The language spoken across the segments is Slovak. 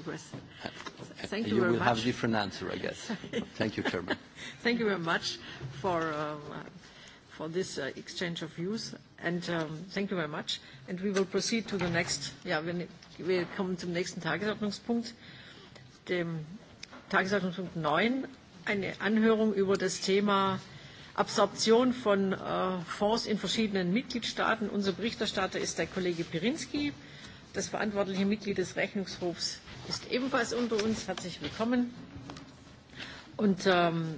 progress. Thank you, you very much. You will have different answer, I guess. Thank you, Chairman. Thank you very much for, uh, for this uh, exchange of views, and um, thank you very much. And we will proceed to the next, ja, wir, come kommen zum nächsten Tagesordnungspunkt, dem Tagesordnungspunkt 9, eine Anhörung über das Thema Absorption von äh, Fonds in verschiedenen Mitgliedstaaten. Unser Berichterstatter ist der Kollege Pirinski. Das verantwortliche Mitglied des Rechnungshofs ist ebenfalls unter uns. Herzlich willkommen. Und ähm,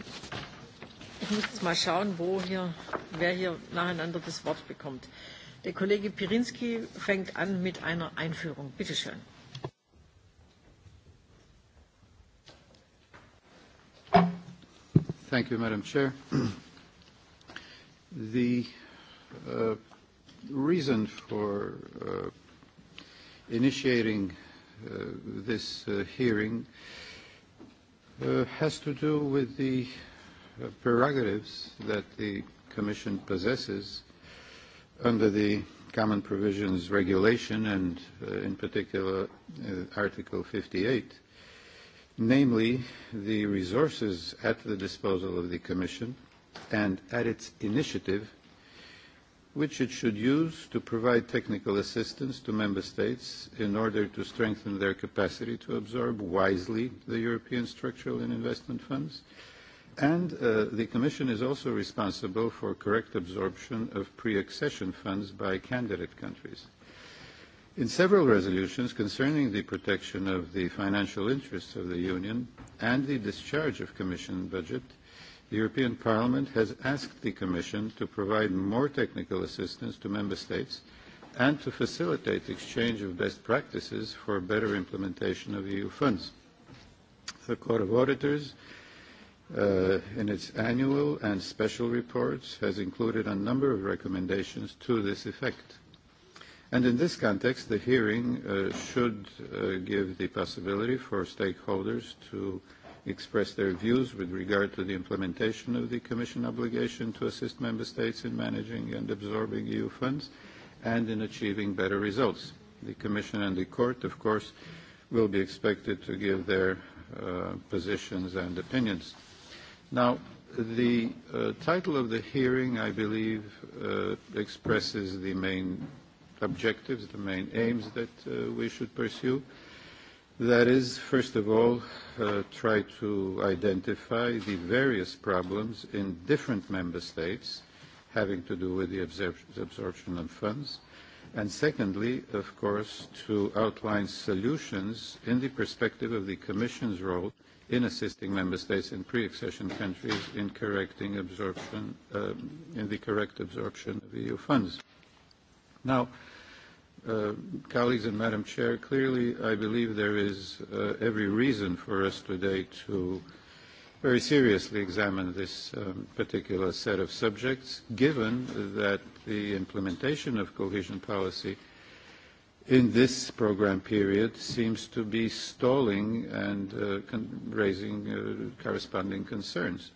ich muss jetzt mal schauen, wo hier, wer hier nacheinander das Wort bekommt. Der Kollege Pirinski fängt an mit einer Einführung. Bitte schön. Thank you, Madam Chair. The uh, reason for uh, initiating uh, this uh, hearing uh, has to do with the uh, prerogatives that the Commission possesses under the Common Provisions Regulation and, uh, in particular, uh, Article 58, namely the resources at the disposal of the Commission and at its initiative which it should use to provide technical assistance to member states in order to strengthen their capacity to absorb wisely the European structural and investment funds. And uh, the Commission is also responsible for correct absorption of pre-accession funds by candidate countries. In several resolutions concerning the protection of the financial interests of the Union and the discharge of Commission budget, the European Parliament has asked the Commission to provide more technical assistance to Member States and to facilitate exchange of best practices for better implementation of EU funds. The Court of Auditors, uh, in its annual and special reports, has included a number of recommendations to this effect. And in this context, the hearing uh, should uh, give the possibility for stakeholders to expressed their views with regard to the implementation of the Commission obligation to assist Member States in managing and absorbing EU funds and in achieving better results. The Commission and the Court, of course, will be expected to give their uh, positions and opinions. Now, the uh, title of the hearing, I believe, uh, expresses the main objectives, the main aims that uh, we should pursue. Uh, That is, first of all, uh, try to identify the various problems in different member states having to do with the absor absorption of funds. And secondly, of course, to outline solutions in the perspective of the Commission's role in assisting member states and pre-accession countries in correcting absorption, um, in the correct absorption of EU funds. Now, Uh, colleagues and Madam Chair, clearly I believe there is uh, every reason for us today to very seriously examine this um, particular set of subjects, given that the implementation of cohesion policy in this program period seems to be stalling and uh, con raising uh, corresponding concerns.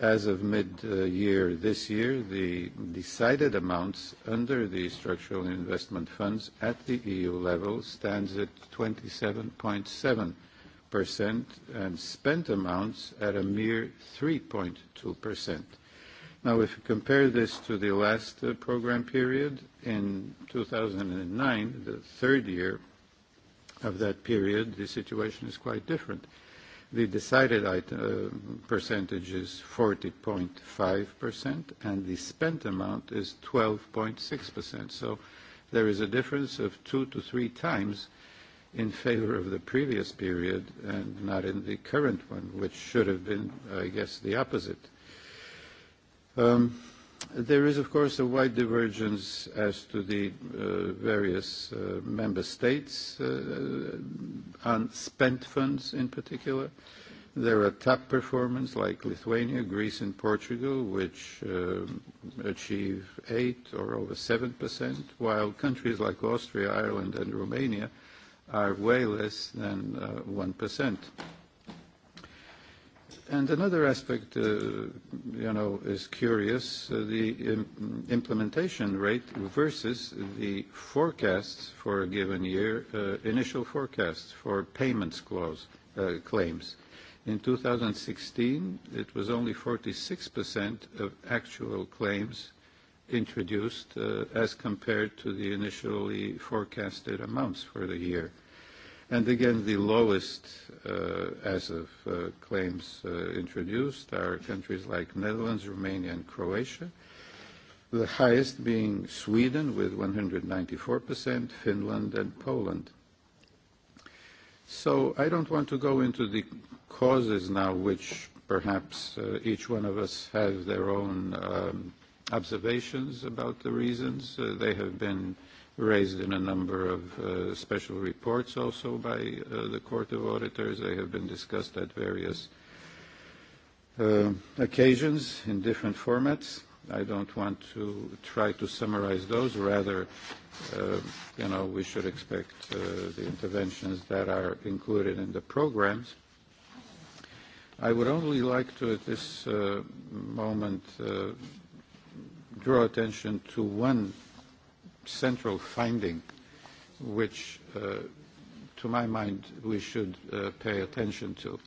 As of mid-year this year, the decided amounts under the structural investment funds at the EU level stands at 27.7% and spent amounts at a mere 3.2%. Now, if you compare this to the last uh, program period, in 2009, the third year of that period, the situation is quite different. The decided item, uh, percentage is 40.5%, and the spent amount is 12.6%. So there is a difference of two to three times in favor of the previous period and not in the current one, which should have been, I guess, the opposite. Um, There is, of course, a wide divergence as to the uh, various uh, member states uh, on spent funds in particular. There are top performers like Lithuania, Greece, and Portugal, which uh, achieve 8 or over 7%, while countries like Austria, Ireland, and Romania are way less than uh, 1%. And another aspect, uh, you know, is curious, uh, the um, implementation rate versus the forecasts for a given year, uh, initial forecasts for payments clause, uh, claims. In 2016, it was only 46% of actual claims introduced uh, as compared to the initially forecasted amounts for the year. And again, the lowest uh, as of uh, claims uh, introduced are countries like Netherlands, Romania, and Croatia. The highest being Sweden with 194%, Finland, and Poland. So I don't want to go into the causes now, which perhaps uh, each one of us have their own um, observations about the reasons. Uh, they have been uh, raised in a number of uh, special reports also by uh, the Court of Auditors. They have been discussed at various uh, occasions in different formats. I don't want to try to summarize those. Rather, uh, you know, we should expect uh, the interventions that are included in the programs. I would only like to, at this uh, moment, uh, draw attention to one central finding which, uh, to my mind, we should uh, pay attention to.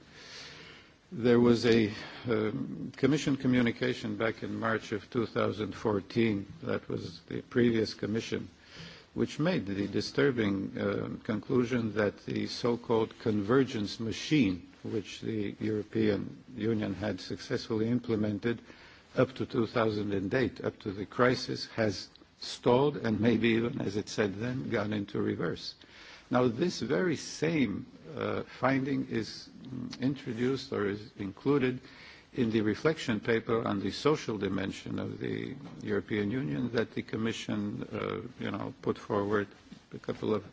There was a um, Commission communication back in March of 2014, that was the previous Commission, which made the disturbing uh, conclusion that the so-called convergence machine, which the European Union had successfully implemented up to 2008, up to the crisis, has stalled and maybe even, as it said then, gone into reverse. Now, this very same uh, finding is mm, introduced or is included in the reflection paper on the social dimension of the European Union that the Commission, uh, you know, put forward a couple of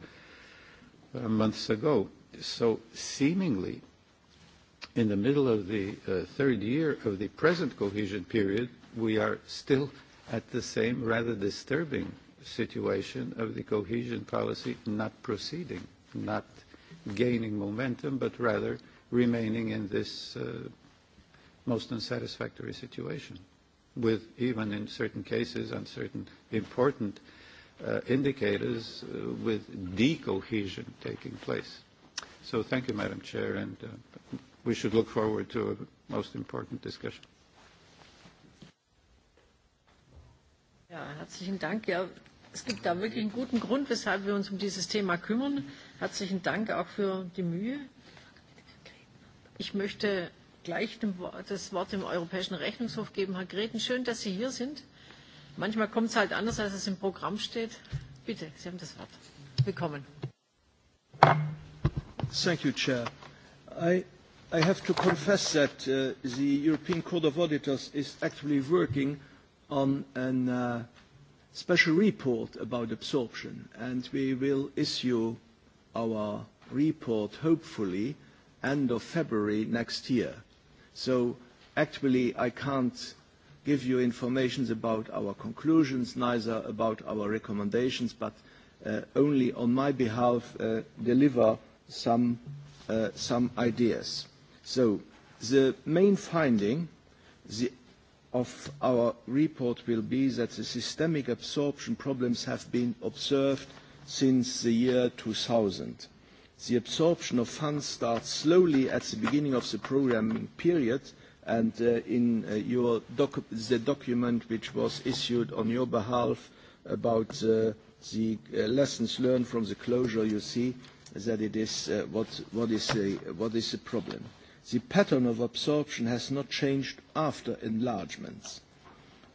uh, months ago. So seemingly, in the middle of the uh, third year of the present cohesion period, we are still – at the same rather disturbing situation of the cohesion policy not proceeding, not gaining momentum, but rather remaining in this uh, most unsatisfactory situation, with even in certain cases, on certain important uh, indicators, uh, with decohesion taking place. So thank you, Madam Chair, and uh, we should look forward to a most important discussion. Ja, herzlichen Dank. Ja, es gibt da wirklich einen guten Grund, weshalb wir uns um dieses Thema kümmern. Herzlichen Dank auch für die Mühe. Ich möchte gleich das Wort dem Europäischen Rechnungshof geben. Herr Greten, schön, dass Sie hier sind. Manchmal kommt es halt anders, als es im Programm steht. Bitte, Sie haben das Wort. Willkommen. Thank you, Chair. I, I have to confess that uh, the European Court of Auditors is working on a uh, special report about absorption, and we will issue our report hopefully end of February next year. So actually, I can't give you information about our conclusions, neither about our recommendations, but uh, only on my behalf uh, deliver some ideas. So the main finding, the of our report will be that the systemic absorption problems have been observed since the year 2000. The absorption of funds starts slowly at the beginning of the programming period, and uh, in uh, your docu the document which was issued on your behalf about uh, the uh, lessons learned from the closure, you see that it is uh, what, what, is, the, what is the problem. The pattern of absorption has not changed after enlargements.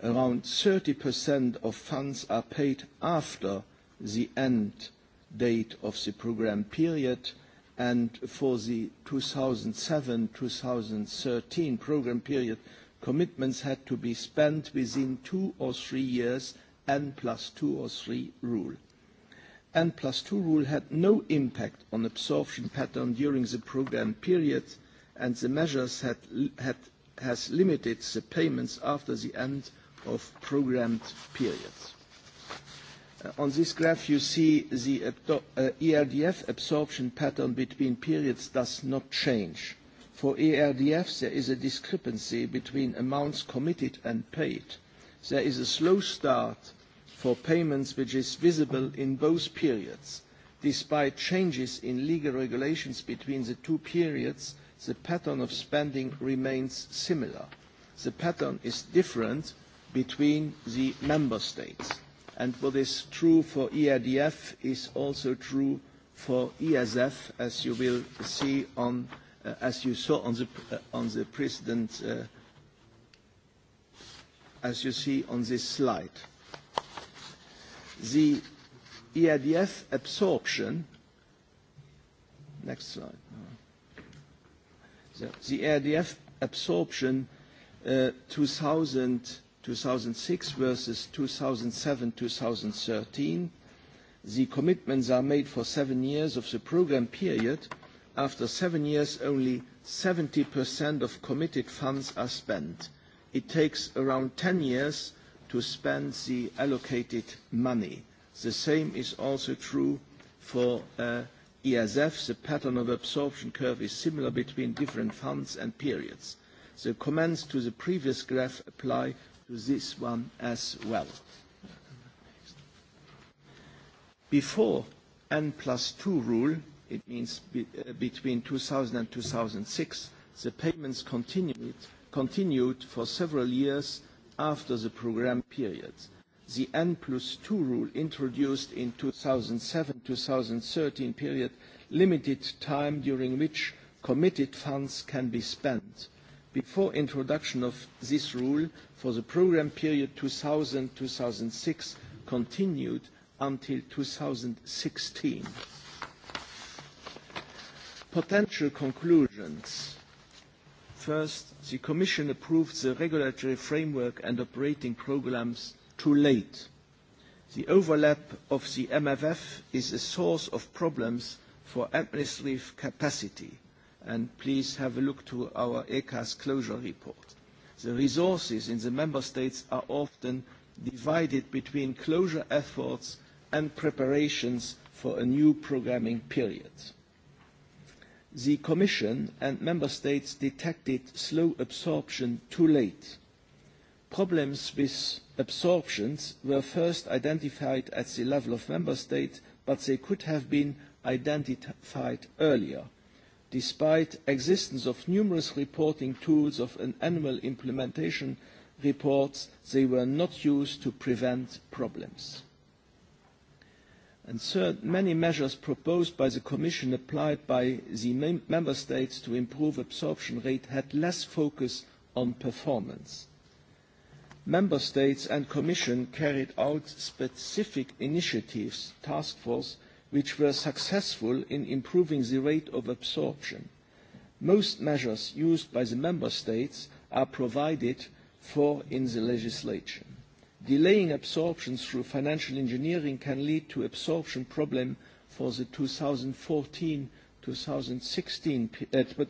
Around 30% of funds are paid after the end date of the program period, and for the 2007-2013 program period, commitments had to be spent within two or three years, N plus two or three rule. N plus two rule had no impact on absorption pattern during the program period, and the measures had, had, has limited the payments after the end of programmed periods. Uh, on this graph, you see the uh, ERDF absorption pattern between periods does not change. For ERDF, there is a discrepancy between amounts committed and paid. There is a slow start for payments which is visible in both periods. Despite changes in legal regulations between the two periods, the pattern of spending remains similar. The pattern is different between the member states. And what is true for ERDF is also true for ESF, as you will see on, uh, as you saw on the, uh, on the president, uh, as you see on this slide. The ERDF absorption, next slide. No the ADF absorption uh, 2000, 2006 versus 2007, 2013. The commitments are made for seven years of the program period. After seven years, only 70% of committed funds are spent. It takes around 10 years to spend the allocated money. The same is also true for uh, ESF, the pattern of absorption curve is similar between different funds and periods. The comments to the previous graph apply to this one as well. Before N plus 2 rule, it means be, uh, between 2000 and 2006, the payments continued, continued for several years after the program periods the N plus 2 rule introduced in 2007-2013 period limited time during which committed funds can be spent. Before introduction of this rule for the programme period 2000-2006 continued until 2016. Potential conclusions. First, the Commission approved the regulatory framework and operating programmes too late. The overlap of the MFF is a source of problems for administrative capacity, and please have a look to our ECA's closure report. The resources in the member states are often divided between closure efforts and preparations for a new programming period. The Commission and member states detected slow absorption too late Problems with absorptions were first identified at the level of member state, but they could have been identified earlier, despite existence of numerous reporting tools of an annual implementation reports, they were not used to prevent problems. And third, many measures proposed by the Commission applied by the member states to improve absorption rate had less focus on performance. Member States and Commission carried out specific initiatives, task force, which were successful in improving the rate of absorption. Most measures used by the Member States are provided for in the legislation. Delaying absorption through financial engineering can lead to absorption problem for the 2014-2016 uh,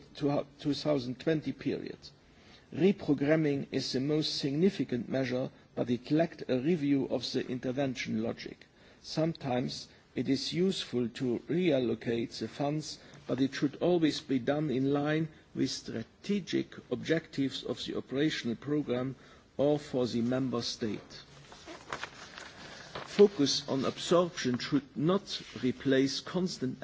2020 period. Reprogramming is the most significant measure, but it lacked a review of the intervention logic. Sometimes it is useful to reallocate the funds, but it should always be done in line with strategic objectives of the operational programme or for the member state. Focus on absorption should not replace constant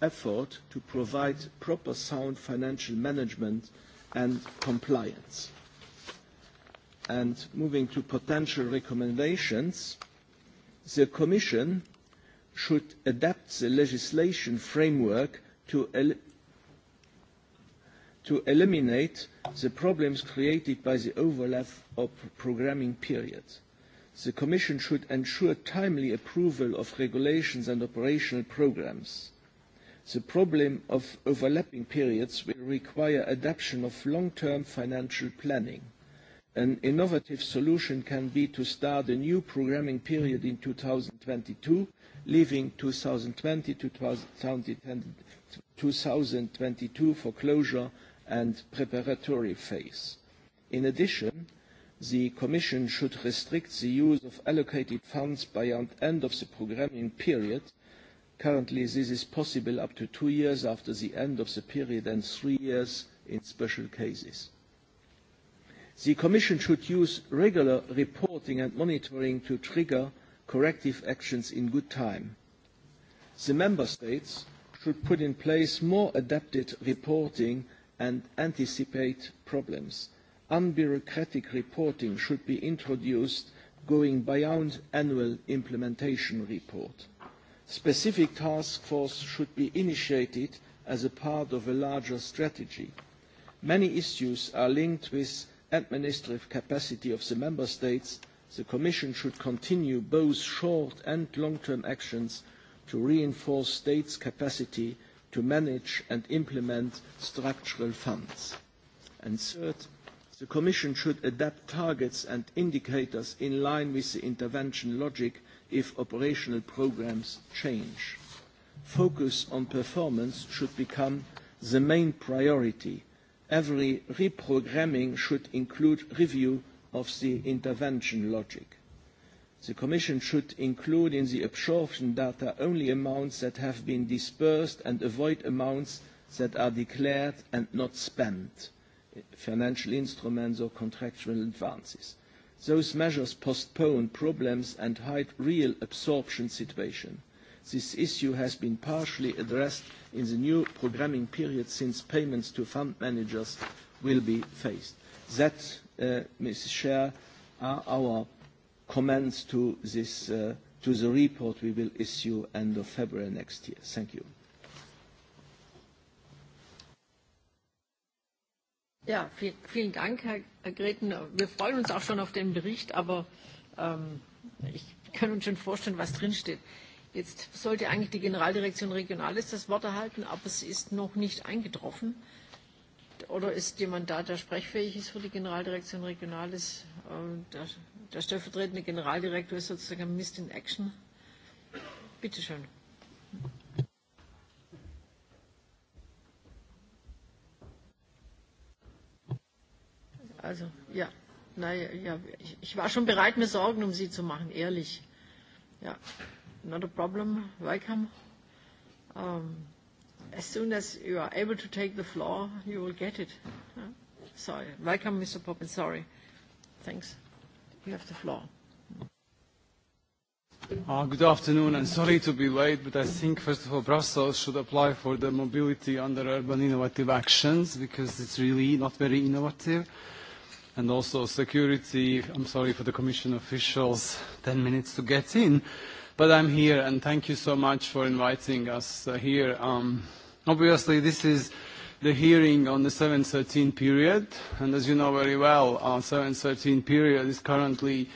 effort to provide proper sound financial management and compliance. And moving to potential recommendations, the Commission should adapt the legislation framework to, el to eliminate the problems created by the overlap of programming periods. The Commission should ensure timely approval of regulations and operational programmes The problem of overlapping periods will require adaptation of long-term financial planning. An innovative solution can be to start a new programming period in 2022, leaving 2020 to 2022 for closure and preparatory phase. In addition, the Commission should restrict the use of allocated funds by the end of the programming period – Currently, this is possible up to two years after the end of the period and three years in special cases. The Commission should use regular reporting and monitoring to trigger corrective actions in good time. The Member States should put in place more adapted reporting and anticipate problems. Unbureaucratic reporting should be introduced going beyond annual implementation report Specific task force should be initiated as a part of a larger strategy. Many issues are linked with administrative capacity of the Member States. The Commission should continue both short and long-term actions to reinforce states' capacity to manage and implement structural funds. And third, the Commission should adapt targets and indicators in line with the intervention logic if operational programmes change. Focus on performance should become the main priority. Every reprogramming should include review of the intervention logic. The Commission should include in the absorption data only amounts that have been dispersed and avoid amounts that are declared and not spent, financial instruments or contractual advances. Those measures postpone problems and hide real absorption situation. This issue has been partially addressed in the new programming period since payments to fund managers will be phased. That, uh, Mrs. Chair, are our comments to, this, uh, to the report we will issue end of February next year. Thank you. Ja, viel, vielen Dank, Herr Greten. Wir freuen uns auch schon auf den Bericht, aber ähm, ich kann uns schon vorstellen, was drinsteht. Jetzt sollte eigentlich die Generaldirektion Regionales das Wort erhalten, aber es ist noch nicht eingetroffen. Oder ist jemand da, der sprechfähig ist für die Generaldirektion Regionales? Ähm, der, der stellvertretende Generaldirektor ist sozusagen Mist in Action. Bitte schön. Also, ja, naja, ja, ich, ich war schon bereit, mir Sorgen um sie zu machen, ehrlich. Ja, not a problem, welcome. Um, as soon as you are able to take the floor, you will get it. Sorry, welcome, Mr. Poppin, sorry. Thanks. You have the floor. Uh, good afternoon, and sorry to be late, but I think, first of all, Brussels should apply for the mobility under urban innovative actions because it's really not very innovative and also security. I'm sorry for the Commission officials, 10 minutes to get in. But I'm here, and thank you so much for inviting us uh, here. Um, obviously, this is the hearing on the 713 period, and as you know very well, our 713 period is currently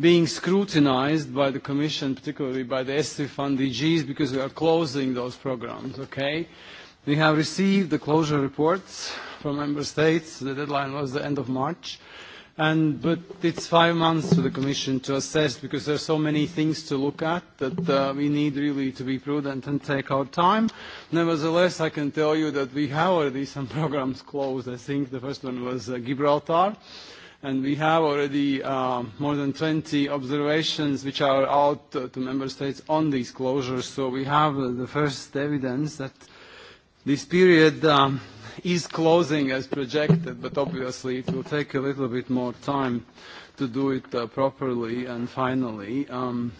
being scrutinized by the Commission, particularly by the SC fund DGs, because we are closing those programs, okay? We have received the closure reports for member states. The deadline was the end of March. And, but it's five months for the Commission to assess because there are so many things to look at that uh, we need really to be prudent and take our time. Nevertheless, I can tell you that we have already some programs closed. I think the first one was uh, Gibraltar. And we have already uh, more than 20 observations which are out uh, to member states on these closures. So we have uh, the first evidence that this period um, is closing as projected, but obviously it will take a little bit more time to do it uh, properly and finally. Um,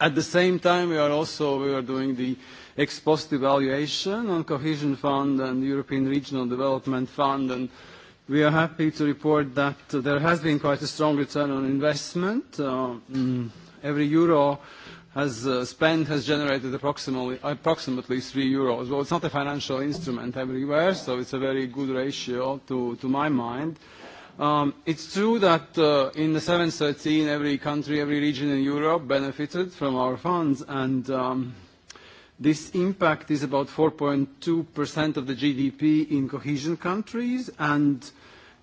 at the same time, we are also we are doing the ex post evaluation on Cohesion Fund and European Regional Development Fund, and we are happy to report that there has been quite a strong return on investment. Uh, mm, every euro has uh, spent has generated approximately, approximately 3 euros. Well, it's not a financial instrument everywhere, so it's a very good ratio to, to my mind. Um, it's true that uh, in the 713, every country, every region in Europe benefited from our funds, and um, this impact is about 4.2% of the GDP in cohesion countries, and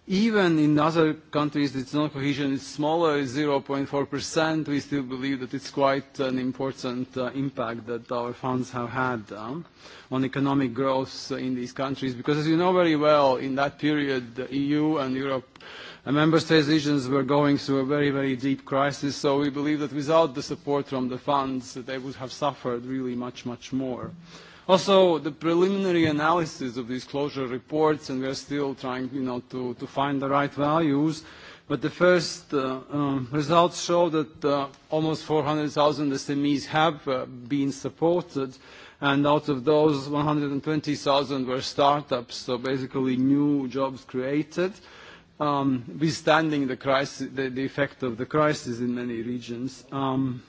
Even in other countries, it's non-cohesion is smaller, 0.4%. We still believe that it's quite an important uh, impact that our funds have had uh, on economic growth in these countries. Because as you know very well, in that period, the EU and Europe and uh, member states regions were going through a very, very deep crisis. So we believe that without the support from the funds, they would have suffered really much, much more. Also, the preliminary analysis of these closure reports, and we are still trying, you know, to, to find the right values, but the first uh, um, results show that uh, almost 400,000 SMEs have uh, been supported, and out of those, 120,000 were startups, so basically new jobs created, um, withstanding the crisis, the, the effect of the crisis in many regions. Um,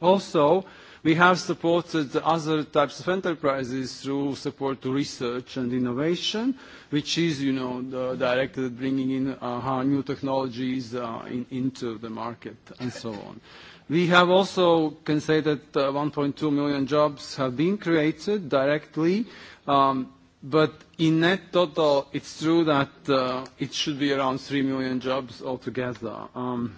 also, We have supported other types of enterprises through support to research and innovation, which is, you know, the, directed at bringing in uh, new technologies uh, in, into the market and so on. We have also can say that uh, 1.2 million jobs have been created directly, um, but in net total, it's true that uh, it should be around 3 million jobs altogether. Um,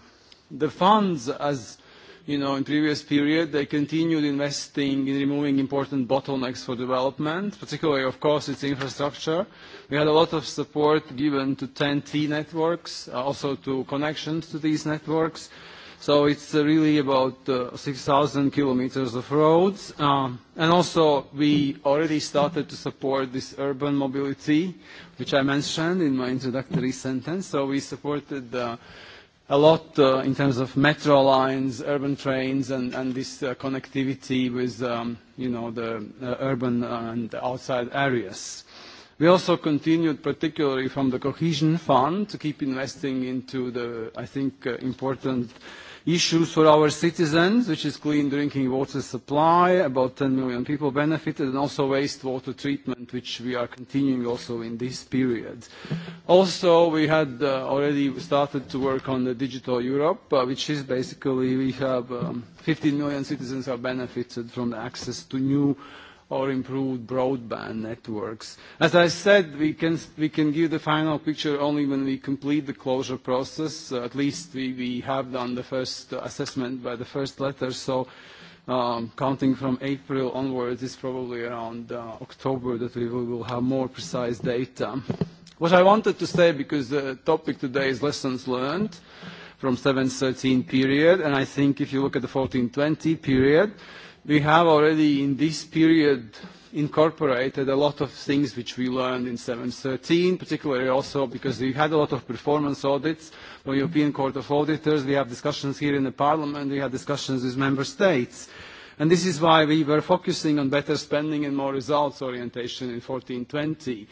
the funds, as you know, in previous period, they continued investing in removing important bottlenecks for development, particularly, of course, its infrastructure. We had a lot of support given to TEN-T networks, uh, also to connections to these networks. So it's uh, really about uh, 6,000 kilometers of roads. Um, and also, we already started to support this urban mobility, which I mentioned in my introductory sentence. So we supported uh, a lot uh, in terms of metro lines, urban trains, and, and this uh, connectivity with um, you know, the uh, urban and outside areas. We also continued, particularly from the cohesion fund, to keep investing into the, I think, uh, important uh, issues for our citizens, which is clean drinking water supply. About 10 million people benefited, and also wastewater treatment, which we are continuing also in this period. Also, we had uh, already started to work on the Digital Europe, uh, which is basically we have um, 15 million citizens have benefited from the access to new or improved broadband networks. As I said, we can, we can give the final picture only when we complete the closure process. Uh, at least we, we have done the first assessment by the first letter, so um, counting from April onwards it's probably around uh, October that we will, will have more precise data. What I wanted to say, because the topic today is lessons learned from 7-13 period, and I think if you look at the 14-20 period, we have already in this period incorporated a lot of things which we learned in 713, particularly also because we had a lot of performance audits from European Court of Auditors. We have discussions here in the Parliament. We have discussions with member states. And this is why we were focusing on better spending and more results orientation in 1420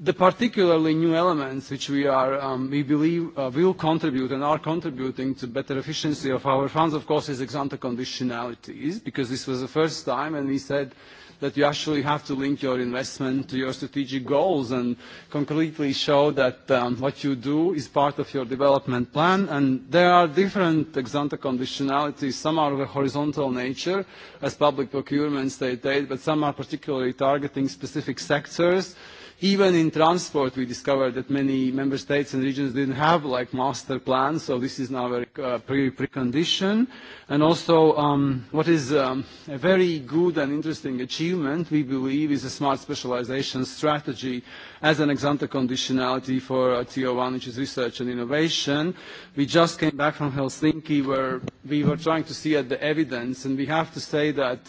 the particularly new elements which we are, um, we believe uh, will contribute and are contributing to better efficiency of our funds, of course, is ex-ante conditionalities, because this was the first time, and we said that you actually have to link your investment to your strategic goals and concretely show that um, what you do is part of your development plan. And there are different ex-ante conditionalities. Some are of a horizontal nature, as public procurement, state aid, but some are particularly targeting specific sectors, Even in transport, we discovered that many member states and regions didn't have like master plans, so this is now a uh, pre precondition. And also, um, what is um, a very good and interesting achievement, we believe, is a smart specialization strategy as an ex-ante conditionality for uh, TO1, which is research and innovation. We just came back from Helsinki, where we were trying to see at the evidence, and we have to say that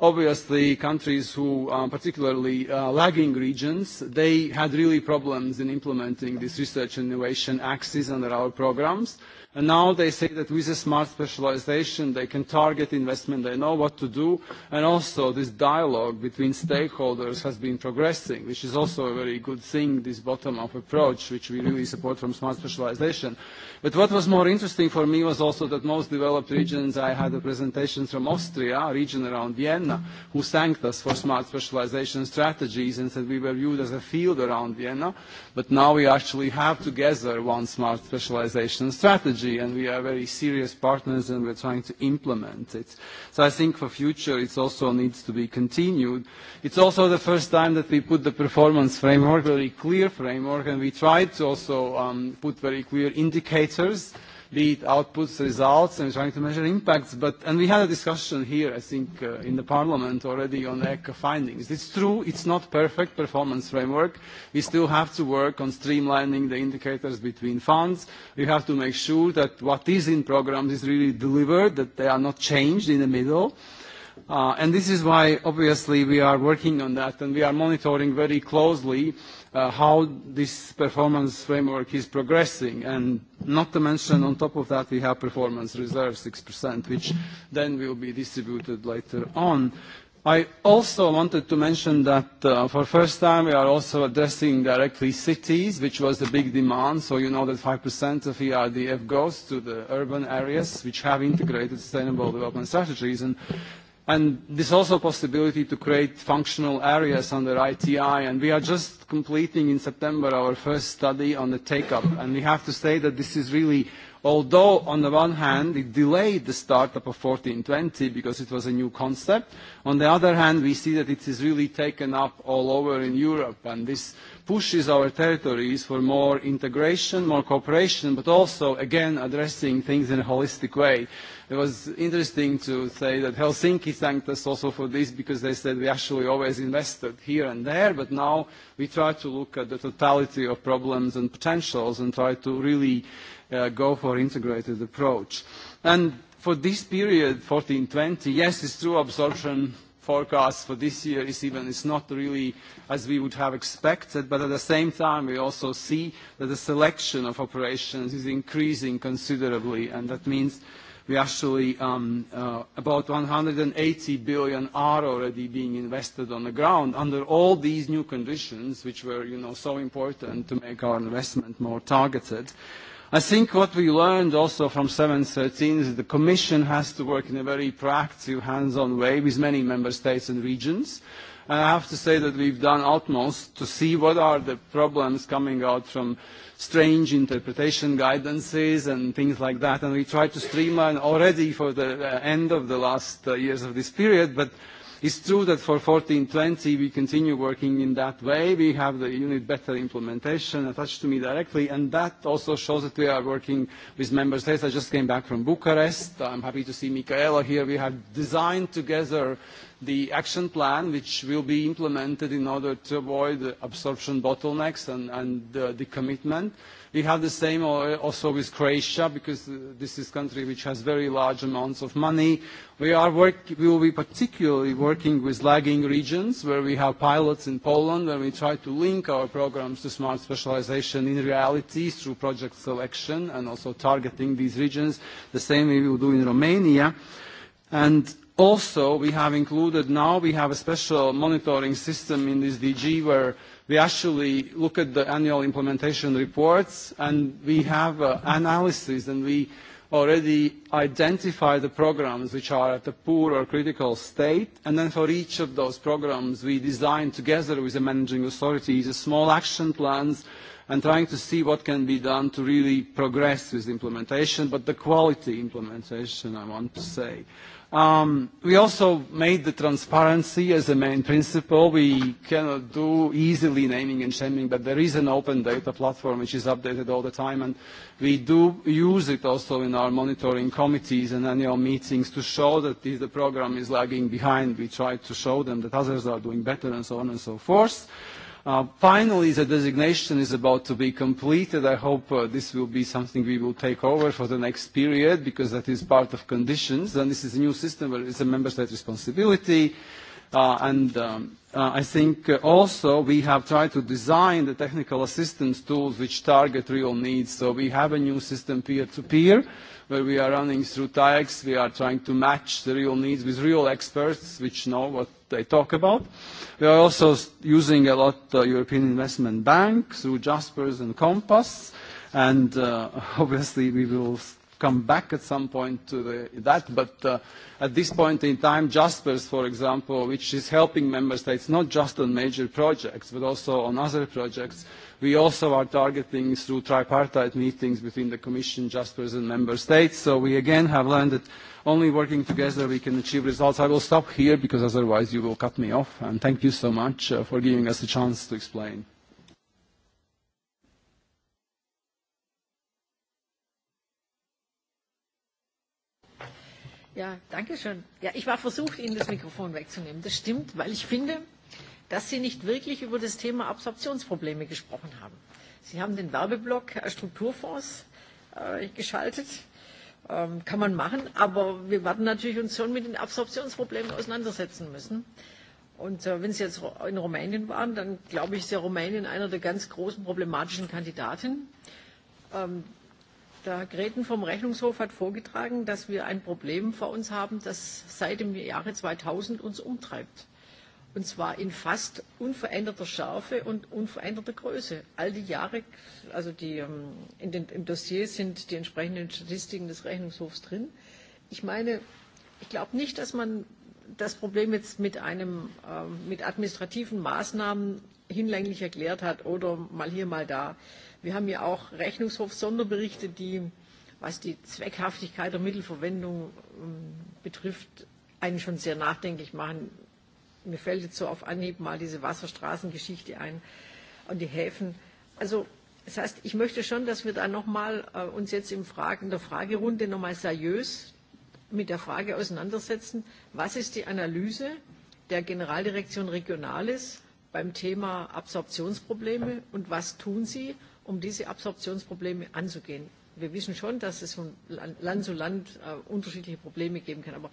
obviously countries who are particularly uh, lagging regions, they had really problems in implementing this research and innovation axis under our programs. And now they say that with a smart specialization, they can target investment, they know what to do. And also this dialogue between stakeholders has been progressing, which is also a very good thing, this bottom-up approach, which we really support from smart specialization. But what was more interesting for me was also that most developed regions, I had a presentation from Austria, a region around Vienna, who thanked us for smart specialization strategies and said we were viewed as a field around Vienna, but now we actually have together one smart specialization strategy strategy, and we are very serious partners, and we're trying to implement it. So I think for future, it also needs to be continued. It's also the first time that we put the performance framework, very clear framework, and we tried to also um, put very clear indicators be it outputs, results, and trying to measure impacts. But, and we had a discussion here, I think, uh, in the parliament already on the ECHA findings. It's true, it's not perfect performance framework. We still have to work on streamlining the indicators between funds. We have to make sure that what is in programs is really delivered, that they are not changed in the middle. Uh, and this is why, obviously, we are working on that, and we are monitoring very closely Uh, how this performance framework is progressing. And not to mention, on top of that, we have performance reserve 6%, which then will be distributed later on. I also wanted to mention that uh, for the first time, we are also addressing directly cities, which was a big demand. So you know that 5% of ERDF goes to the urban areas which have integrated sustainable development strategies. And And there's also a possibility to create functional areas under ITI, and we are just completing in September our first study on the take-up. And we have to say that this is really, although on the one hand it delayed the startup of 1420 because it was a new concept, on the other hand we see that it is really taken up all over in Europe, and this pushes our territories for more integration, more cooperation, but also, again, addressing things in a holistic way. It was interesting to say that Helsinki thanked us also for this because they said we actually always invested here and there, but now we try to look at the totality of problems and potentials and try to really uh, go for integrated approach. And for this period, 1420, yes, it's true absorption forecast for this year is even it's not really as we would have expected, but at the same time, we also see that the selection of operations is increasing considerably, and that means we actually um, uh, about 180 billion are already being invested on the ground under all these new conditions, which were, you know, so important to make our investment more targeted. I think what we learned also from 713 is that the Commission has to work in a very proactive, hands-on way with many member states and regions And I have to say that we've done utmost to see what are the problems coming out from strange interpretation guidances and things like that. And we tried to streamline already for the uh, end of the last uh, years of this period. But It's true that for 1420 we continue working in that way. We have the unit better implementation attached to me directly, and that also shows that we are working with member states. I just came back from Bucharest. I'm happy to see Michaela here. We have designed together the action plan, which will be implemented in order to avoid absorption bottlenecks and, and the uh, commitment. We have the same also with Croatia, because uh, this is a country which has very large amounts of money. We, are work, we will be particularly working with lagging regions, where we have pilots in Poland, where we try to link our programs to smart specialization in reality through project selection and also targeting these regions. The same we will do in Romania. And Also, we have included now, we have a special monitoring system in this DG where we actually look at the annual implementation reports, and we have uh, analysis, and we already identify the programs which are at a poor or critical state. And then for each of those programs, we design together with the managing authorities a small action plans and trying to see what can be done to really progress with implementation, but the quality implementation, I want to say. Um, we also made the transparency as a main principle. We cannot do easily naming and shaming, but there is an open data platform which is updated all the time, and we do use it also in our monitoring committees and annual meetings to show that if the program is lagging behind, we try to show them that others are doing better and so on and so forth. Uh, Uh, finally, the designation is about to be completed. I hope uh, this will be something we will take over for the next period because that is part of conditions. And this is a new system where it's a member state responsibility. Uh, and um, uh, I think uh, also we have tried to design the technical assistance tools which target real needs. So we have a new system peer-to-peer. -peer, -to peer to peer where we are running through TAEX. We are trying to match the real needs with real experts which know what they talk about. We are also using a lot the uh, European Investment Bank through Jaspers and Compass. And uh, obviously we will come back at some point to the, that, but uh, at this point in time, JASPERS, for example, which is helping member states not just on major projects, but also on other projects, We also are targeting through tripartite meetings between the Commission, JASPERS and Member States. So we again have learned that only working together we can achieve results. I will stop here because otherwise you will cut me off. And thank you so much uh, for giving us a chance to explain. Ja, danke schön. Ja, ich war versucht, Ihnen das Mikrofon wegzunehmen. Das stimmt, weil ich finde, dass Sie nicht wirklich über das Thema Absorptionsprobleme gesprochen haben. Sie haben den Werbeblock äh, Strukturfonds äh, geschaltet. Ähm, kann man machen, aber wir werden natürlich uns schon mit den Absorptionsproblemen auseinandersetzen müssen. Und äh, wenn Sie jetzt in Rumänien waren, dann glaube ich, ist ja Rumänien einer der ganz großen problematischen Kandidaten. Ähm, der Herr Greten vom Rechnungshof hat vorgetragen, dass wir ein Problem vor uns haben, das seit dem Jahre 2000 uns umtreibt und zwar in fast unveränderter Schärfe und unveränderter Größe. All die Jahre, also die, ähm, in den, im Dossier sind die entsprechenden Statistiken des Rechnungshofs drin. Ich meine, ich glaube nicht, dass man das Problem jetzt mit, einem, äh, mit administrativen Maßnahmen hinlänglich erklärt hat oder mal hier, mal da. Wir haben ja auch Rechnungshof-Sonderberichte, die, was die Zweckhaftigkeit der Mittelverwendung ähm, betrifft, einen schon sehr nachdenklich machen mir fällt jetzt so auf Anhieb mal diese Wasserstraßengeschichte ein und die Häfen. Also das heißt, ich möchte schon, dass wir da nochmal äh, uns jetzt im Fragen, in der Fragerunde nochmal seriös mit der Frage auseinandersetzen, was ist die Analyse der Generaldirektion Regionales beim Thema Absorptionsprobleme und was tun sie, um diese Absorptionsprobleme anzugehen? Wir wissen schon, dass es von Land zu Land äh, unterschiedliche Probleme geben kann, aber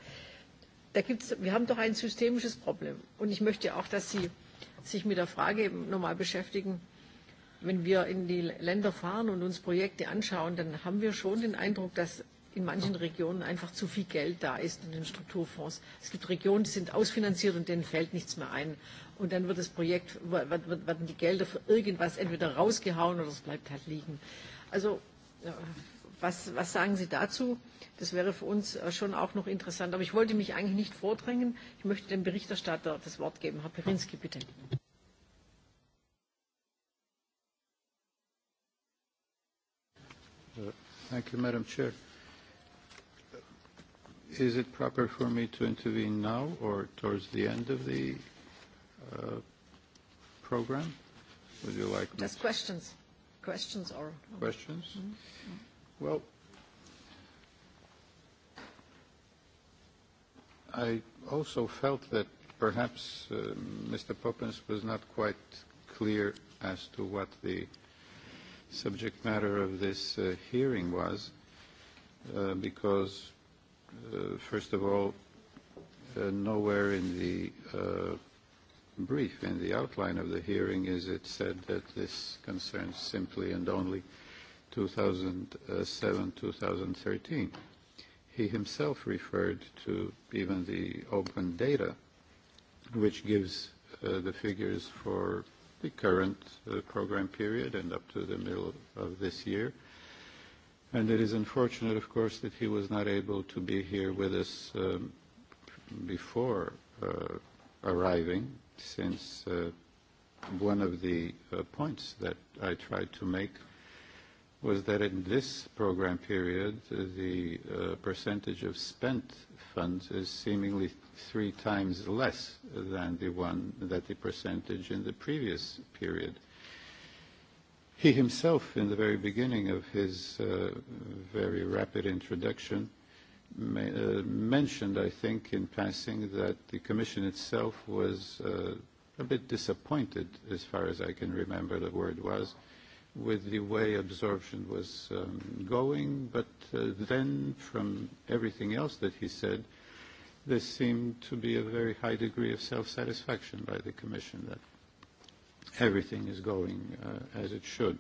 da gibt's, wir haben doch ein systemisches Problem. Und ich möchte auch, dass Sie sich mit der Frage eben nochmal beschäftigen, wenn wir in die Länder fahren und uns Projekte anschauen, dann haben wir schon den Eindruck, dass in manchen Regionen einfach zu viel Geld da ist in den Strukturfonds. Es gibt Regionen, die sind ausfinanziert und denen fällt nichts mehr ein. Und dann wird das Projekt, werden die Gelder für irgendwas entweder rausgehauen oder es bleibt halt liegen. Also was, was sagen Sie dazu? Das wäre für uns äh, schon auch noch interessant. Aber ich wollte mich eigentlich nicht vordrängen. Ich möchte dem Berichterstatter das Wort geben. Herr Perinski, bitte. Uh, thank you, Madam Chair. Is it proper for me to intervene now or towards the end of the uh, program? Would you like me Just questions. Questions or... Questions? Mm -hmm. Well, I also felt that perhaps uh, Mr. Poppins was not quite clear as to what the subject matter of this uh, hearing was, uh, because, uh, first of all, uh, nowhere in the uh, brief, in the outline of the hearing, is it said that this concerns simply and only 2007-2013 he himself referred to even the open data, which gives uh, the figures for the current uh, program period and up to the middle of this year. And it is unfortunate, of course, that he was not able to be here with us um, before uh, arriving, since uh, one of the uh, points that I tried to make was that in this program period, uh, the uh, percentage of spent funds is seemingly three times less than the one that the percentage in the previous period. He himself, in the very beginning of his uh, very rapid introduction, ma uh, mentioned, I think, in passing, that the Commission itself was uh, a bit disappointed, as far as I can remember the word was, uh, with the way absorption was um, going, but uh, then from everything else that he said, there seemed to be a very high degree of self-satisfaction by the Commission that everything is going uh, as it should.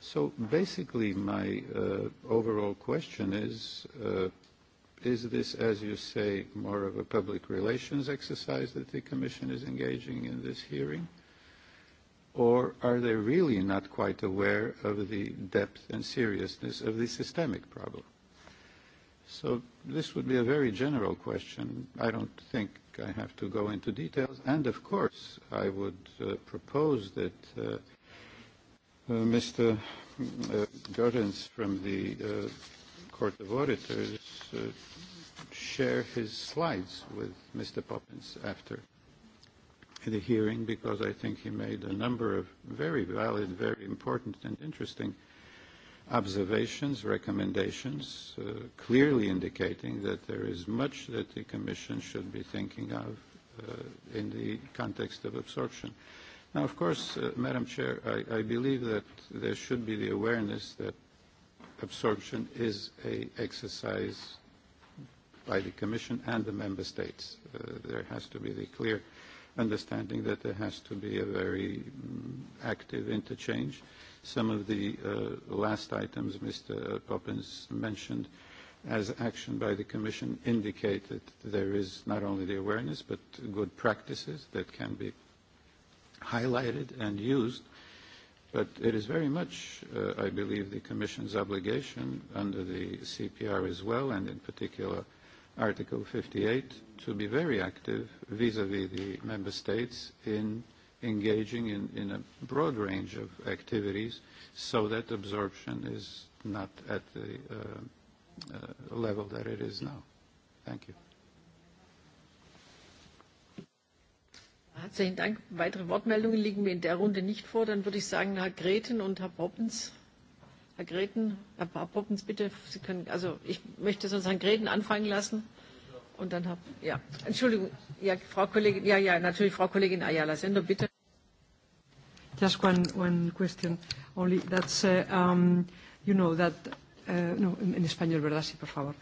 So basically my uh, overall question is, uh, is this, as you say, more of a public relations exercise that the Commission is engaging in this hearing? or are they really not quite aware of the depth and seriousness of the systemic problem? So this would be a very general question. I don't think I have to go into details. And of course, I would uh, propose that uh, uh, Mr. Uh, Gordens from the uh, Court of Auditors uh, share his slides with Mr. Poppins after the hearing because I think he made a number of very valid, very important and interesting observations, recommendations, uh, clearly indicating that there is much that the Commission should be thinking of uh, in the context of absorption. Now, of course, uh, Madam Chair, I, I believe that there should be the awareness that absorption is a exercise by the Commission and the Member States. Uh, there has to be the clear uh, understanding that there has to be a very mm, active interchange. Some of the uh, last items Mr. Poppins mentioned as action by the Commission indicate that there is not only the awareness but good practices that can be highlighted and used. But it is very much, uh, I believe, the Commission's obligation under the CPR as well, and in particular Article 58, to be very active vis-à-vis -vis the member states in engaging in, in a broad range of activities so that absorption is not at the uh, uh, level that it is now. Thank you. Herzlichen Dank. Weitere Wortmeldungen liegen mir in der Runde nicht vor. Dann würde ich sagen, Herr Greten und Herr Poppens. Herr Greten, Herr Poppens, bitte. Sie können, also ich möchte sonst Herrn Greten anfangen lassen. Und dann hab, ja, Entschuldigung, ja, Frau Kollegin, ja, ja, natürlich Frau Kollegin Ayala Sender, bitte. Just one, one question only. That's, uh, um, you know that, uh, no, in, in español, ¿verdad? Sí, por favor.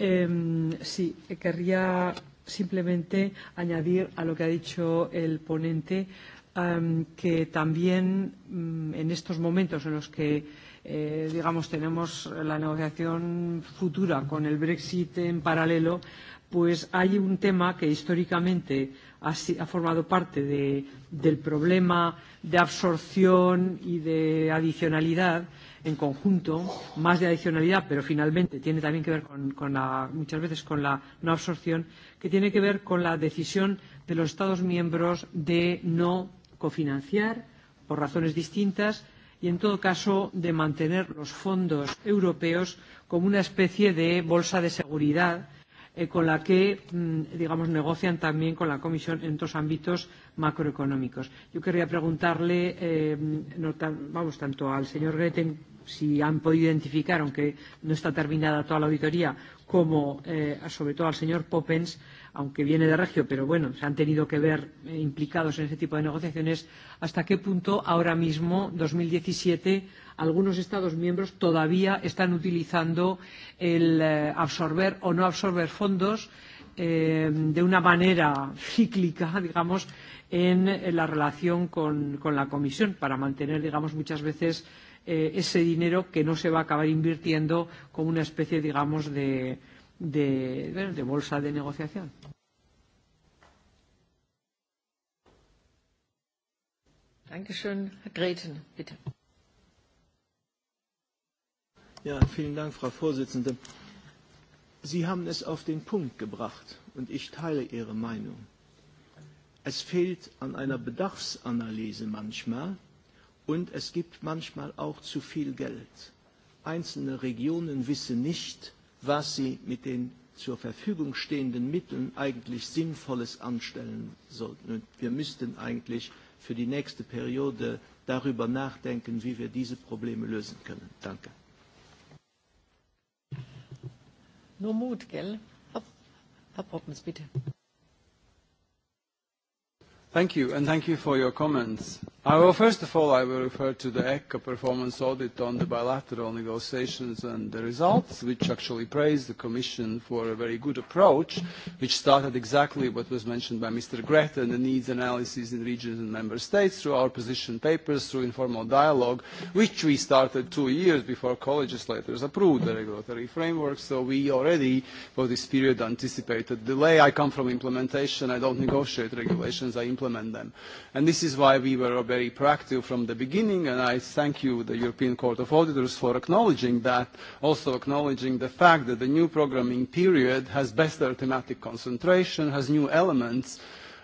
Um, sí, querría simplemente añadir a lo que ha dicho el ponente um, que también um, en estos momentos en los que eh, digamos tenemos la negociación futura con el Brexit en paralelo pues hay un tema que históricamente ha, ha formado parte de, del problema de absorción y de adicionalidad en conjunto, más de adicionalidad, pero finalmente tiene también que ver con, con la, muchas veces con la no absorción, que tiene que ver con la decisión de los Estados miembros de no cofinanciar por razones distintas y, en todo caso, de mantener los fondos europeos como una especie de bolsa de seguridad eh, con la que, mm, digamos, negocian también con la Comisión en dos ámbitos macroeconómicos. Yo querría preguntarle, eh, no tan, vamos, tanto al señor Greten, si han podido identificar, aunque no está terminada toda la auditoría, como eh, sobre todo al señor Poppens, eh, aunque viene de Regio, pero bueno, se han tenido que ver eh, implicados en ese tipo de negociaciones, hasta qué punto ahora mismo, 2017, algunos Estados miembros todavía están utilizando el eh, absorber o no absorber fondos eh, de una manera cíclica, digamos, en, en la relación con, con la Comisión para mantener, digamos, muchas veces eh, ese dinero que no se va a acabar invirtiendo como una especie, digamos, de, de, de bolsa de negociación. Dankeschön. Herr Greten, bitte. Ja, vielen Dank, Frau Vorsitzende. Sie haben es auf den Punkt gebracht und ich teile Ihre Meinung. Es fehlt an einer Bedarfsanalyse manchmal und es gibt manchmal auch zu viel Geld. Einzelne Regionen wissen nicht, was sie mit den zur Verfügung stehenden Mitteln eigentlich Sinnvolles anstellen sollten. Und wir müssten eigentlich für die nächste Periode darüber nachdenken, wie wir diese Probleme lösen können. Danke. Nur Mut, gell? Herr Poppens, bitte. Thank you, and thank you for your comments. I well, first of all, I will refer to the ECHA performance audit on the bilateral negotiations and the results, which actually praised the Commission for a very good approach, which started exactly what was mentioned by Mr. Greta and the needs analysis in regions and member states through our position papers, through informal dialogue, which we started two years before co-legislators approved the regulatory framework. So we already, for this period, anticipated delay. I come from implementation. I don't negotiate regulations. I implement them. And this is why we were very proactive from the beginning, and I thank you, the European Court of Auditors, for acknowledging that, also acknowledging the fact that the new programming period has better thematic concentration, has new elements,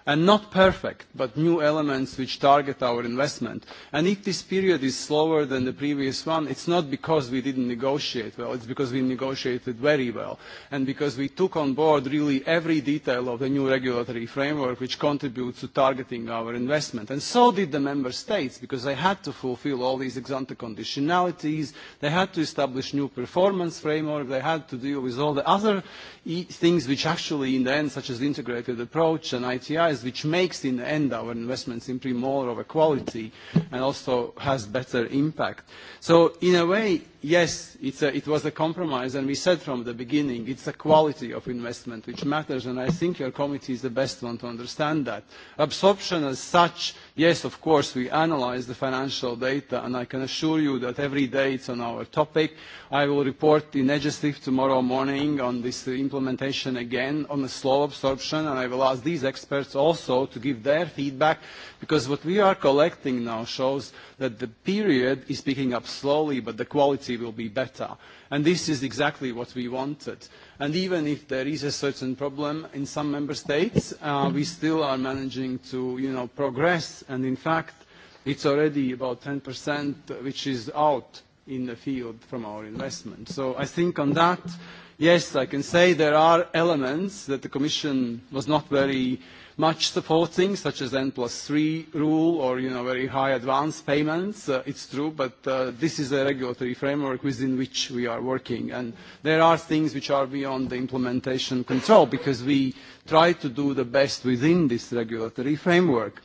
and not perfect, but new elements which target our investment. if this period is slower than the previous one, it's not because we didn't negotiate well, it's because we negotiated very well, and because we took on board really every detail of the new regulatory framework, which contributes to targeting our investment. And so did the member states, because they had to fulfill all these ex-ante conditionalities, they had to establish new performance framework, they had to deal with all the other e-, things which actually in the end, such as the integrated approach and ITI, price, which makes in the end our investment simply more of a quality and also has better impact. So in a way, yes, it's a, it was a compromise, and we said from the beginning it's the quality of investment which matters, and I think your committee is the best one to understand that. Absorption as such, yes, of course, we analyze the financial data, and I can assure you that every day it's on our topic. I will report in legislative tomorrow morning on this implementation again, on the slow absorption, and I will ask these experts also to give their feedback, because what we are collecting now shows that the period is picking up slowly, but the quality will be better. And this is exactly what we wanted. And even if there is a certain problem in some member states, uh, we still are managing to, you know, progress. And in fact, it's already about 10%, which is out in the field from our investment. So I think on that, yes, I can say there are elements that the Commission was not very much supporting, such as N plus 3 rule or you know, very high advance payments. Uh, it's true, but uh, this is a regulatory framework within which we are working. And there are things which are beyond the implementation control because we try to do the best within this regulatory framework.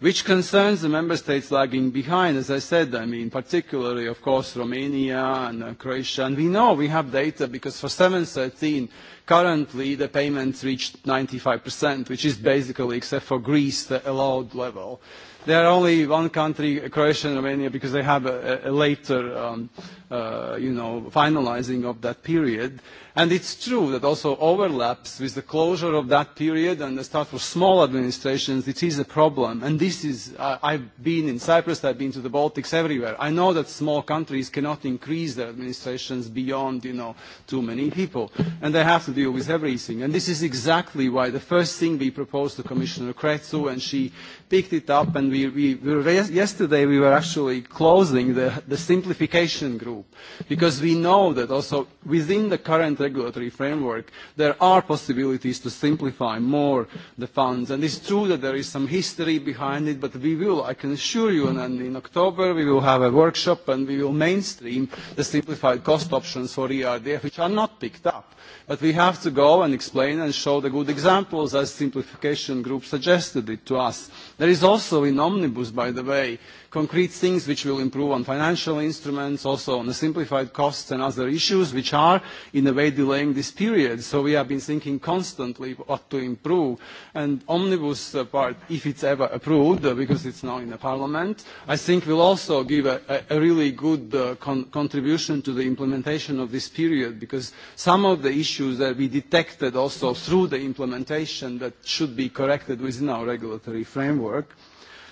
Which concerns the member states lagging behind, as I said, I mean, particularly, of course, Romania and uh, Croatia. And we know we have data because for 713, Currently, the payments reached 95%, which is basically, except for Greece, the allowed level. There are only one country, Croatia and Romania, because they have a, later um, uh, you know, finalizing of that period. And it's true that also overlaps with the closure of that period and the start for small administrations, it is a problem. And this is, uh, I've been in Cyprus, I've been to the Baltics, everywhere. I know that small countries cannot increase their administrations beyond, you know, too many people. And they have to deal with everything. And this is exactly why the first thing we proposed to Commissioner Kretsu, and she picked it up, and we, we, we were, yesterday we were actually closing the, the simplification group Because we know that also within the current regulatory framework, there are possibilities to simplify more the funds. And it's true that there is some history behind it, but we will, I can assure you, and, and in October we will have a workshop and we will mainstream the simplified cost options for ERDF, which are not picked up. But we have to go and explain and show the good examples as simplification group suggested it to us. There is also in Omnibus, by the way, concrete things which will improve on financial instruments, also on the simplified costs and other issues, which are in a way delaying this period. So we have been thinking constantly what to improve. And omnibus uh, part, if it's ever approved, uh, because it's now in the parliament, I think will also give a, a, a really good uh, con contribution to the implementation of this period, because some of the issues that we detected also through the implementation that should be corrected within our regulatory framework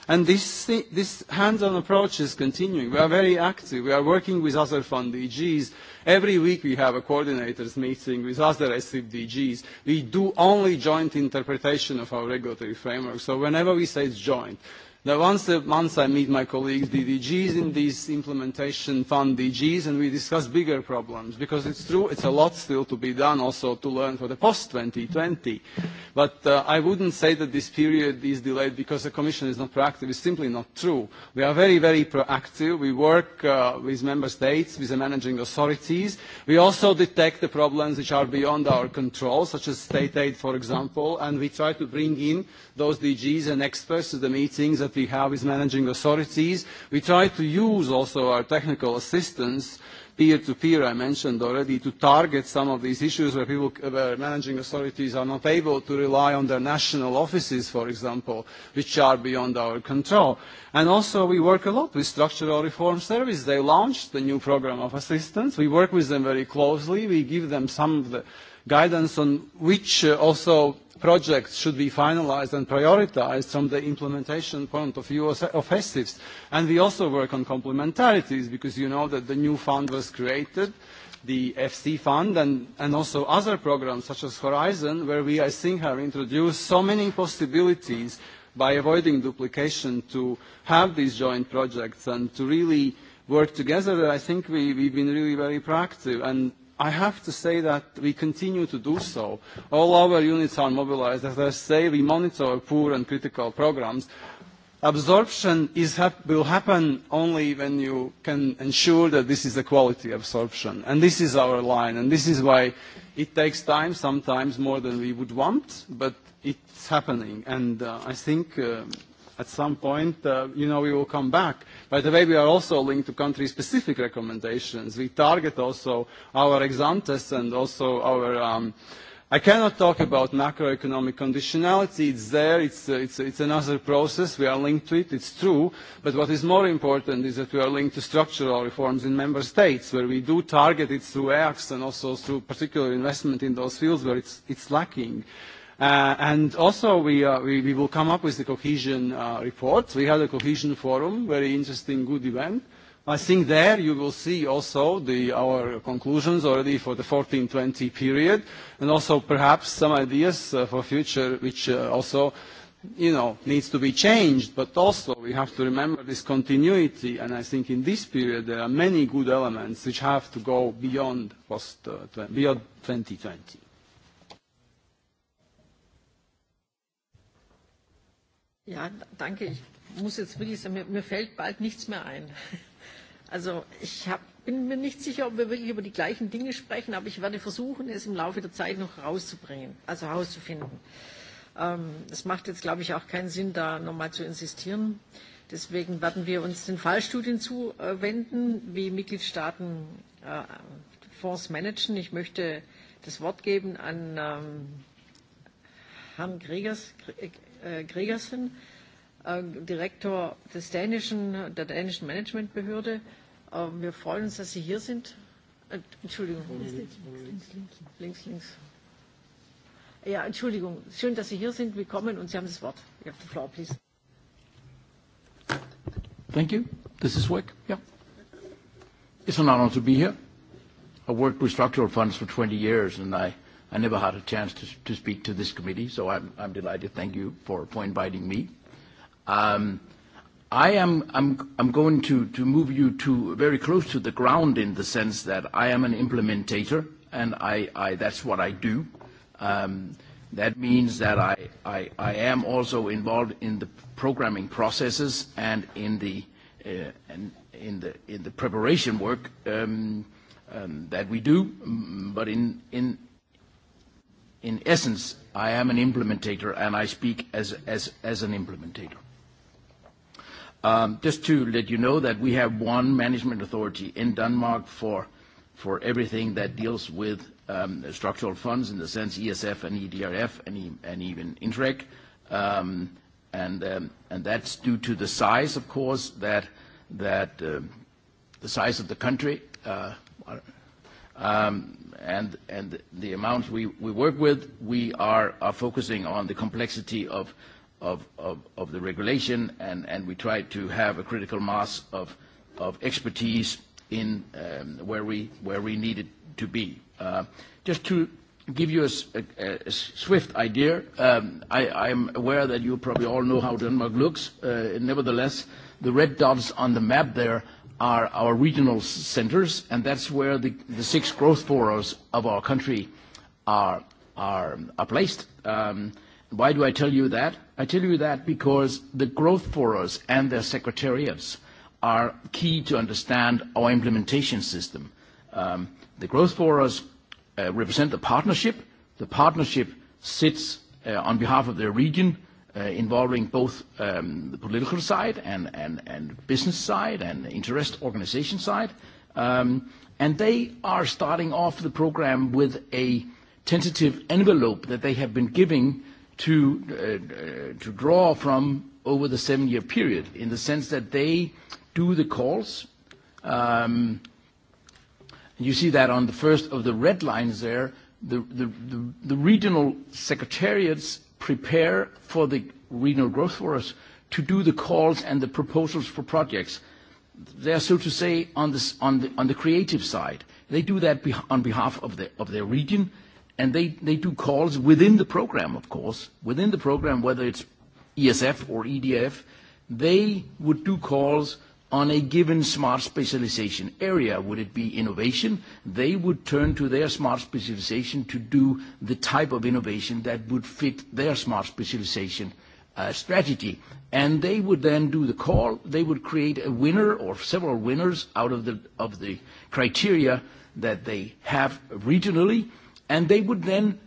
And this, this hands-on approach is continuing. We are very active. We are working with other fund DGs. Every week we have a coordinators meeting with other SIP DGs. We do only joint interpretation of our regulatory framework. So whenever we say it's joint, Now, once a uh, month I meet my colleagues, DDGs, in these implementation fund DGs, and we discuss bigger problems, because it's true, it's a lot still to be done also to learn for the post-2020. But uh, I wouldn't say that this period is delayed because the Commission is not proactive. It's simply not true. We are very, very proactive. We work uh, with member states, with the managing authorities. We also detect the problems which are beyond our control, such as state aid, for example, and we try to bring in those DGs and experts to the meetings that constantly have with managing authorities. We try to use also our technical assistance peer-to-peer -peer, I mentioned already, to target some of these issues where people, where managing authorities are not able to rely on their national offices, for example, which are beyond our control. And also we work a lot with Structural Reform Service. They launched the new program of assistance. We work with them very closely. We give them some of the guidance on which uh, also projects should be finalised and prioritised from the implementation point of view of HESIFs. And we also work on complementarities because you know that the new fund was created, the FC fund, and, and also other programmes such as Horizon, where we, I think, have introduced so many possibilities by avoiding duplication to have these joint projects and to really work together. I think we, we've been really very proactive. And i have to say that we continue to do so. All our units are mobilized. As I say, we monitor poor and critical programs. Absorption is hap will happen only when you can ensure that this is a quality absorption. And this is our line, and this is why it takes time, sometimes more than we would want, but it's happening. And uh, I think uh, at some point, uh, you know, we will come back. By the way, we are also linked to country-specific recommendations. We target also our ex and also our... Um, I cannot talk about macroeconomic conditionality. It's there. It's, uh, it's, it's another process. We are linked to it. It's true. But what is more important is that we are linked to structural reforms in member states where we do target it through e acts and also through particular investment in those fields where it's, it's lacking. Uh, Uh, and also, we, uh, we, we will come up with the cohesion uh, report. We had a cohesion forum, very interesting, good event. I think there you will see also the, our conclusions already for the 1420 period, and also perhaps some ideas uh, for future, which uh, also you know, needs to be changed, but also we have to remember this continuity, and I think in this period there are many good elements which have to go beyond, post, uh, beyond 2020. Ja, danke. Ich muss jetzt wirklich sagen, mir, mir fällt bald nichts mehr ein. Also ich hab, bin mir nicht sicher, ob wir wirklich über die gleichen Dinge sprechen, aber ich werde versuchen, es im Laufe der Zeit noch rauszubringen, also herauszufinden. Ähm, es ähm, macht jetzt, glaube ich, auch keinen Sinn, da nochmal zu insistieren. Deswegen werden wir uns den Fallstudien zuwenden, wie Mitgliedstaaten äh, Fonds managen. Ich möchte das Wort geben an ähm, Herrn Gregers. Gre Äh, Gregersen, äh, Direktor des dänischen, der dänischen Managementbehörde. Äh, wir freuen uns, dass Sie hier sind. Entschuldigung. Links, links. Ja, Entschuldigung. Schön, dass Sie hier sind. Willkommen und Sie haben das Wort. You have the floor, please. Thank you. This is work? Yeah. It's an honor to be here. I worked with structural funds for 20 years, and I i never had a chance to, to speak to this committee, so I'm, I'm delighted. Thank you for, for inviting me. Um, I am I'm, I'm going to, to move you to very close to the ground in the sense that I am an implementator, and I, I, that's what I do. Um, that means that I, I, I am also involved in the programming processes and in the, uh, and in the, in the preparation work um, um, that we do, but in, in, in essence, I am an implementator and I speak as, as, as an implementator. Um, just to let you know that we have one management authority in Denmark for, for everything that deals with um, structural funds in the sense ESF and EDRF and, e, and even INTREC. Um, and, um, and that's due to the size, of course, that, that um, the size of the country. Uh, Um, and, and the amounts we, we work with, we are, are focusing on the complexity of, of, of, of the regulation, and, and we try to have a critical mass of, of expertise in um, where, we, where we need it to be. Uh, just to give you a, a, a swift idea, um, I, I'm aware that you probably all know how Denmark looks. Uh, nevertheless, the red dots on the map there are our regional centers, and that's where the, the six growth forums of our country are, are, are placed. Um, why do I tell you that? I tell you that because the growth forums and their secretariats are key to understand our implementation system. Um, the growth forums uh, represent the partnership. The partnership sits uh, on behalf of the region uh, involving both um, the political side and, and, and business side and interest organization side. Um, and they are starting off the program with a tentative envelope that they have been giving to, uh, uh, to draw from over the seven-year period in the sense that they do the calls. Um, you see that on the first of the red lines there, the, the, the, the regional secretariats prepare for the Regional Growth Forest to do the calls and the proposals for projects. They are, so to say, on, this, on, the, on the creative side. They do that on behalf of, the, of their region, and they, they do calls within the program, of course, within the program, whether it's ESF or EDF. They would do calls on a given smart specialization area. Would it be innovation? They would turn to their smart specialization to do the type of innovation that would fit their smart specialization uh, strategy. And they would then do the call. They would create a winner or several winners out of the, of the criteria that they have regionally, and they would then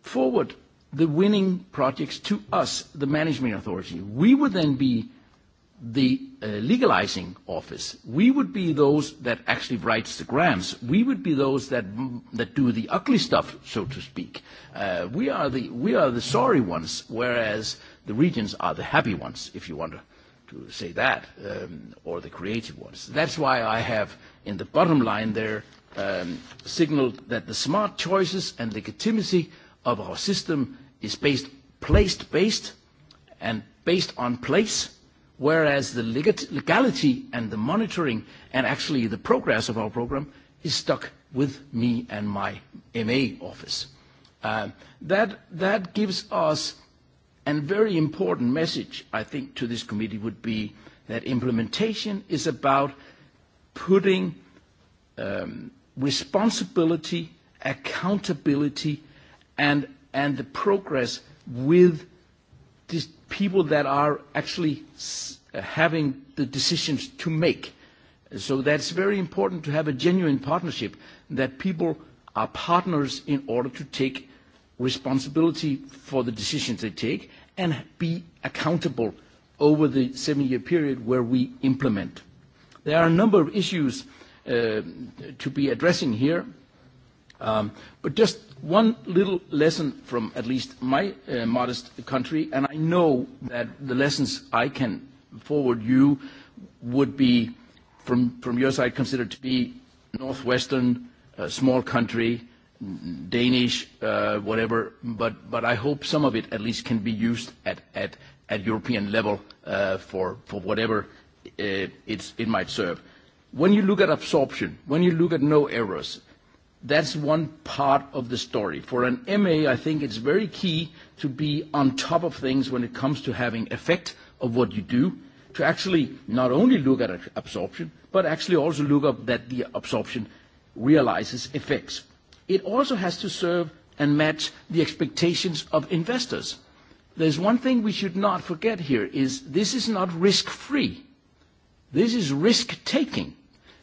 forward the winning projects to us, the management authority. We would then be the Uh, legalizing office, we would be those that actually writes the grants. We would be those that that do the ugly stuff, so to speak. Uh, we are the we are the sorry ones, whereas the regions are the happy ones, if you want to, to say that, um, or the creative ones. That's why I have in the bottom line there um, signaled that the smart choices and legitimacy of our system is based placed based and based on place whereas the legality and the monitoring and actually the progress of our program is stuck with me and my MA office. Uh, that, that gives us a very important message, I think, to this committee would be that implementation is about putting um, responsibility, accountability, and, and the progress with these people that are actually uh, having the decisions to make. So that's very important to have a genuine partnership, that people are partners in order to take responsibility for the decisions they take and be accountable over the seven-year period where we implement. There are a number of issues uh, to be addressing here. Um, but just one little lesson from at least my uh, modest country, and I know that the lessons I can forward you would be, from, from your side, considered to be northwestern, uh, small country, Danish, uh, whatever, but, but I hope some of it at least can be used at, at, at European level uh, for, for whatever uh, it's, it might serve. When you look at absorption, when you look at no errors, That's one part of the story. For an MA, I think it's very key to be on top of things when it comes to having effect of what you do, to actually not only look at absorption, but actually also look up that the absorption realizes effects. It also has to serve and match the expectations of investors. There's one thing we should not forget here is this is not risk-free. This is risk-taking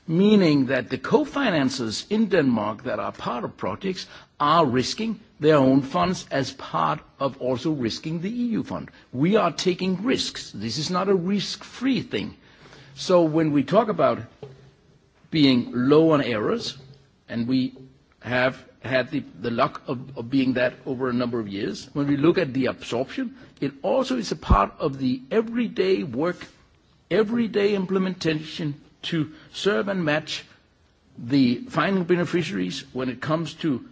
meaning that the co-financers in Denmark that are part of projects are risking their own funds as part of also risking the EU fund. We are taking risks. This is not a risk-free thing. So when we talk about being low on errors, and we have had the, the luck of, of being that over a number of years, when we look at the absorption, it also is a part of the everyday work, everyday implementation to serve and match the final beneficiaries when it comes to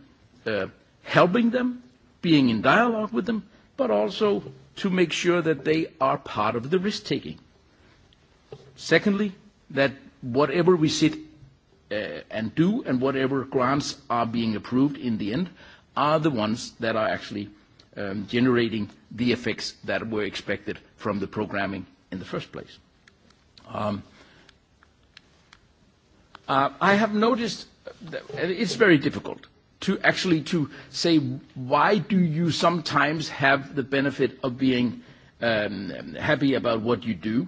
uh, helping them, being in dialogue with them, but also to make sure that they are part of the risk taking. Secondly, that whatever we sit uh, and do and whatever grants are being approved in the end are the ones that are actually um, generating the effects that were expected from the programming in the first place. Um, Uh, I have noticed that it's very difficult to actually to say why do you sometimes have the benefit of being um, happy about what you do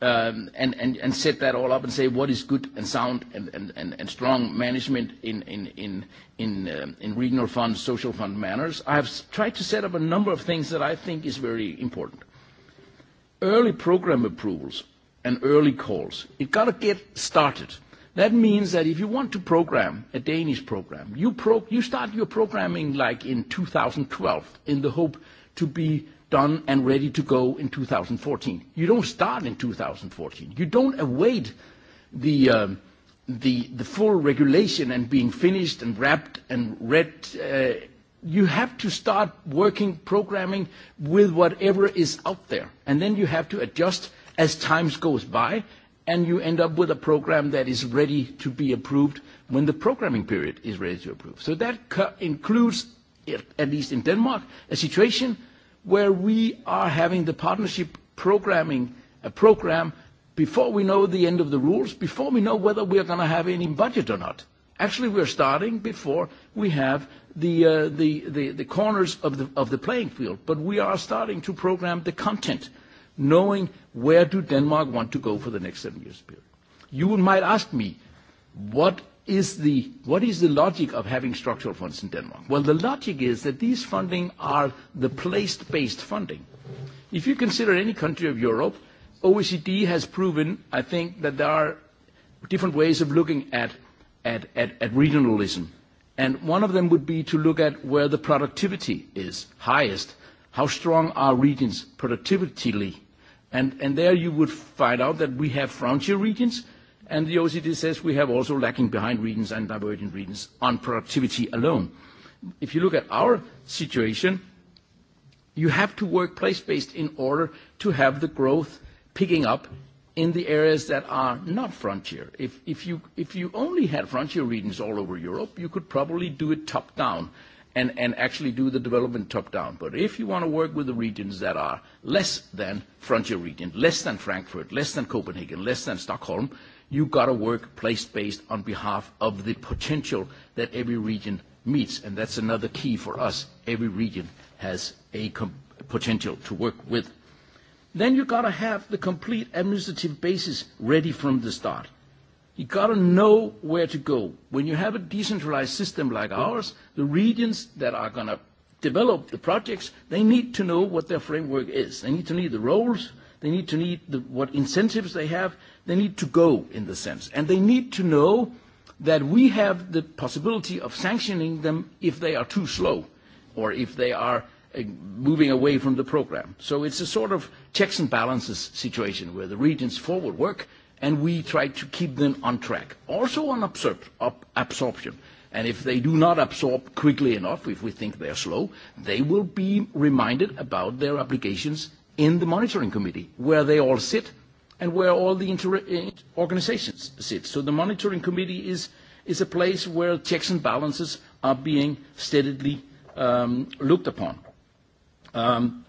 um, and, and, and set that all up and say what is good and sound and, and, and, and strong management in, in, in, in, uh in regional funds, social fund manners. I have tried to set up a number of things that I think is very important. Early program approvals and early calls. You've got to get started. That means that if you want to program a Danish program, you, pro- you start your programming like in 2012 in the hope to be done and ready to go in 2014. You don't start in 2014. You don't await the, um, the, the full regulation and being finished and wrapped and read. Uh, you have to start working programming with whatever is out there. And then you have to adjust as time goes by and you end up with a program that is ready to be approved when the programming period is ready to approve. So that includes, at least in Denmark, a situation where we are having the partnership programming a program before we know the end of the rules, before we know whether we are going to have any budget or not. Actually, we're starting before we have the, uh, the, the, the corners of the, of the playing field, but we are starting to program the content – knowing where do Denmark want to go for the next seven years period. You might ask me, what is the, what is the logic of having structural funds in Denmark? Well, the logic is that these funding are the place-based funding. If you consider any country of Europe, OECD has proven, I think, that there are different ways of looking at, at, at, at regionalism. And one of them would be to look at where the productivity is highest How strong are regions productively? And, and there you would find out that we have frontier regions, and the OECD says we have also lacking behind regions and divergent regions on productivity alone. If you look at our situation, you have to work place-based in order to have the growth picking up in the areas that are not frontier. If, if, you, if you only had frontier regions all over Europe, you could probably do it top-down and, and actually do the development top down. But if you want to work with the regions that are less than frontier region, less than Frankfurt, less than Copenhagen, less than Stockholm, you've got to work place based on behalf of the potential that every region meets. And that's another key for us. Every region has a com- potential to work with. Then you've got to have the complete administrative basis ready from the start. You gotta know where to go. When you have a decentralized system like ours, the regions that are gonna develop the projects, they need to know what their framework is. They need to need the roles, they need to need the, what incentives they have, they need to go in the sense. And they need to know that we have the possibility of sanctioning them if they are too slow or if they are uh, moving away from the program. So it's a sort of checks and balances situation where the regions forward work and we try to keep them on track. Also on absor absorption. And if they do not absorb quickly enough, if we think they are slow, they will be reminded about their obligations in the monitoring committee, where they all sit and where all the inter- eh, organizations sit. So the monitoring committee is, is a place where checks and balances are being steadily um, looked upon. Um,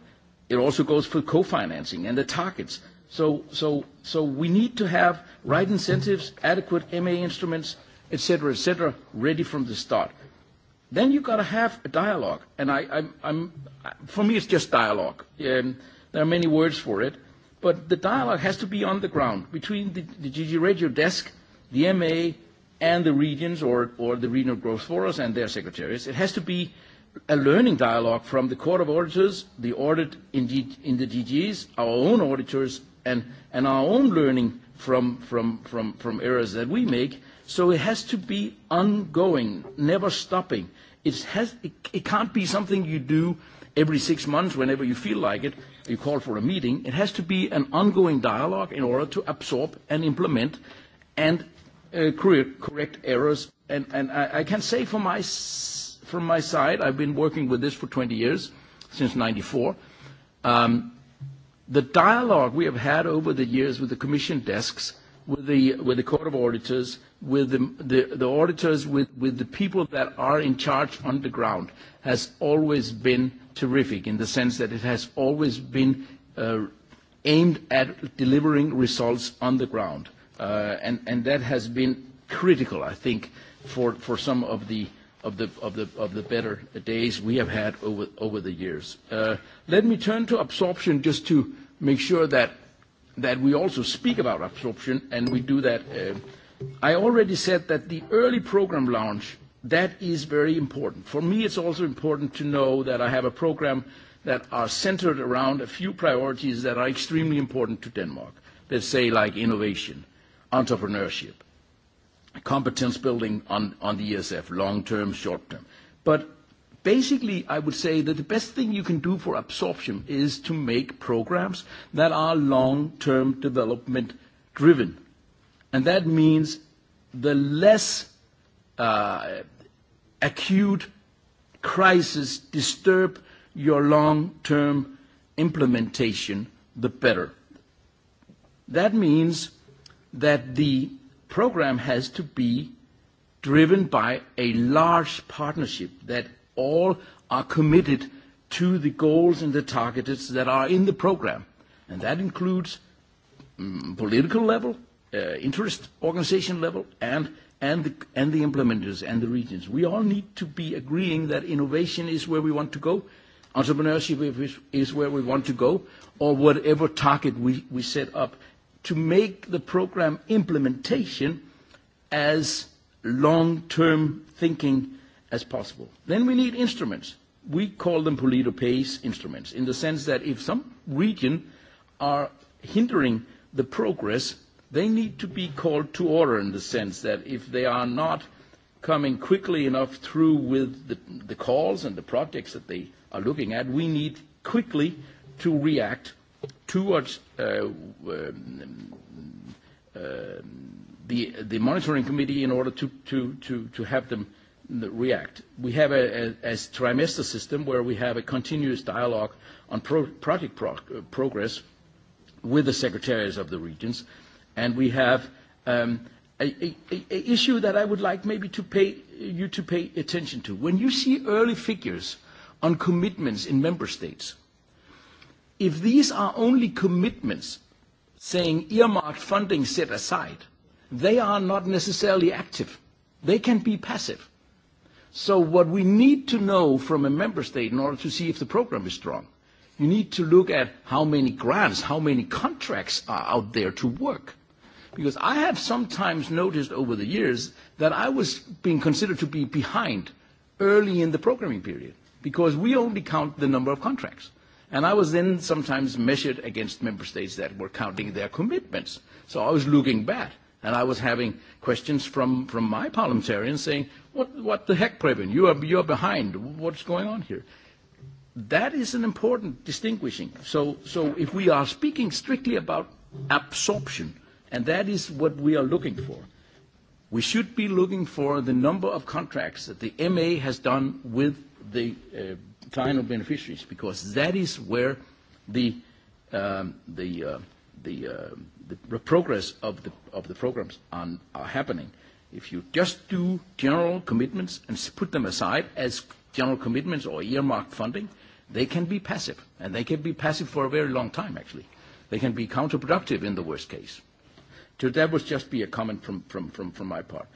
it also goes for co-financing and the targets so, so, so we need to have right incentives, adequate MA instruments, et cetera, et cetera, ready from the start. Then you've got to have a dialogue. And I, I'm, I'm, for me, it's just dialogue. Um, there are many words for it. But the dialogue has to be on the ground between the, the GG Radio desk, the MA, and the regions or, or the regional growth forums and their secretaries. It has to be a learning dialogue from the Court of Auditors, the audit in, G, in the GGs, our own auditors, and, and our own learning from, from, from, from errors that we make. So it has to be ongoing, never stopping. It, has, it, it can't be something you do every six months whenever you feel like it. You call for a meeting. It has to be an ongoing dialogue in order to absorb and implement and uh, correct, correct errors. And, and I, I can say from my, from my side, I've been working with this for 20 years, since 94. Um, the dialogue we have had over the years with the commission desks, with the, with the court of auditors, with the, the, the auditors, with, with the people that are in charge on the ground has always been terrific in the sense that it has always been uh, aimed at delivering results on the ground. Uh, and, and that has been critical, I think, for, for some of the of the, of the, of the better days we have had over, over the years. Uh, let me turn to absorption just to make sure that, that we also speak about absorption and we do that. Uh, I already said that the early program launch, that is very important. For me, it's also important to know that I have a program that are centered around a few priorities that are extremely important to Denmark. Let's say like innovation, entrepreneurship, competence building on, on the ESF, long term, short term. But basically, I would say that the best thing you can do for absorption is to make programs that are long term development driven. And that means the less uh, acute crisis disturb your long term implementation, the better. That means that the program has to be driven by a large partnership that all are committed to the goals and the targets that are in the program. And that includes um, political level, uh, interest organization level, and, and, the, and the implementers and the regions. We all need to be agreeing that innovation is where we want to go, entrepreneurship is, is where we want to go, or whatever target we, we set up to make the program implementation as long-term thinking as possible. Then we need instruments. We call them Polito-Pace instruments, in the sense that if some region are hindering the progress, they need to be called to order in the sense that if they are not coming quickly enough through with the, the calls and the projects that they are looking at, we need quickly to react towards uh, uh um, uh, the, the monitoring committee in order to, to, to, to have them react. We have a, a, a trimester system where we have a continuous dialogue on pro project pro uh, progress with the secretaries of the regions, and we have um, a, a, a issue that I would like maybe to pay you to pay attention to. When you see early figures on commitments in member states, If these are only commitments saying earmarked funding set aside, they are not necessarily active. They can be passive. So what we need to know from a member state in order to see if the program is strong, you need to look at how many grants, how many contracts are out there to work. Because I have sometimes noticed over the years that I was being considered to be behind early in the programming period because we only count the number of contracts. And I was then sometimes measured against member states that were counting their commitments. So I was looking bad. And I was having questions from, from my parliamentarians saying, what, what the heck, Previn? You are, you are behind. What's going on here? That is an important distinguishing. So, so if we are speaking strictly about absorption, and that is what we are looking for, we should be looking for the number of contracts that the MA has done with the uh, final beneficiaries, because that is where the um, the uh, the, uh, the progress of the of the programs on, are happening. If you just do general commitments and put them aside as general commitments or earmarked funding, they can be passive, and they can be passive for a very long time. Actually, they can be counterproductive in the worst case. So that would just be a comment from from from, from my part.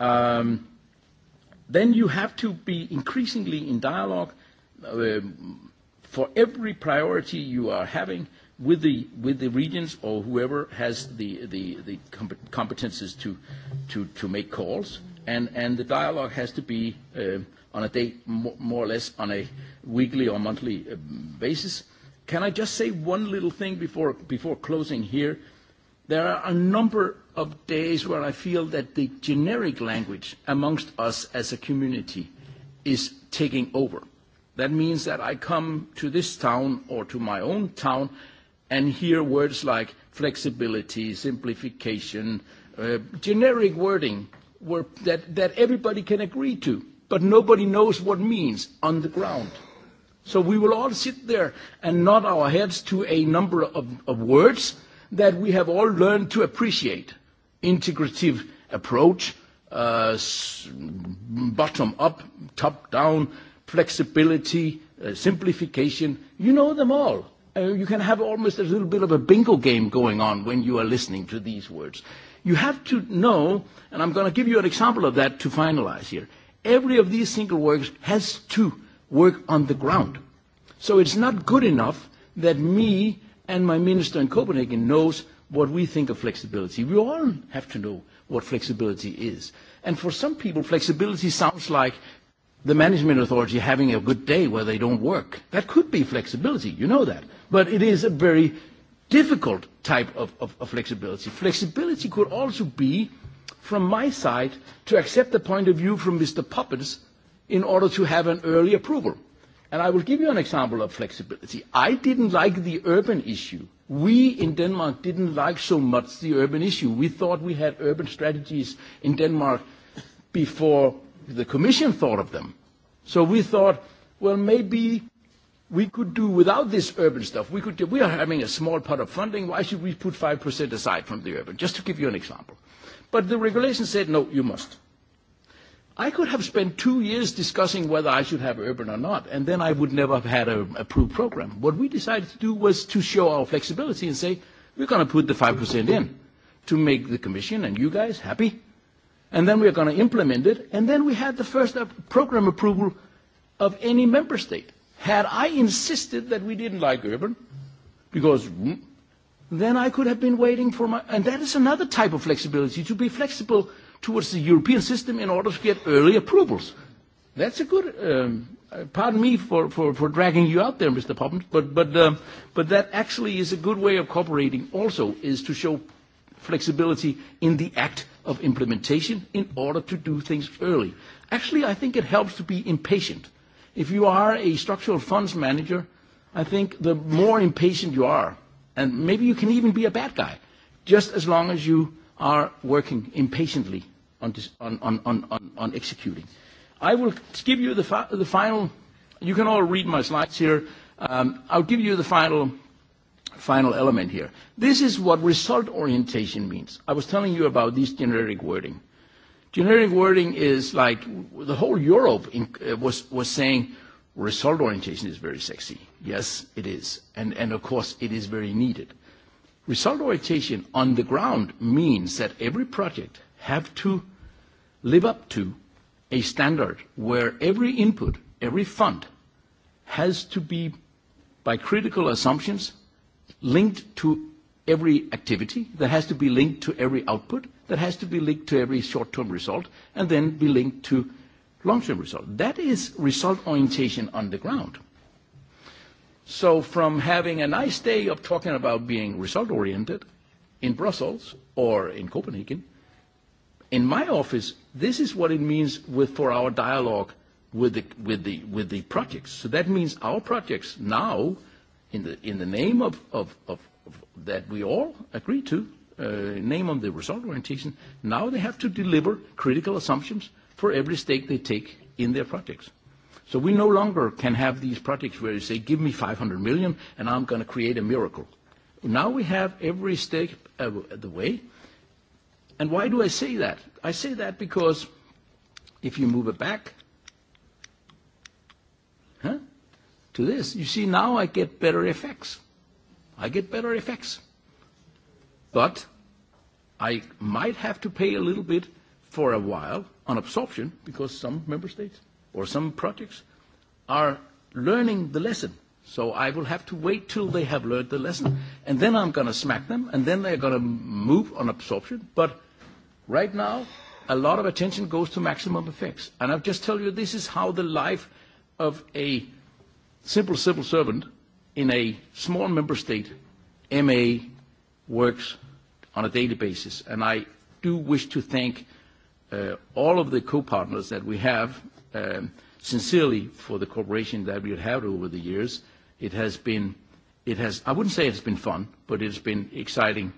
Um, then you have to be increasingly in dialogue uh, for every priority you are having with the with the regions or whoever has the the, the competences to, to to make calls, and and the dialogue has to be uh, on a day more or less on a weekly or monthly uh, basis. Can I just say one little thing before before closing here? There are a number of days where I feel that the generic language amongst us as a community is taking over That means that I come to this town or to my own town and hear words like flexibility, simplification, uh, generic wording were, that, that everybody can agree to, but nobody knows what means on the ground. So we will all sit there and nod our heads to a number of, of words that we have all learned to appreciate. Integrative approach, uh, bottom up, top down, flexibility, uh, simplification. You know them all. Uh, you can have almost a little bit of a bingo game going on when you are listening to these words. You have to know, and I'm going to give you an example of that to finalize here. Every of these single works has to work on the ground. So it's not good enough that me and my minister in Copenhagen knows what we think of flexibility. We all have to know what flexibility is. And for some people, flexibility sounds like the management authority having a good day where they don't work. That could be flexibility, you know that. But it is a very difficult type of, of, of flexibility. Flexibility could also be, from my side, to accept the point of view from Mr. Poppins in order to have an early approval. And I will give you an example of flexibility. I didn't like the urban issue. We in Denmark didn't like so much the urban issue. We thought we had urban strategies in Denmark before the Commission thought of them. So we thought, well, maybe we could do without this urban stuff. We, could, we are having a small pot of funding. Why should we put 5% aside from the urban? Just to give you an example. But the regulation said, no, you must. I could have spent two years discussing whether I should have urban or not, and then I would never have had an approved program. What we decided to do was to show our flexibility and say, we're going to put the 5% in to make the Commission and you guys happy and then we are going to implement it, and then we had the first program approval of any member state. Had I insisted that we didn't like urban, because then I could have been waiting for my, and that is another type of flexibility, to be flexible towards the European system in order to get early approvals. That's a good, um, uh, pardon me for, for, for dragging you out there, Mr. Poppins, but, but, um, but that actually is a good way of cooperating also, is to show flexibility in the act of implementation in order to do things early. Actually, I think it helps to be impatient. If you are a structural funds manager, I think the more impatient you are, and maybe you can even be a bad guy, just as long as you are working impatiently on, this, on, on, on, on, on executing. I will give you the, fi- the final, you can all read my slides here. Um, I'll give you the final final element here. This is what result orientation means. I was telling you about this generic wording. Generic wording is like the whole Europe in, uh, was, was saying result orientation is very sexy. Yes, it is. And, and of course, it is very needed. Result orientation on the ground means that every project have to live up to a standard where every input, every fund has to be, by critical assumptions, linked to every activity, that has to be linked to every output, that has to be linked to every short-term result, and then be linked to long-term result. That is result orientation on the ground. So from having a nice day of talking about being result-oriented in Brussels or in Copenhagen, in my office, this is what it means with, for our dialogue with the, with, the, with the projects. So that means our projects now in the, in the name of, of, of, of that we all agree to, uh, name of the result orientation, now they have to deliver critical assumptions for every stake they take in their projects. So we no longer can have these projects where you say, give me 500 million and I'm going to create a miracle. Now we have every stake uh, the way. And why do I say that? I say that because if you move it back, huh? to this. You see, now I get better effects. I get better effects. But I might have to pay a little bit for a while on absorption because some member states or some projects are learning the lesson. So I will have to wait till they have learned the lesson, and then I'm going to smack them, and then they're going to move on absorption. But right now, a lot of attention goes to maximum effects. And I'll just tell you, this is how the life of a simple civil servant in a small member state, MA works on a daily basis. And I do wish to thank uh, all of the co-partners that we have um, sincerely for the cooperation that we have had over the years. It has been, it has, I wouldn't say it's been fun, but it's been exciting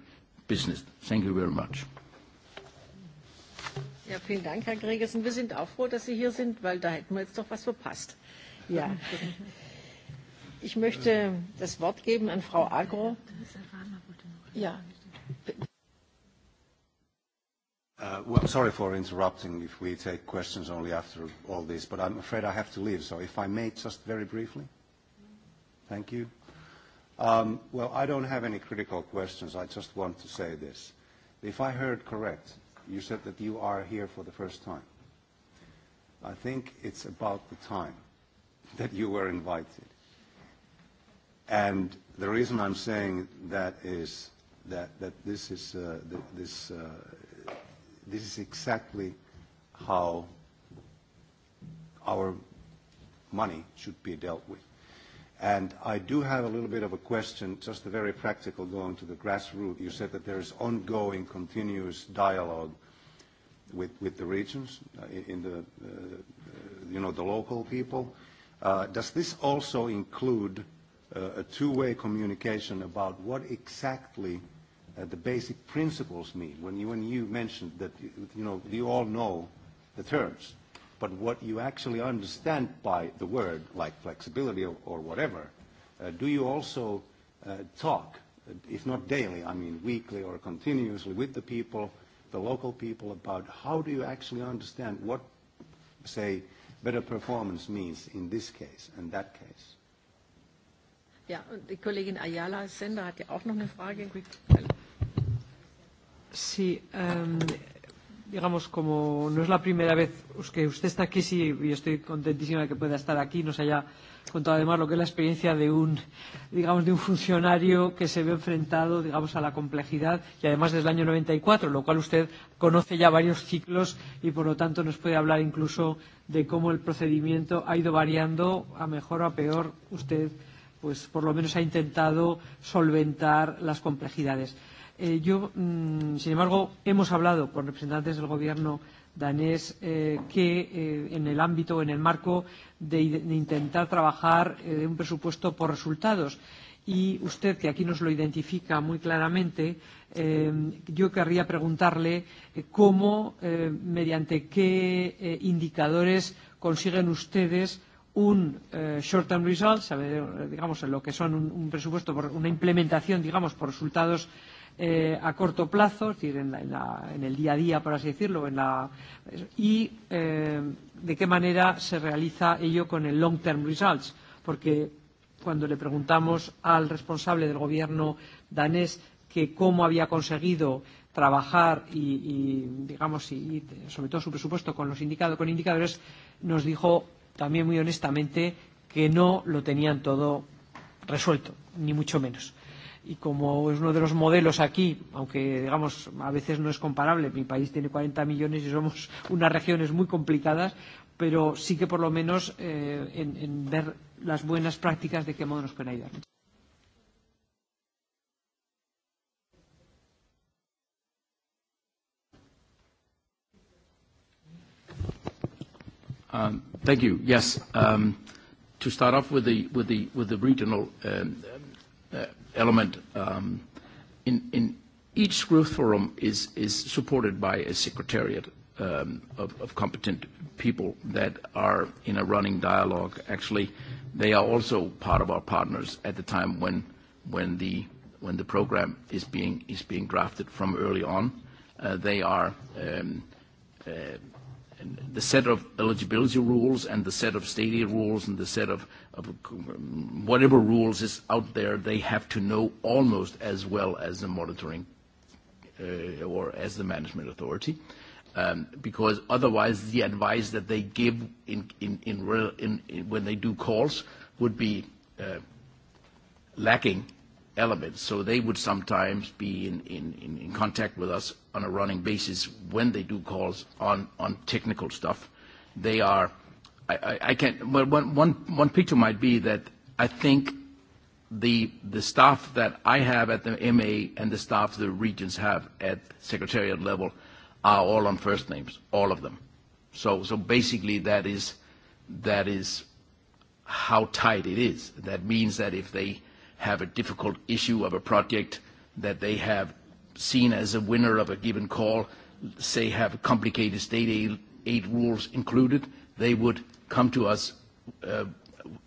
business. Thank you very much. Ja, vielen Dank, Herr Gregersen. Wir sind auch froh, dass Sie hier sind, weil da hätten wir jetzt doch was verpasst. Ja. Ich möchte das Wort geben an Frau Agro. Ja. Uh, well, sorry for interrupting if we take questions only after all this, but I'm afraid I have to leave. So if I may, just very briefly. Thank you. Um, well, I don't have any critical questions. I just want to say this. If I heard correct, you said that you are here for the first time. I think it's about the time that you were invited And the reason I'm saying that is that, that this, is, uh, th this, uh, this is exactly how our money should be dealt with. And I do have a little bit of a question, just a very practical going to the grassroots. You said that there is ongoing, continuous dialogue with, with the regions, uh, in the, uh, you know, the local people. Uh, does this also include uh, a two-way communication about what exactly uh, the basic principles mean. When you, when you mentioned that, you, you know, you all know the terms, but what you actually understand by the word, like flexibility or, or whatever, uh, do you also uh, talk, if not daily, I mean weekly or continuously with the people, the local people about how do you actually understand what, say, better performance means in this case and that case? Ja, und die Kollegin Ayala Sender hat ja auch noch eine Frage. Sí, um, digamos, como no es la primera vez que usted está aquí, sí, y estoy contentísima de que pueda estar aquí, nos haya contado además lo que es la experiencia de un, digamos, de un funcionario que se ve enfrentado, digamos, a la complejidad y además desde el año 94, lo cual usted conoce ya varios ciclos y por lo tanto nos puede hablar incluso de cómo el procedimiento ha ido variando a mejor o a peor usted pues por lo menos ha intentado solventar las complejidades. Eh, yo, mmm, sin embargo, hemos hablado con representantes del Gobierno danés eh, que eh, en el ámbito, en el marco de, de intentar trabajar eh, un presupuesto por resultados. Y usted, que aquí nos lo identifica muy claramente, eh, yo querría preguntarle eh, cómo, eh, mediante qué eh, indicadores consiguen ustedes un eh, short-term results, digamos, lo que son un, un presupuesto, por una implementación, digamos, por resultados eh, a corto plazo, es decir, en, la, en, la, en el día a día, por así decirlo, en la, y eh, de qué manera se realiza ello con el long-term results, porque cuando le preguntamos al responsable del gobierno danés que cómo había conseguido trabajar y, y digamos, y, y sobre todo su presupuesto con los indicado, con indicadores, nos dijo también muy honestamente, que no lo tenían todo resuelto, ni mucho menos. Y como es uno de los modelos aquí, aunque digamos a veces no es comparable, mi país tiene 40 millones y somos unas regiones muy complicadas, pero sí que por lo menos eh, en, en ver las buenas prácticas de qué modo nos pueden ayudar. Um, Thank you. Yes. Um, to start off with the, with the, with the regional um, uh, element, um, in, in each growth forum is, is supported by a secretariat um, of, of competent people that are in a running dialogue. Actually, they are also part of our partners at the time when, when, the, when the program is being, is being drafted from early on. Uh, they are um, uh, the set of eligibility rules and the set of stadia rules and the set of, of um, whatever rules is out there, they have to know almost as well as the monitoring uh, or as the management authority. Um, because otherwise the advice that they give in, in, in, real, in, in when they do calls would be uh, lacking elements. So they would sometimes be in, in, in contact with us on a running basis when they do calls on, on technical stuff. They are, I, I, I can't, well, one, one, one picture might be that I think the, the staff that I have at the MA and the staff the regions have at secretariat level are all on first names, all of them. So, so basically that is, that is how tight it is. That means that if they, have a difficult issue of a project that they have seen as a winner of a given call, say have complicated state aid, aid rules included, they would come to us uh,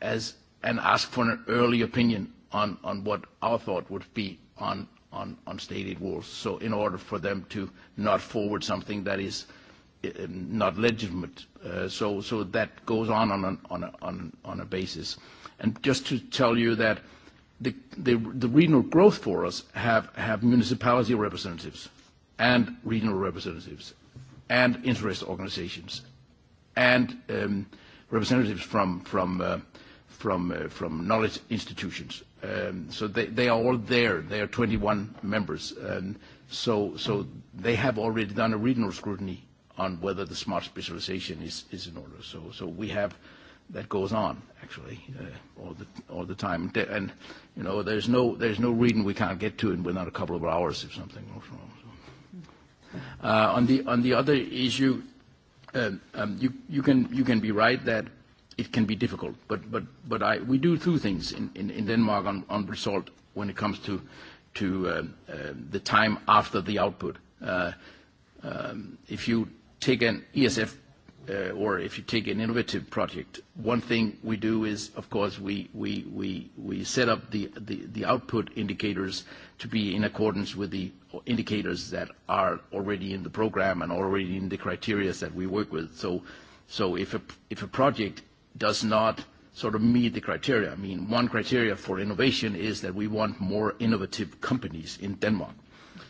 as and ask for an early opinion on, on what our thought would be on, on, on state aid rules. So in order for them to not forward something that is uh, not legitimate. Uh, so, so that goes on on, on, on, on a basis. And just to tell you that the, the, the regional growth forums have, have municipality representatives and regional representatives and interest organizations and um, representatives from, from, uh, from, uh, from knowledge institutions. Um, so they, they are all there. They are 21 members. Um, so, so they have already done a regional scrutiny on whether the smart specialization is, is in order. So, so we have – that goes on actually uh, all the all the time. And you know, there's no there's no reason we can't get to it within a couple of hours if something goes wrong. So. Uh, on the on the other issue, um, um, you you can you can be right that it can be difficult, but but but I we do two things in, in, in Denmark on, on result when it comes to to uh, uh, the time after the output. Uh, um, if you take an ESF uh, or if you take an innovative project, one thing we do is, of course, we, we, we, we set up the, the, the output indicators to be in accordance with the indicators that are already in the program and already in the criteria that we work with. So, so if, a, if a project does not sort of meet the criteria, I mean, one criteria for innovation is that we want more innovative companies in Denmark.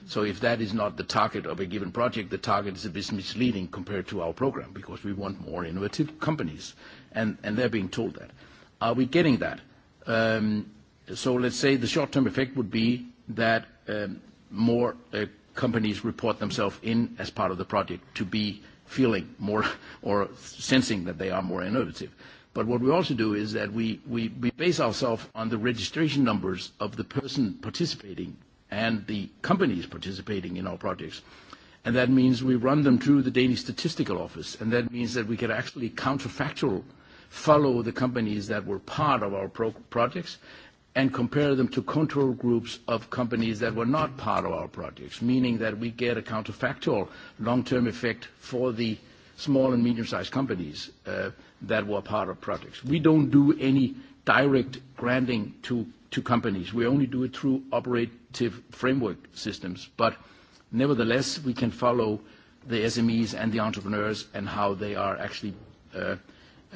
So if that is not the target of a given project, the target is a bit misleading compared to our program because we want more innovative companies, and, and they're being told that. Are we getting that? Um, so let's say the short-term effect would be that um, more uh, companies report themselves in as part of the project to be feeling more or sensing that they are more innovative. But what we also do is that we, we, we base ourselves on the registration numbers of the person participating and the companies participating in our projects. And that means we run them through the Danish Statistical Office, and that means that we can actually counterfactual follow the companies that were part of our pro projects and compare them to control groups of companies that were not part of our projects, meaning that we get a counterfactual long-term effect for the small and medium-sized companies uh, that were part of projects. We don't do any direct granting to, to companies. We only do it through operate normative framework systems. But nevertheless, we can follow the SMEs and the entrepreneurs and how they are actually uh,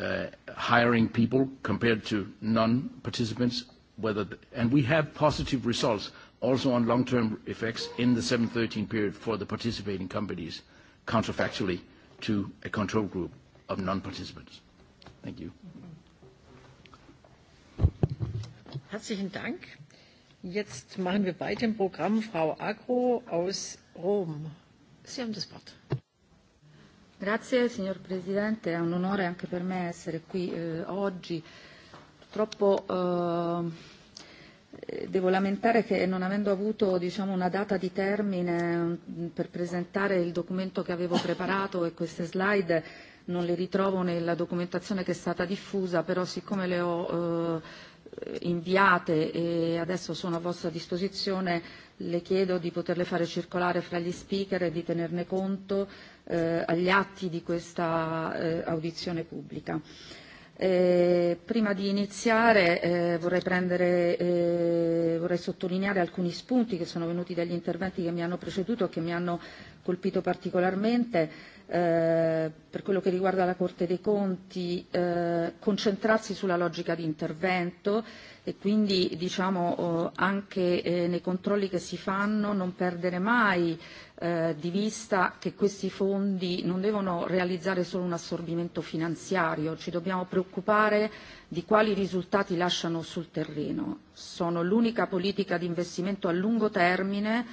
uh, hiring people compared to non-participants. Whether and we have positive results also on long-term effects in the 713 period for the participating companies, counterfactually to a control group of non-participants. Thank you. Herzlichen Dank. Jetzt machen wir bei dem Programm Frau Agro aus Rom. Sie haben das Wort. Grazie signor Presidente, è un onore anche per me essere qui eh, oggi. Purtroppo eh, devo lamentare che non avendo avuto diciamo, una data di termine mm, per presentare il documento che avevo preparato e queste slide non le ritrovo nella documentazione che è stata diffusa, però siccome le ho eh, inviate e adesso sono a vostra disposizione, le chiedo di poterle fare circolare fra gli speaker e di tenerne conto eh, agli atti di questa eh, audizione pubblica. Eh, prima di iniziare eh, vorrei, prendere, eh, vorrei sottolineare alcuni spunti che sono venuti dagli interventi che mi hanno preceduto e che mi hanno colpito particolarmente Eh, per quello che riguarda la Corte dei Conti, eh, concentrarsi sulla logica di intervento e quindi diciamo, eh, anche eh, nei controlli che si fanno non perdere mai eh, di vista che questi fondi non devono realizzare solo un assorbimento finanziario, ci dobbiamo preoccupare di quali risultati lasciano sul terreno. Sono l'unica politica di investimento a lungo termine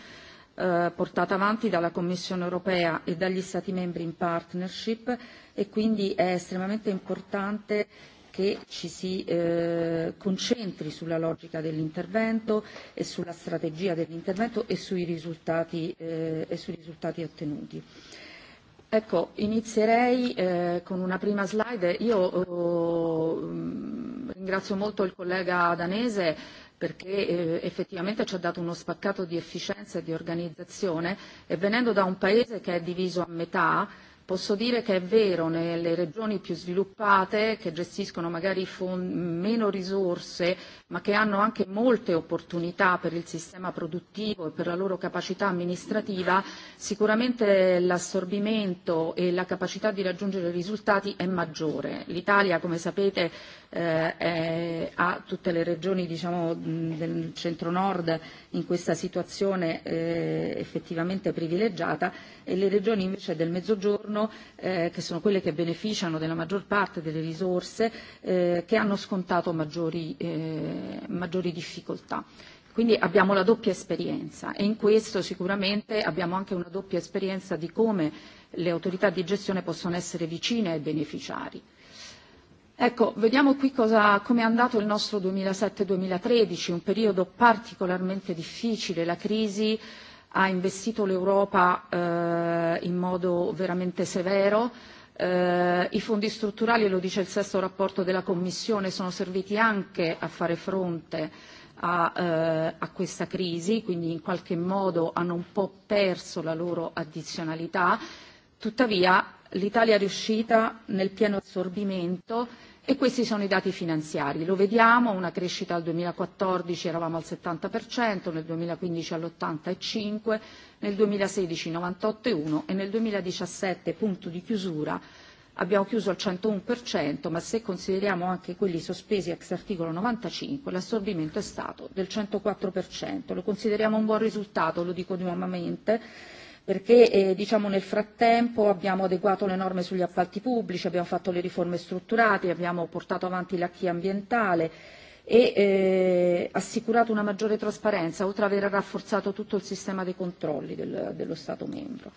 Eh, portata avanti dalla Commissione europea e dagli Stati membri in partnership e quindi è estremamente importante che ci si eh, concentri sulla logica dell'intervento e sulla strategia dell'intervento e sui risultati, eh, e sui risultati ottenuti. Ecco, inizierei eh, con una prima slide. Io oh, ringrazio molto il collega danese perché eh, effettivamente ci ha dato uno spaccato di efficienza e di organizzazione e venendo da un paese che è diviso a metà Posso dire che è vero nelle regioni più sviluppate, che gestiscono magari meno risorse, ma che hanno anche molte opportunità per il sistema produttivo e per la loro capacità amministrativa, sicuramente l'assorbimento e la capacità di raggiungere risultati è maggiore. L'Italia, come sapete, Eh, eh, a tutte le regioni diciamo, del centro-nord in questa situazione eh, effettivamente privilegiata e le regioni invece del mezzogiorno, eh, che sono quelle che beneficiano della maggior parte delle risorse, eh, che hanno scontato maggiori, eh, maggiori difficoltà. Quindi abbiamo la doppia esperienza e in questo sicuramente abbiamo anche una doppia esperienza di come le autorità di gestione possono essere vicine ai beneficiari Ecco, vediamo qui come è andato il nostro 2007-2013, un periodo particolarmente difficile. La crisi ha investito l'Europa eh, in modo veramente severo. Eh, I fondi strutturali, lo dice il sesto rapporto della Commissione, sono serviti anche a fare fronte a, eh, a questa crisi, quindi in qualche modo hanno un po' perso la loro addizionalità. Tuttavia l'Italia è riuscita nel pieno assorbimento e questi sono i dati finanziari. Lo vediamo, una crescita al 2014 eravamo al 70%, nel 2015 all'85%, nel 2016 98,1% e, e nel 2017 punto di chiusura abbiamo chiuso al 101%, ma se consideriamo anche quelli sospesi ex articolo 95 l'assorbimento è stato del 104%. Lo consideriamo un buon risultato, lo dico nuovamente perché eh, diciamo, nel frattempo abbiamo adeguato le norme sugli appalti pubblici, abbiamo fatto le riforme strutturate, abbiamo portato avanti l'acchia ambientale e eh, assicurato una maggiore trasparenza, oltre ad aver rafforzato tutto il sistema dei controlli del, dello Stato membro.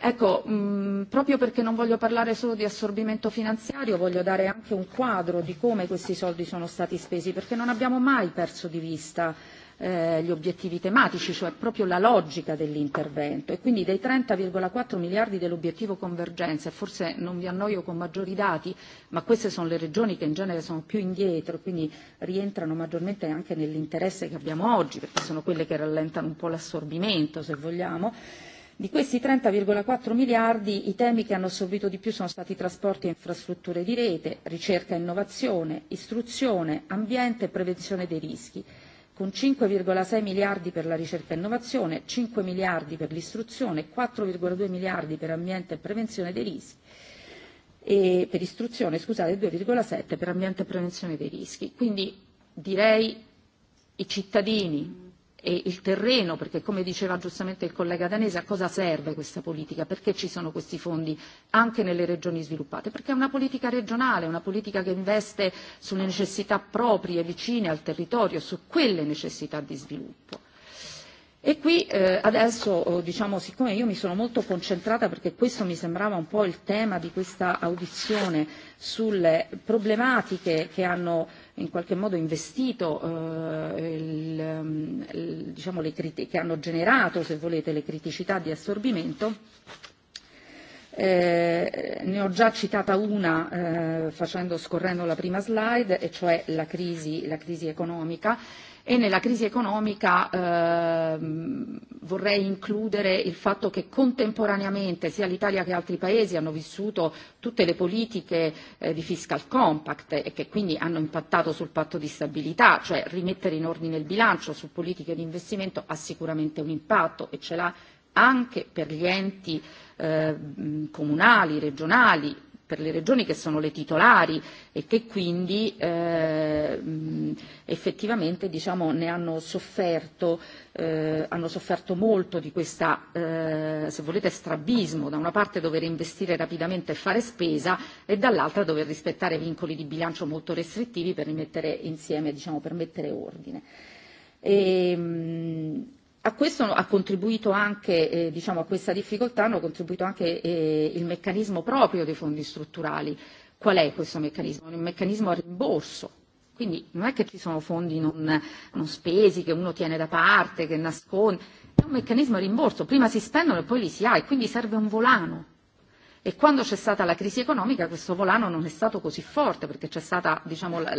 Ecco, mh, proprio perché non voglio parlare solo di assorbimento finanziario, voglio dare anche un quadro di come questi soldi sono stati spesi, perché non abbiamo mai perso di vista eh, gli obiettivi tematici, cioè proprio la logica dell'intervento. E quindi dei 30,4 miliardi dell'obiettivo convergenza, e forse non vi annoio con maggiori dati, ma queste sono le regioni che in genere sono più indietro, e quindi rientrano maggiormente anche nell'interesse che abbiamo oggi, perché sono quelle che rallentano un po' l'assorbimento, se vogliamo. Di questi 30,4 miliardi i temi che hanno assorbito di più sono stati trasporti e infrastrutture di rete, ricerca e innovazione, istruzione, ambiente e prevenzione dei rischi con 5,6 miliardi per la ricerca e innovazione, 5 miliardi per l'istruzione, 4,2 miliardi per ambiente e prevenzione dei rischi e per istruzione, scusate, 2,7 per ambiente e prevenzione dei rischi. Quindi direi i cittadini, e il terreno, perché come diceva giustamente il collega danese, a cosa serve questa politica? Perché ci sono questi fondi anche nelle regioni sviluppate? Perché è una politica regionale, una politica che investe sulle necessità proprie, vicine al territorio, su quelle necessità di sviluppo. E qui eh, adesso, oh, diciamo, siccome io mi sono molto concentrata, perché questo mi sembrava un po' il tema di questa audizione, sulle problematiche che hanno in qualche modo investito eh, il, ehm, il, diciamo le che hanno generato, se volete, le criticità di assorbimento. Eh, ne ho già citata una eh, facendo, scorrendo la prima slide, e cioè la crisi, la crisi economica E nella crisi economica ehm, vorrei includere il fatto che contemporaneamente sia l'Italia che altri paesi hanno vissuto tutte le politiche eh, di fiscal compact e che quindi hanno impattato sul patto di stabilità, cioè rimettere in ordine il bilancio su politiche di investimento ha sicuramente un impatto e ce l'ha anche per gli enti eh, comunali, regionali, per le regioni che sono le titolari e che quindi eh, effettivamente diciamo, ne hanno sofferto, eh, hanno sofferto molto di questa, eh, se volete, strabismo, da una parte dover investire rapidamente e fare spesa e dall'altra dover rispettare vincoli di bilancio molto restrittivi per rimettere insieme, diciamo, per mettere ordine. E, a questo ha contribuito anche, eh, diciamo, a questa difficoltà hanno contribuito anche eh, il meccanismo proprio dei fondi strutturali. Qual è questo meccanismo? È un meccanismo a rimborso. Quindi non è che ci sono fondi non, non spesi che uno tiene da parte, che nasconde. È un meccanismo a rimborso. Prima si spendono e poi li si ha e quindi serve un volano E quando c'è stata la crisi economica questo volano non è stato così forte perché c'è stata diciamo, la,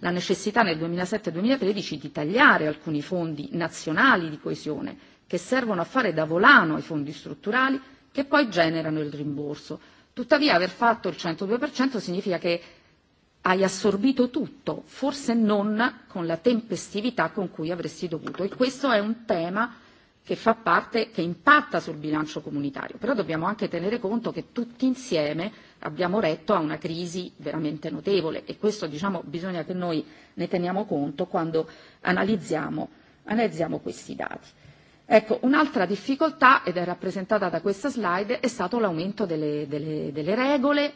la necessità nel 2007-2013 di tagliare alcuni fondi nazionali di coesione che servono a fare da volano ai fondi strutturali che poi generano il rimborso. Tuttavia aver fatto il 102% significa che hai assorbito tutto, forse non con la tempestività con cui avresti dovuto. E questo è un tema che fa parte, che impatta sul bilancio comunitario. Però dobbiamo anche tenere conto che tutti insieme abbiamo retto a una crisi veramente notevole e questo diciamo, bisogna che noi ne teniamo conto quando analizziamo, analizziamo questi dati. Ecco, un'altra difficoltà, ed è rappresentata da questa slide, è stato l'aumento delle, delle, delle regole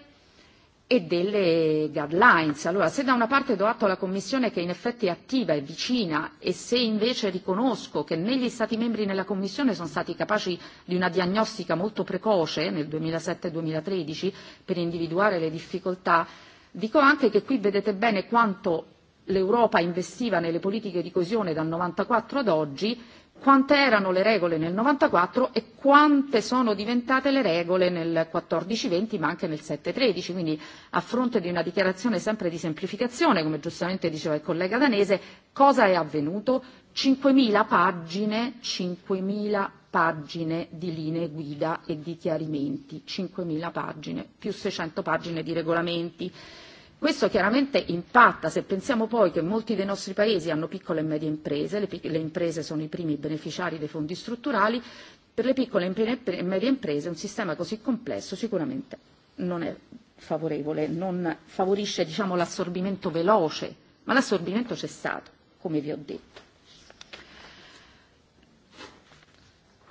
e delle guidelines. Allora, se da una parte do atto alla Commissione che in effetti è attiva e vicina e se invece riconosco che negli Stati membri nella Commissione sono stati capaci di una diagnostica molto precoce nel 2007-2013 per individuare le difficoltà, dico anche che qui vedete bene quanto l'Europa investiva nelle politiche di coesione dal 1994 ad oggi quante erano le regole nel 94 e quante sono diventate le regole nel 14-20 ma anche nel 7-13, quindi a fronte di una dichiarazione sempre di semplificazione, come giustamente diceva il collega danese, cosa è avvenuto? 5.000 pagine, 5.000 pagine di linee guida e di chiarimenti, 5.000 pagine più 600 pagine di regolamenti. Questo chiaramente impatta, se pensiamo poi che molti dei nostri paesi hanno piccole e medie imprese, le, le imprese sono i primi beneficiari dei fondi strutturali, per le piccole e, e medie imprese un sistema così complesso sicuramente non è favorevole, non favorisce diciamo, l'assorbimento veloce, ma l'assorbimento c'è stato, come vi ho detto.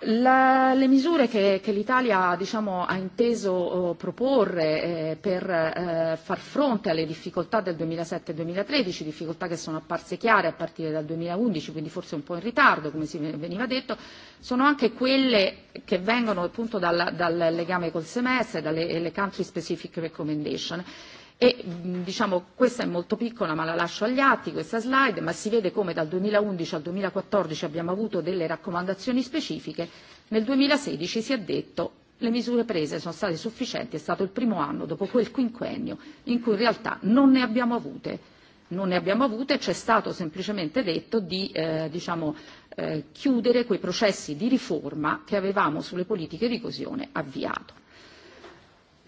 La, le misure che, che l'Italia diciamo, ha inteso eh, proporre eh, per eh, far fronte alle difficoltà del 2007-2013, e difficoltà che sono apparse chiare a partire dal 2011, quindi forse un po' in ritardo, come si veniva detto, sono anche quelle che vengono appunto dal, dal legame col semestre, dalle le country specific recommendation e diciamo questa è molto piccola ma la lascio agli atti questa slide ma si vede come dal 2011 al 2014 abbiamo avuto delle raccomandazioni specifiche nel 2016 si è detto le misure prese sono state sufficienti è stato il primo anno dopo quel quinquennio in cui in realtà non ne abbiamo avute non ne abbiamo avute, c'è stato semplicemente detto di eh, diciamo, eh, chiudere quei processi di riforma che avevamo sulle politiche di coesione avviato.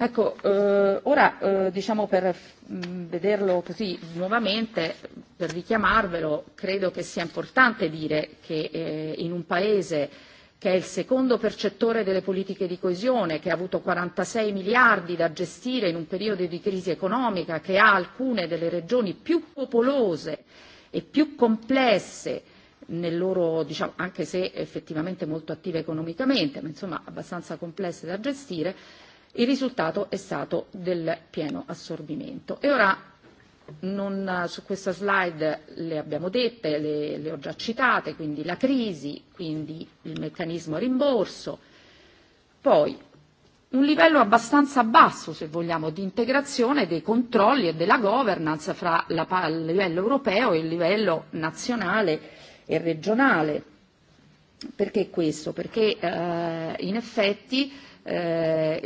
Ecco, eh, ora eh, diciamo per mh, mm, vederlo così nuovamente, per richiamarvelo, credo che sia importante dire che eh, in un Paese che è il secondo percettore delle politiche di coesione, che ha avuto 46 miliardi da gestire in un periodo di crisi economica, che ha alcune delle regioni più popolose e più complesse nel loro, diciamo, anche se effettivamente molto attive economicamente, ma insomma abbastanza complesse da gestire, Il risultato è stato del pieno assorbimento. E ora non, su questa slide le abbiamo dette, le, le ho già citate, quindi la crisi, quindi il meccanismo rimborso, poi un livello abbastanza basso, se vogliamo, di integrazione dei controlli e della governance fra la, il livello europeo e il livello nazionale e regionale. Perché questo? Perché eh, in effetti Eh,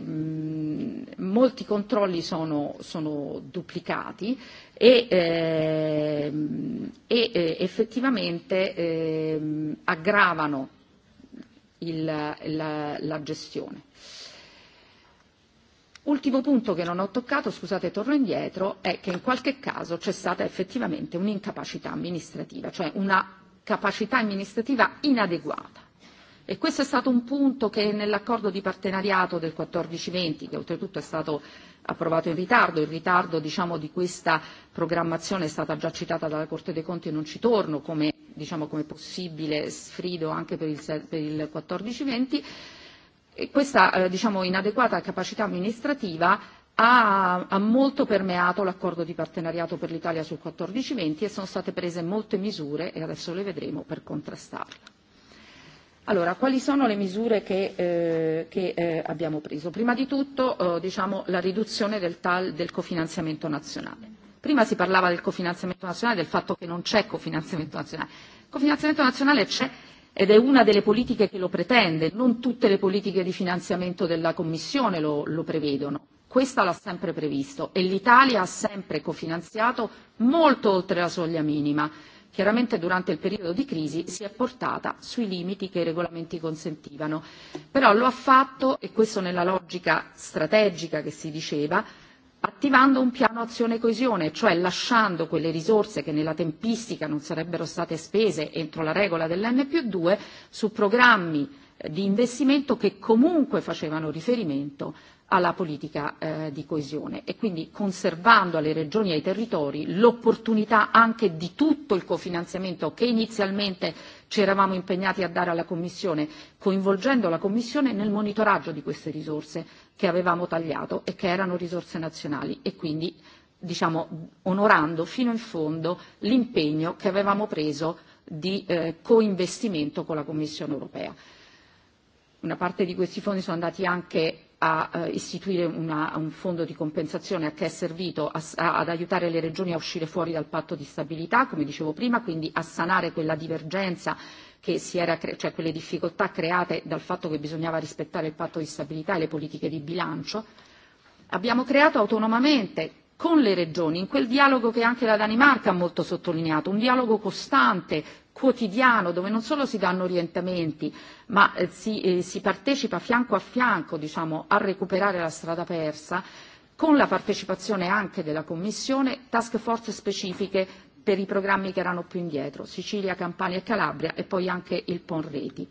molti controlli sono, sono duplicati e, ehm, e eh, e effettivamente eh, aggravano il, la, la gestione. Ultimo punto che non ho toccato, scusate torno indietro, è che in qualche caso c'è stata effettivamente un'incapacità amministrativa, cioè una capacità amministrativa inadeguata E questo è stato un punto che nell'accordo di partenariato del 14-20, che oltretutto è stato approvato in ritardo, il ritardo diciamo, di questa programmazione è stata già citata dalla Corte dei Conti e non ci torno come, diciamo, come possibile sfrido anche per il, per il 14-20, e questa eh, diciamo, inadeguata capacità amministrativa ha, ha molto permeato l'accordo di partenariato per l'Italia sul 14-20 e sono state prese molte misure, e adesso le vedremo, per contrastarla. Allora, quali sono le misure che, eh, che eh, abbiamo preso? Prima di tutto eh, diciamo, la riduzione del, tal, del cofinanziamento nazionale. Prima si parlava del cofinanziamento nazionale, del fatto che non c'è cofinanziamento nazionale. Il cofinanziamento nazionale c'è ed è una delle politiche che lo pretende, non tutte le politiche di finanziamento della Commissione lo, lo prevedono. Questa l'ha sempre previsto e l'Italia ha sempre cofinanziato molto oltre la soglia minima chiaramente durante il periodo di crisi si è portata sui limiti che i regolamenti consentivano. Però lo ha fatto, e questo nella logica strategica che si diceva, attivando un piano azione e coesione, cioè lasciando quelle risorse che nella tempistica non sarebbero state spese entro la regola dell'N più 2 su programmi di investimento che comunque facevano riferimento alla politica eh, di coesione e quindi conservando alle regioni e ai territori l'opportunità anche di tutto il cofinanziamento che inizialmente ci eravamo impegnati a dare alla Commissione, coinvolgendo la Commissione nel monitoraggio di queste risorse che avevamo tagliato e che erano risorse nazionali e quindi diciamo, onorando fino in fondo l'impegno che avevamo preso di eh, coinvestimento con la Commissione europea. Una parte di questi fondi sono andati anche ha eh, istituire una, un fondo di compensazione a che è servito a, a, ad aiutare le regioni a uscire fuori dal patto di stabilità, come dicevo prima, quindi a sanare quella divergenza che si era, cioè quelle difficoltà create dal fatto che bisognava rispettare il patto di stabilità e le politiche di bilancio. Abbiamo creato autonomamente con le regioni, in quel dialogo che anche la Danimarca ha molto sottolineato, un dialogo costante quotidiano dove non solo si danno orientamenti ma eh, si, eh, si partecipa fianco a fianco diciamo, a recuperare la strada persa con la partecipazione anche della Commissione task force specifiche per i programmi che erano più indietro, Sicilia, Campania e Calabria e poi anche il PON Reti.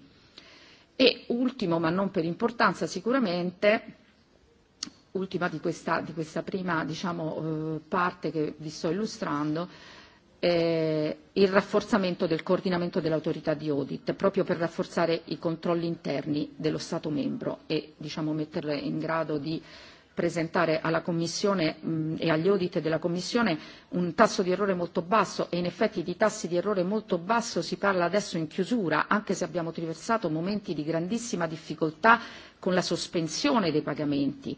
E ultimo, ma non per importanza sicuramente, ultima di questa, di questa prima diciamo, eh, parte che vi sto illustrando, eh, il rafforzamento del coordinamento dell'autorità di audit proprio per rafforzare i controlli interni dello Stato membro e diciamo, metterle in grado di presentare alla Commissione mh, e agli audit della Commissione un tasso di errore molto basso e in effetti di tassi di errore molto basso si parla adesso in chiusura, anche se abbiamo attraversato momenti di grandissima difficoltà con la sospensione dei pagamenti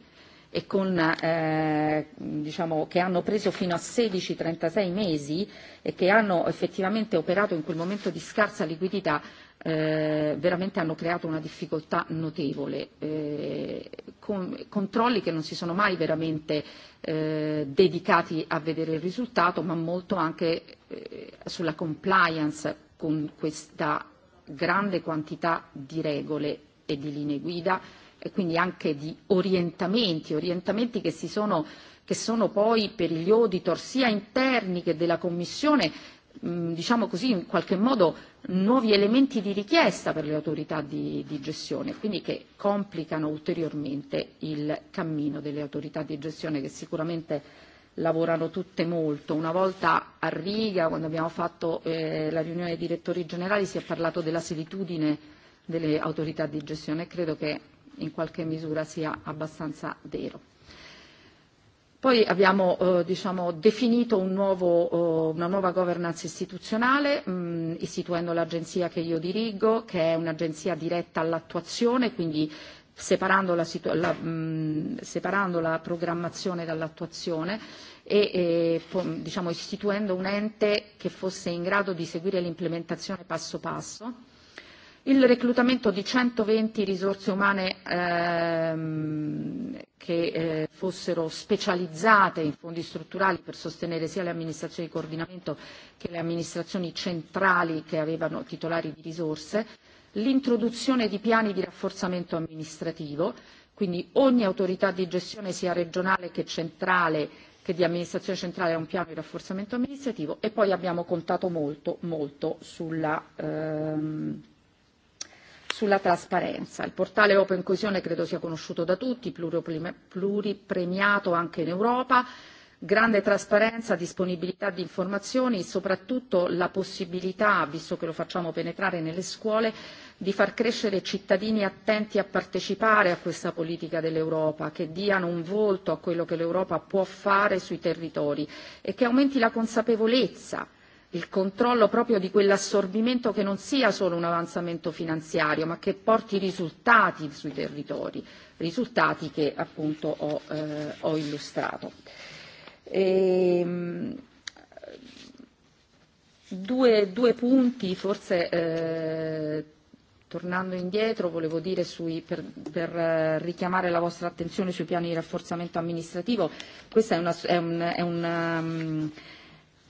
e con, eh, diciamo, che hanno preso fino a 16-36 mesi e che hanno effettivamente operato in quel momento di scarsa liquidità eh, veramente hanno creato una difficoltà notevole, eh, con controlli che non si sono mai veramente eh, dedicati a vedere il risultato, ma molto anche eh, sulla compliance con questa grande quantità di regole e di linee guida e quindi anche di orientamenti, orientamenti che, si sono, che sono poi per gli auditor sia interni che della Commissione diciamo così, in qualche modo nuovi elementi di richiesta per le autorità di, di gestione, quindi che complicano ulteriormente il cammino delle autorità di gestione che sicuramente lavorano tutte molto. Una volta a Riga, quando abbiamo fatto eh, la riunione dei direttori generali, si è parlato della solitudine delle autorità di gestione e credo che in qualche misura sia abbastanza vero. Poi abbiamo eh, diciamo, definito un nuovo, eh, una nuova governance istituzionale, mh, mm, istituendo l'agenzia che io dirigo, che è un'agenzia diretta all'attuazione, quindi separando la, la, mh, mm, separando la programmazione dall'attuazione e, e po, diciamo, istituendo un ente che fosse in grado di seguire l'implementazione passo passo Il reclutamento di 120 risorse umane ehm, che eh, fossero specializzate in fondi strutturali per sostenere sia le amministrazioni di coordinamento che le amministrazioni centrali che avevano titolari di risorse, l'introduzione di piani di rafforzamento amministrativo, quindi ogni autorità di gestione sia regionale che centrale che di amministrazione centrale ha un piano di rafforzamento amministrativo e poi abbiamo contato molto, molto sulla, ehm, Sulla trasparenza, il portale Open Coesione credo sia conosciuto da tutti, pluripremiato anche in Europa, grande trasparenza, disponibilità di informazioni e soprattutto la possibilità, visto che lo facciamo penetrare nelle scuole, di far crescere cittadini attenti a partecipare a questa politica dell'Europa, che diano un volto a quello che l'Europa può fare sui territori e che aumenti la consapevolezza il controllo proprio di quell'assorbimento che non sia solo un avanzamento finanziario, ma che porti risultati sui territori, risultati che appunto ho, eh, ho illustrato. E, due, due punti, forse eh, tornando indietro, volevo dire sui, per, per eh, richiamare la vostra attenzione sui piani di rafforzamento amministrativo. Questa è, una, è un, è un ehm,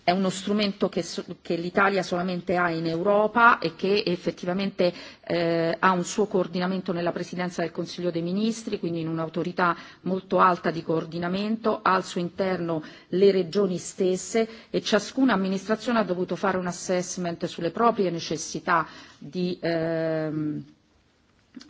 è uno strumento che, che l'Italia solamente ha in Europa e che effettivamente eh, ha un suo coordinamento nella Presidenza del Consiglio dei Ministri, quindi in un'autorità molto alta di coordinamento, ha al suo interno le regioni stesse e ciascuna amministrazione ha dovuto fare un assessment sulle proprie necessità di ehm,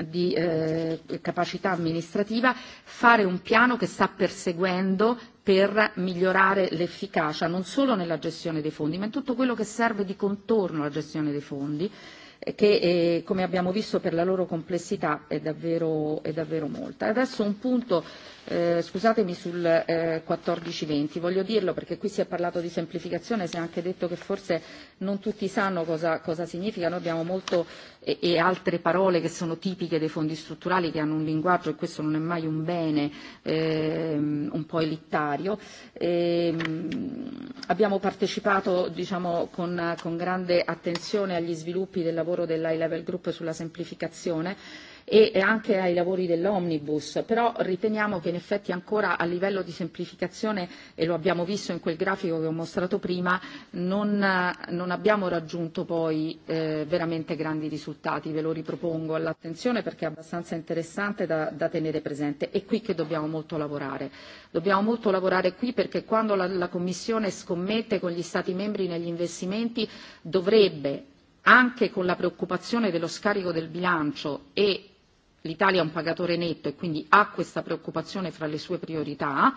di eh, capacità amministrativa, fare un piano che sta perseguendo per migliorare l'efficacia non solo nella gestione dei fondi, ma in tutto quello che serve di contorno alla gestione dei fondi, eh, che eh, come abbiamo visto per la loro complessità è davvero, è davvero molta. Adesso un punto, eh, scusatemi, sul eh, 14-20, voglio dirlo perché qui si è parlato di semplificazione, si è anche detto che forse non tutti sanno cosa, cosa significa, noi abbiamo molto e, e altre parole che sono tipiche dei fondi strutturali che hanno un linguaggio, e questo non è mai un bene, ehm, un po' elittario. E, ehm, abbiamo partecipato diciamo, con, con grande attenzione agli sviluppi del lavoro dell'High Level Group sulla semplificazione E, e anche ai lavori dell'omnibus, però riteniamo che in effetti ancora a livello di semplificazione, e lo abbiamo visto in quel grafico che ho mostrato prima, non, non abbiamo raggiunto poi eh, veramente grandi risultati. Ve lo ripropongo all'attenzione perché è abbastanza interessante da, da tenere presente. È qui che dobbiamo molto lavorare. Dobbiamo molto lavorare qui perché quando la, la Commissione scommette con gli Stati membri negli investimenti dovrebbe anche con la preoccupazione dello scarico del bilancio e l'Italia è un pagatore netto e quindi ha questa preoccupazione fra le sue priorità,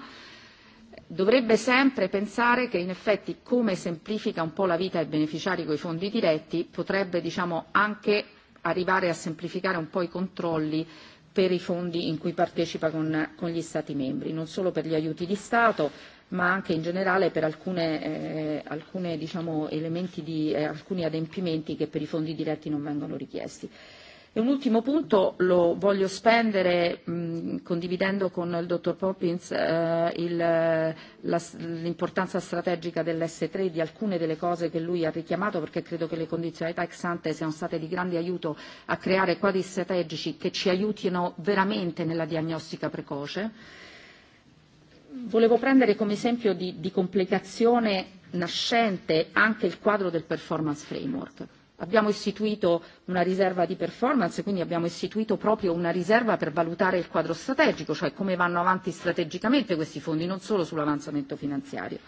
dovrebbe sempre pensare che in effetti come semplifica un po' la vita ai beneficiari con i fondi diretti potrebbe diciamo, anche arrivare a semplificare un po' i controlli per i fondi in cui partecipa con, con gli Stati membri, non solo per gli aiuti di Stato, ma anche in generale per alcune, eh, alcune, diciamo, elementi di, eh, alcuni adempimenti che per i fondi diretti non vengono richiesti. E un ultimo punto lo voglio spendere mh, condividendo con il dottor Poppins eh, l'importanza strategica dell'S3 di alcune delle cose che lui ha richiamato perché credo che le condizionalità ex ante siano state di grande aiuto a creare quadri strategici che ci aiutino veramente nella diagnostica precoce. Volevo prendere come esempio di, di complicazione nascente anche il quadro del performance framework Abbiamo istituito una riserva di performance, quindi abbiamo istituito proprio una riserva per valutare il quadro strategico, cioè come vanno avanti strategicamente questi fondi, non solo sull'avanzamento finanziario.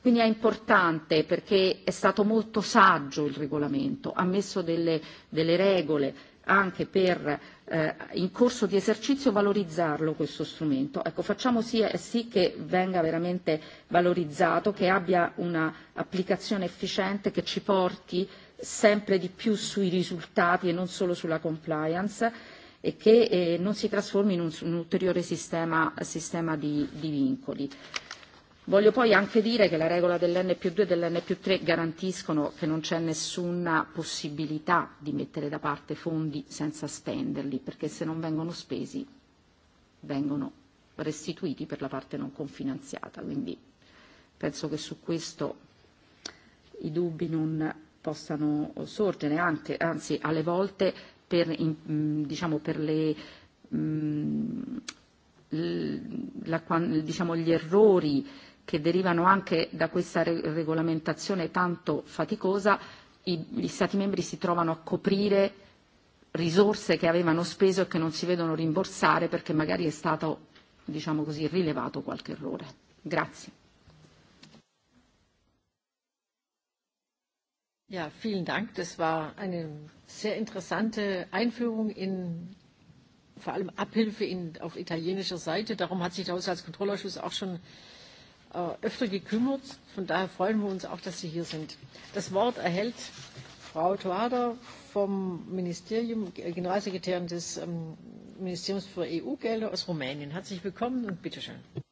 Quindi è importante perché è stato molto saggio il regolamento, ha messo delle, delle regole anche per eh, in corso di esercizio valorizzarlo questo strumento. Ecco, facciamo sì, eh, sì che venga veramente valorizzato, che abbia un'applicazione efficiente che ci porti sempre di più sui risultati e non solo sulla compliance e che eh, non si trasformi in un, un ulteriore sistema, sistema di, di vincoli. Voglio poi anche dire che la regola dell'N più 2 e dell'N più 3 garantiscono che non c'è nessuna possibilità di mettere da parte fondi senza spenderli, perché se non vengono spesi vengono restituiti per la parte non confinanziata. Quindi penso che su questo i dubbi non, possano sorgere anche, anzi alle volte per, in, mm, diciamo, per le, mh, mm, la, diciamo, gli errori che derivano anche da questa regolamentazione tanto faticosa, i, gli Stati membri si trovano a coprire risorse che avevano speso e che non si vedono rimborsare perché magari è stato, diciamo così, rilevato qualche errore. Grazie. Ja, vielen Dank. Das war eine sehr interessante Einführung in vor allem Abhilfe in, auf italienischer Seite. Darum hat sich der Haushaltskontrollausschuss auch schon äh, öfter gekümmert. Von daher freuen wir uns auch, dass Sie hier sind. Das Wort erhält Frau Toader vom Ministerium, äh, Generalsekretärin des ähm, Ministeriums für EU-Gelder aus Rumänien. Herzlich willkommen und bitteschön. schön.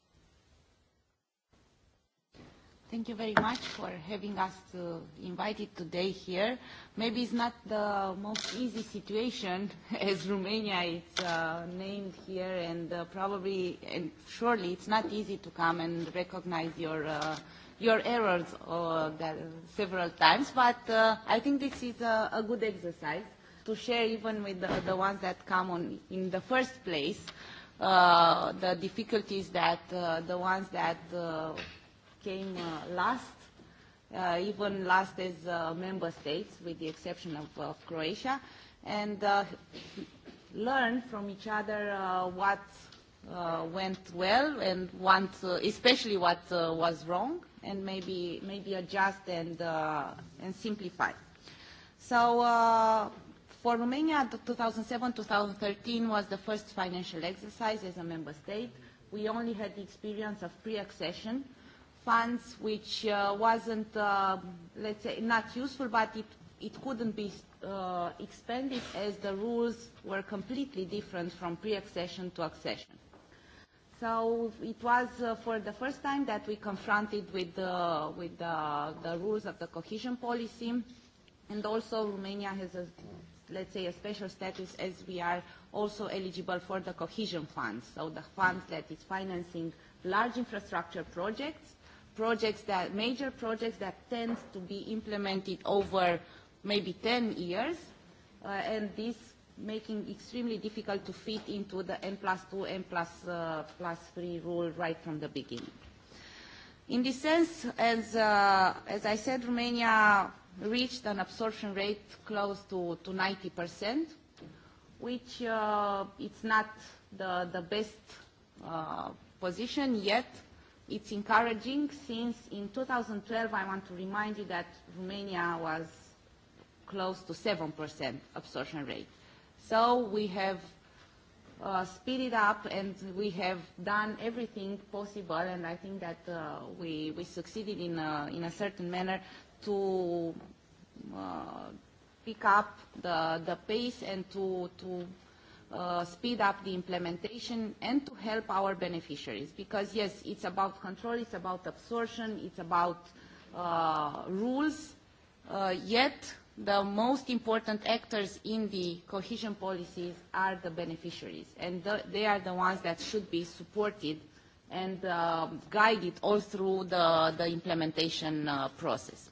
Thank you very much for having us uh, invited today here. Maybe it's not the most easy situation as Romania is uh, named here and uh, probably and surely it's not easy to come and recognize your, uh, your errors uh, that, uh, several times, but uh, I think this is a, a good exercise to share even with the, the ones that come on in the first place uh, the difficulties that uh, the ones that uh, came uh, last, uh, even last as uh, member states, with the exception of, of Croatia, and uh, learn from each other uh, what uh, went well and what, uh, especially what uh, was wrong, and maybe maybe adjust and uh, and simplify. So. Uh, For Romania, 2007-2013 was the first financial exercise as a member state. We only had the experience of pre-accession funds which uh, wasn't, uh, let's say, not useful, but it, it couldn't be uh, expanded as the rules were completely different from pre-accession to accession. So it was uh, for the first time that we confronted with, uh, with uh, the rules of the cohesion policy, and also Romania has a let's say, a special status as we are also eligible for the cohesion funds, so the funds that is financing large infrastructure projects projects that, major projects that tend to be implemented over maybe 10 years, uh, and this making extremely difficult to fit into the N plus 2, N plus, uh, plus 3 rule right from the beginning. In this sense, as, uh, as I said, Romania reached an absorption rate close to, to 90%, which uh, it's not the, the best uh, position yet, It's encouraging since in 2012, I want to remind you that Romania was close to 7% absorption rate. So we have uh, speeded up and we have done everything possible and I think that uh, we, we succeeded in a, in a certain manner to uh, pick up the, the pace and to, to uh, speed up the implementation and to help our beneficiaries. Because yes, it's about control, it's about absorption, it's about uh, rules, uh, yet the most important actors in the cohesion policies are the beneficiaries, and the, they are the ones that should be supported and uh, guided all through the, the implementation uh, process.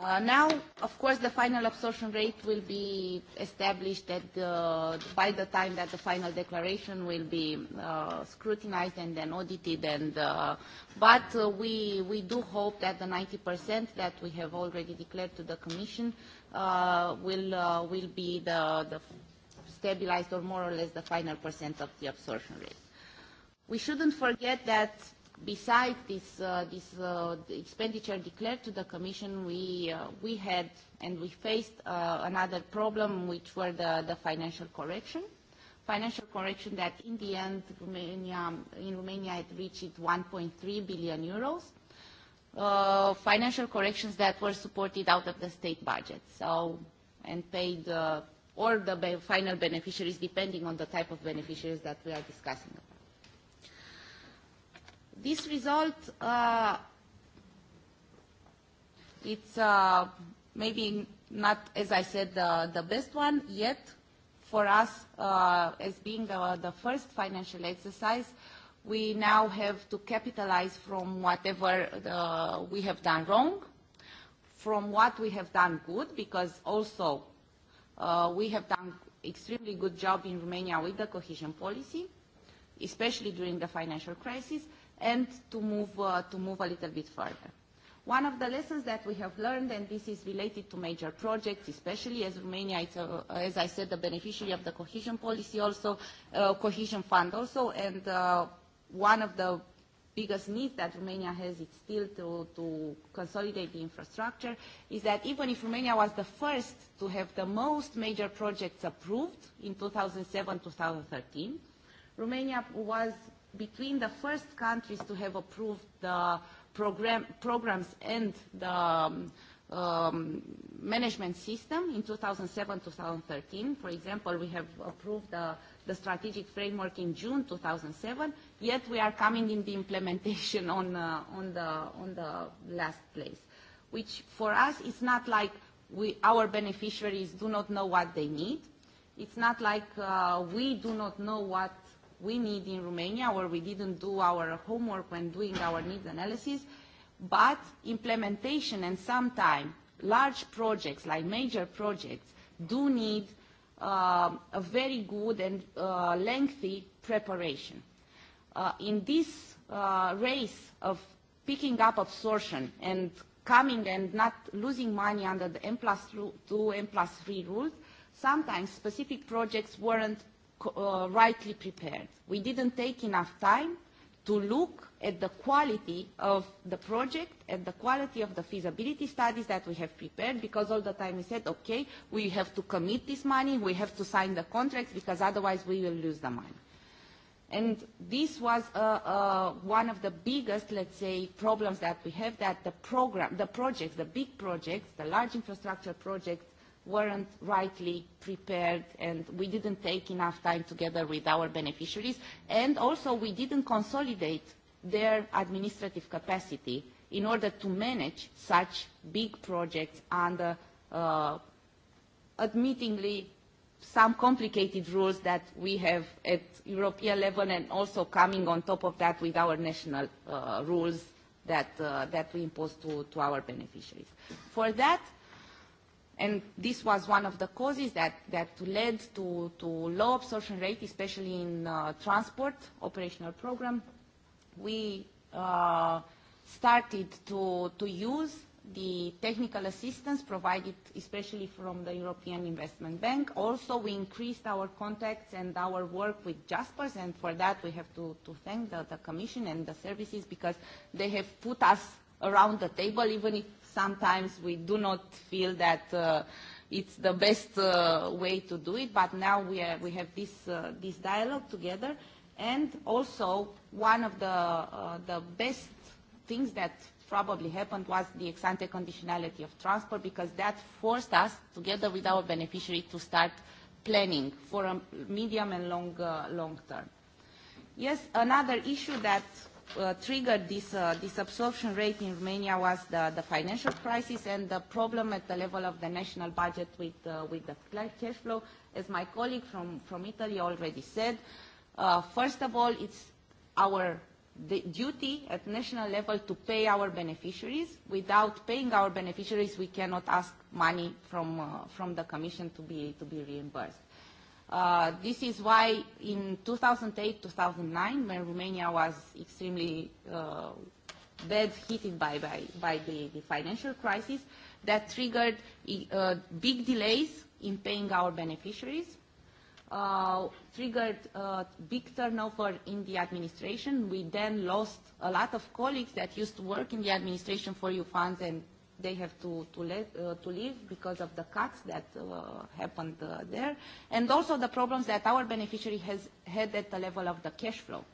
Uh, now, of course, the final absorption rate will be established at the, by the time that the final declaration will be uh, scrutinized and then audited. And, uh, but uh, we, we do hope that the 90% that we have already declared to the Commission uh, will, uh, will be the, the stabilized or more or less the final percent of the absorption rate. We shouldn't forget that Besides this, uh, this uh, expenditure declared to the Commission, we, uh, we had and we faced uh, another problem, which were the, the financial correction. Financial correction that in the end, Romania, in Romania it reached 1.3 billion euros. Uh, financial corrections that were supported out of the state budget, so and paid uh, or the be final beneficiaries, depending on the type of beneficiaries that we are discussing about. This result, uh, it's uh, maybe not, as I said, uh, the best one yet for us uh, as being uh, the first financial exercise. We now have to capitalize from whatever uh, we have done wrong, from what we have done good, because also uh, we have done extremely good job in Romania with the cohesion policy, especially during the financial crisis, and to move, uh, to move a little bit further. One of the lessons that we have learned, and this is related to major projects, especially as Romania is, a, uh, as I said, the beneficiary of the cohesion policy also, uh, cohesion fund also, and uh, one of the biggest needs that Romania has is still to, to consolidate the infrastructure is that even if Romania was the first to have the most major projects approved in 2007-2013, Romania was between the first countries to have approved the program, programs and the um, um, management system in 2007-2013. For example, we have approved the, the strategic framework in June 2007, yet we are coming in the implementation on, uh, on, the, on the last place, which for us it's not like we, our beneficiaries do not know what they need. It's not like uh, we do not know what we need in Romania, or we didn't do our homework when doing our needs analysis, but implementation and sometimes large projects, like major projects, do need uh, a very good and uh, lengthy preparation. Uh, in this uh, race of picking up absorption and coming and not losing money under the M plus 2, M plus 3 rules, sometimes specific projects weren't uh, rightly prepared. We didn't take enough time to look at the quality of the project and the quality of the feasibility studies that we have prepared because all the time we said, okay, we have to commit this money, we have to sign the contracts because otherwise we will lose the money. And this was uh, uh, one of the biggest, let's say, problems that we have that the program, the projects, the big projects, the large infrastructure projects weren't rightly prepared and we didn't take enough time together with our beneficiaries and also we didn't consolidate their administrative capacity in order to manage such big projects under uh, admittingly some complicated rules that we have at European level and also coming on top of that with our national uh, rules that, uh, that we impose to, to our beneficiaries. For that, and this was one of the causes that, that led to, to low absorption rate, especially in uh, transport operational program. We uh, started to, to use the technical assistance provided especially from the European Investment Bank. Also, we increased our contacts and our work with JASPERS, and for that we have to, to thank the, the Commission and the services because they have put us around the table, even if Sometimes we do not feel that uh, it's the best uh, way to do it, but now we, are, we have this, uh, this dialogue together. And also, one of the, uh, the best things that probably happened was the ex-ante conditionality of transport, because that forced us, together with our beneficiary, to start planning for a medium and long, uh, long term. Yes, another issue that uh, triggered this, uh, this absorption rate in Romania was the, the financial crisis and the problem at the level of the national budget with, uh, with the cash flow, as my colleague from, from Italy already said. Uh, first of all, it's our the duty at national level to pay our beneficiaries. Without paying our beneficiaries, we cannot ask money from, uh, from the Commission to be, to be reimbursed. Uh, this is why in 2008-2009, when Romania was extremely uh, bad hit by, by, by the, the financial crisis, that triggered uh, big delays in paying our beneficiaries, uh, triggered uh, big turnover in the administration. We then lost a lot of colleagues that used to work in the administration for EU funds and they have to, to, let, uh, to leave because of the cuts that uh, happened uh, there, and also the problems that our beneficiary has had at the level of the cash flow,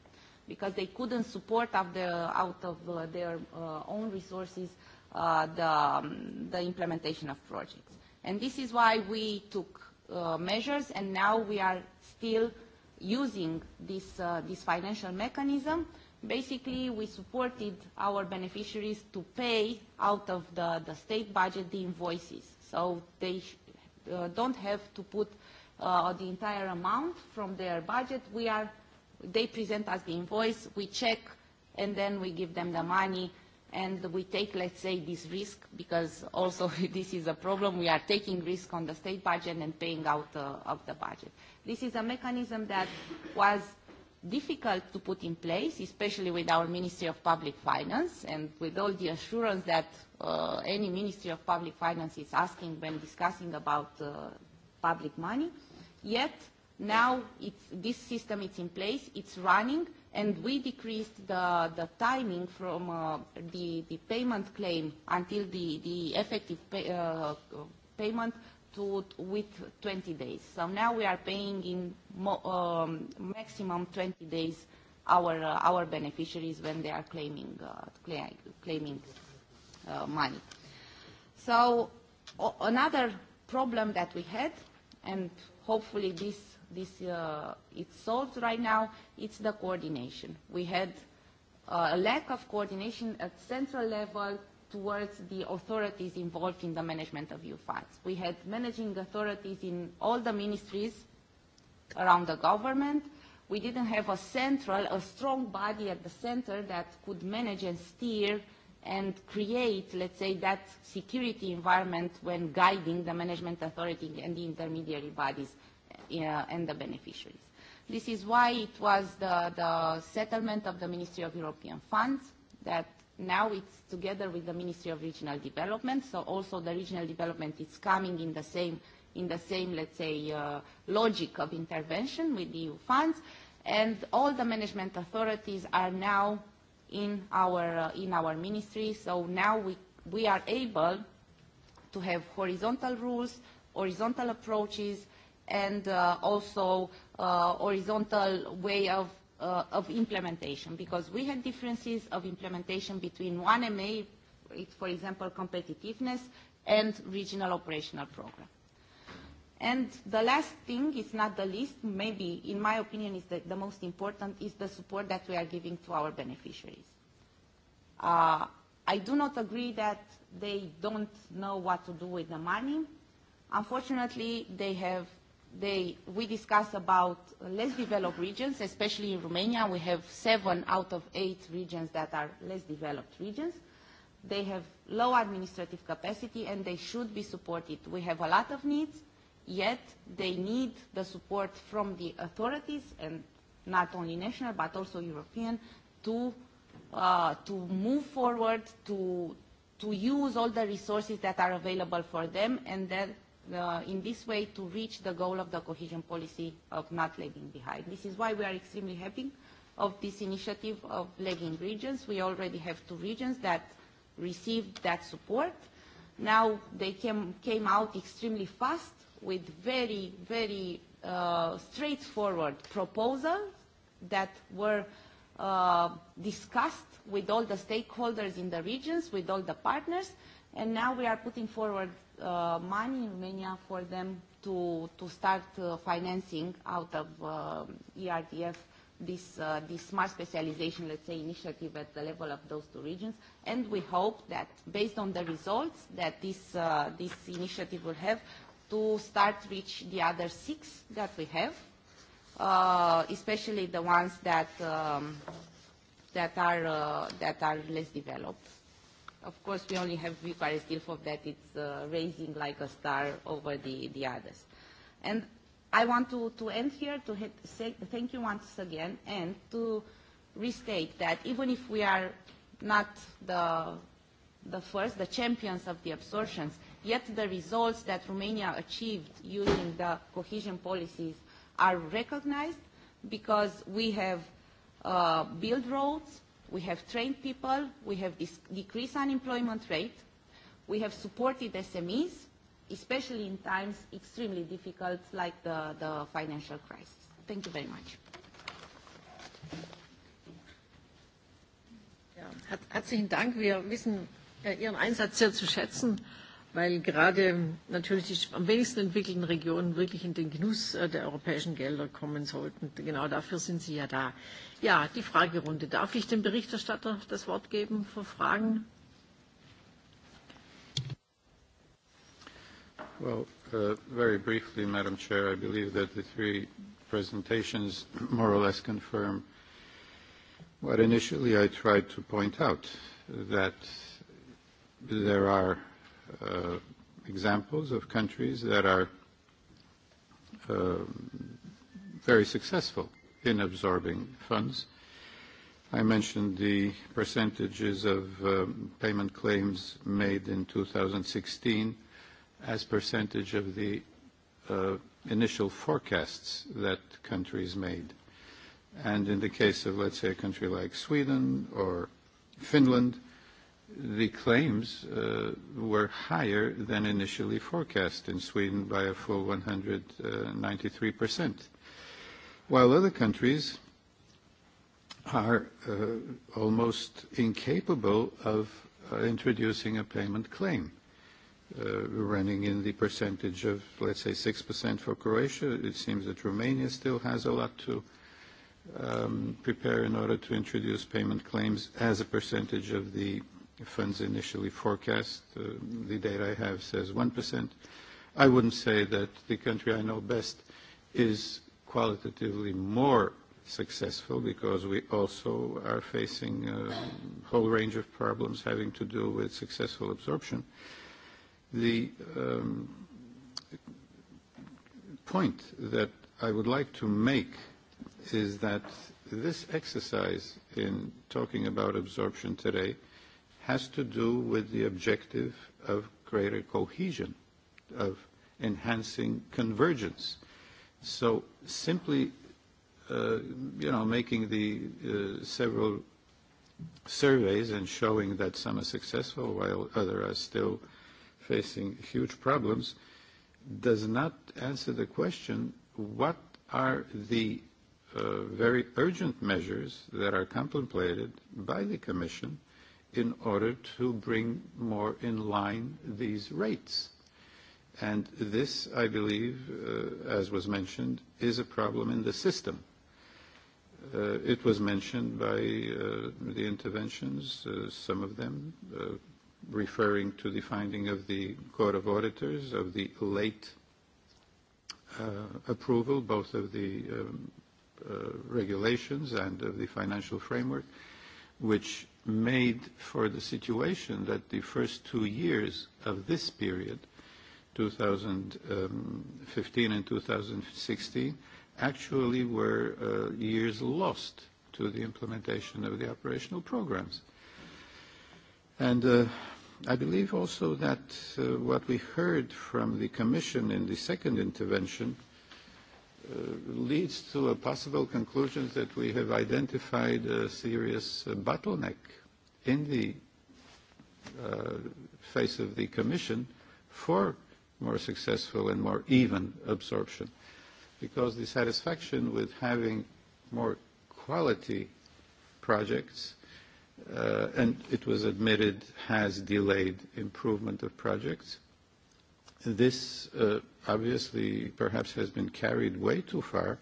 because they couldn't support out, their, out of uh, their uh, own resources uh, the, um, the implementation of projects. And this is why we took uh, measures, and now we are still using this, uh, this financial mechanism Basically, we supported our beneficiaries to pay out of the, the state budget the invoices. So they sh uh, don't have to put uh, the entire amount from their budget. We are, they present us the invoice, we check, and then we give them the money and we take, let's say, this risk because also this is a problem. We are taking risk on the state budget and paying out uh, of the budget. This is a mechanism that was difficult to put in place, especially with our Ministry of Public Finance and with all the assurance that uh, any Ministry of Public Finance is asking when discussing about uh, public money. Yet now it's, this system is in place, it's running, and we decreased the, the timing from uh, the, the payment claim until the, the effective pay, uh, payment to, with 20 days. So now we are paying in mo, um, maximum 20 days our, uh, our beneficiaries when they are claiming, uh, claiming uh, money. So another problem that we had, and hopefully this, this uh, it's solved right now, it's the coordination. We had uh, a lack of coordination at central level towards the authorities involved in the management of EU funds. We had managing authorities in all the ministries around the government. We didn't have a central, a strong body at the center that could manage and steer and create, let's say, that security environment when guiding the management authority and the intermediary bodies uh, and the beneficiaries. This is why it was the, the settlement of the Ministry of European Funds that Now it's together with the Ministry of Regional Development, so also the regional development is coming in the same, in the same let's say, uh, logic of intervention with EU e funds, and all the management authorities are now in our, uh, in our ministry, so now we, we are able to have horizontal rules, horizontal approaches, and uh, also uh, horizontal way of uh, of implementation because we had differences of implementation between one MA, for example, competitiveness, and regional operational program. And the last thing, it's not the least, maybe in my opinion is the, the most important, is the support that we are giving to our beneficiaries. Uh, I do not agree that they don't know what to do with the money. Unfortunately, they have they, we discuss about uh, less developed regions, especially in Romania. We have seven out of eight regions that are less developed regions. They have low administrative capacity and they should be supported. We have a lot of needs, yet they need the support from the authorities and not only national but also European to, uh, to move forward, to, to use all the resources that are available for them and that the uh, in this way to reach the goal of the cohesion policy of not lagging behind. This is why we are extremely happy of this initiative of lagging regions. We already have two regions that received that support. Now they came, came out extremely fast with very, very uh, straightforward proposals that were uh, discussed with all the stakeholders in the regions, with all the partners, and now we are putting forward uh, money in Romania for them to, to start uh, financing out of uh, ERDF this, uh, this smart specialization, let's say, initiative at the level of those two regions. And we hope that based on the results that this, uh, this initiative will have, to start reach the other six that we have, uh, especially the ones that, um, that, are, uh, that are less developed. Of course, we only have Bucharest still for that. It's uh, raising like a star over the, the others. And I want to, to end here to hit, say thank you once again and to restate that even if we are not the, the first, the champions of the absorptions, yet the results that Romania achieved using the cohesion policies are recognized because we have uh, built roads, We have trained people, we have decreased unemployment rate, we have supported SMEs, especially in times extremely difficult like the, the financial crisis. Thank you very much. Ja, herzlichen Dank. Wir wissen äh, Ihren Einsatz sehr zu schätzen weil gerade natürlich die am wenigsten entwickelten Regionen wirklich in den Genuss äh, der europäischen Gelder kommen sollten. Genau dafür sind sie ja da. Ja, die Fragerunde. Darf ich dem Berichterstatter das Wort geben für Fragen? Well, uh, very briefly, Madam Chair, I believe that the three presentations more or less confirm what initially I tried to point out, that there are uh, examples of countries that are uh, very successful in absorbing funds. I mentioned the percentages of um, payment claims made in 2016 as percentage of the uh, initial forecasts that countries made. And in the case of, let's say, a country like Sweden or Finland, the claims uh, were higher than initially forecast in Sweden by a full 193%, while other countries are uh, almost incapable of uh, introducing a payment claim, uh, running in the percentage of, let's say, 6% for Croatia. It seems that Romania still has a lot to um, prepare in order to introduce payment claims as a percentage of the funds initially forecast. Uh, the data I have says 1%. I wouldn't say that the country I know best is qualitatively more successful because we also are facing a whole range of problems having to do with successful absorption. The um, point that I would like to make is that this exercise in talking about absorption today – has to do with the objective of greater cohesion, of enhancing convergence. So simply, uh, you know, making the uh, several surveys and showing that some are successful while others are still facing huge problems does not answer the question, what are the uh, very urgent measures that are contemplated by the Commission in order to bring more in line these rates. And This, I believe, uh, as was mentioned, is a problem in the system. Uh, it was mentioned by uh, the interventions, some of them referring to the finding of the Court of Auditors of the late approval, both of the um, regulations and of the financial framework, which made for the situation that the first two years of this period, 2015 and 2016, actually were uh, years lost to the implementation of the operational programs. And uh, I believe also that uh, what we heard from the Commission in the second intervention – Uh, leads to a possible conclusion that we have identified a serious bottleneck in the uh, face of the Commission for more successful and more even absorption. Because the satisfaction with having more quality projects, uh, and it was admitted has delayed improvement of projects, this uh, obviously perhaps has been carried way too far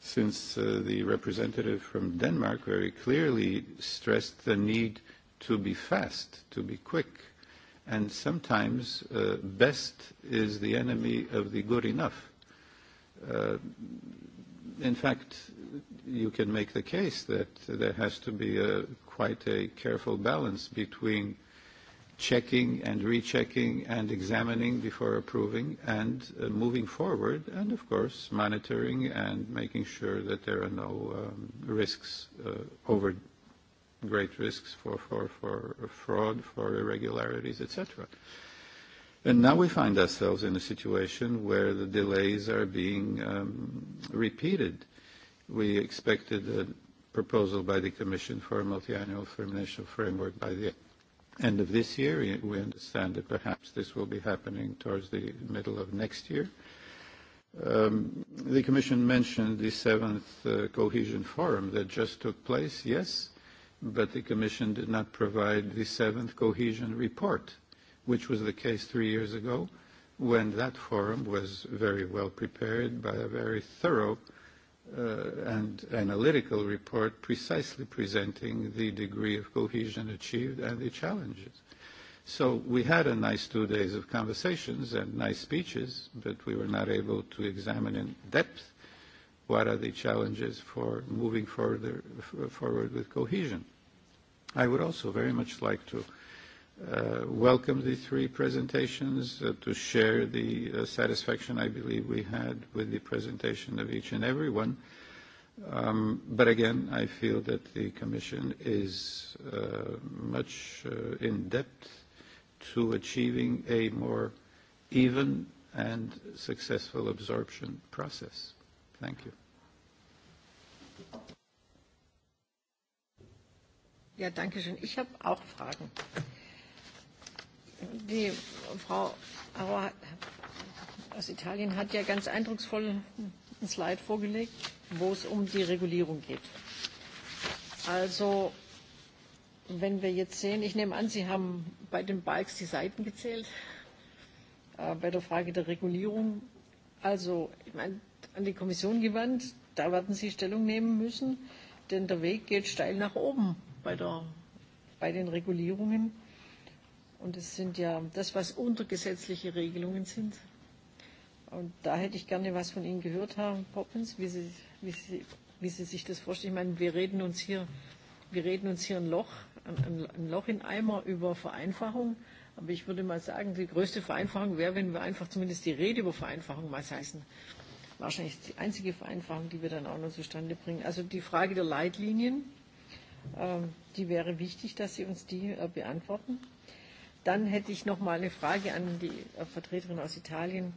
since uh, the representative from Denmark very clearly stressed the need to be fast, to be quick. And sometimes uh, best is the enemy of the good enough. Uh, in fact, you can make the case that there has to be a, uh, quite a careful balance between checking and rechecking and examining before approving and uh, moving forward and of course monitoring and making sure that there are no um, risks uh, over great risks for, for, for fraud for irregularities etc and now we find ourselves in a situation where the delays are being um, repeated we expected a proposal by the commission for a multi-annual financial framework by the end of this year. We understand that perhaps this will be happening towards the middle of next year. Um, the Commission mentioned the seventh uh, cohesion forum that just took place, yes, but the Commission did not provide the seventh cohesion report, which was the case three years ago when that forum was very well prepared by a very thorough uh, and analytical report precisely presenting the degree of cohesion achieved and the challenges. So we had a nice two days of conversations and nice speeches, but we were not able to examine in depth what are the challenges for moving further, f forward with cohesion. I would also very much like to uh, welcome the three presentations, uh, to share the uh, satisfaction I believe we had with the presentation of each and every one. Um, but again, I feel that the Commission is uh, much uh, in depth to achieving a more even and successful absorption process. Thank you. Ja, danke schön. Ich habe auch Fragen die Frau Auer aus Italien hat ja ganz eindrucksvoll ein Slide vorgelegt, wo es um die Regulierung geht. Also, wenn wir jetzt sehen, ich nehme an, Sie haben bei den Bikes die Seiten gezählt, äh, bei der Frage der Regulierung. Also, ich meine, an die Kommission gewandt, da werden Sie Stellung nehmen müssen, denn der Weg geht steil nach oben bei, der, bei den Regulierungen. Und es sind ja das, was untergesetzliche Regelungen sind. Und da hätte ich gerne was von Ihnen gehört, Herr Poppens, wie Sie, wie Sie, wie Sie sich das vorstellen. Ich meine, wir reden uns hier, wir reden uns hier ein Loch, ein, ein Loch in Eimer über Vereinfachung. Aber ich würde mal sagen, die größte Vereinfachung wäre, wenn wir einfach zumindest die Rede über Vereinfachung mal heißen. Wahrscheinlich die einzige Vereinfachung, die wir dann auch noch zustande bringen. Also die Frage der Leitlinien, ähm, die wäre wichtig, dass Sie uns die äh, beantworten. Dann hätte ich noch mal eine Frage an die äh, Vertreterin aus Italien.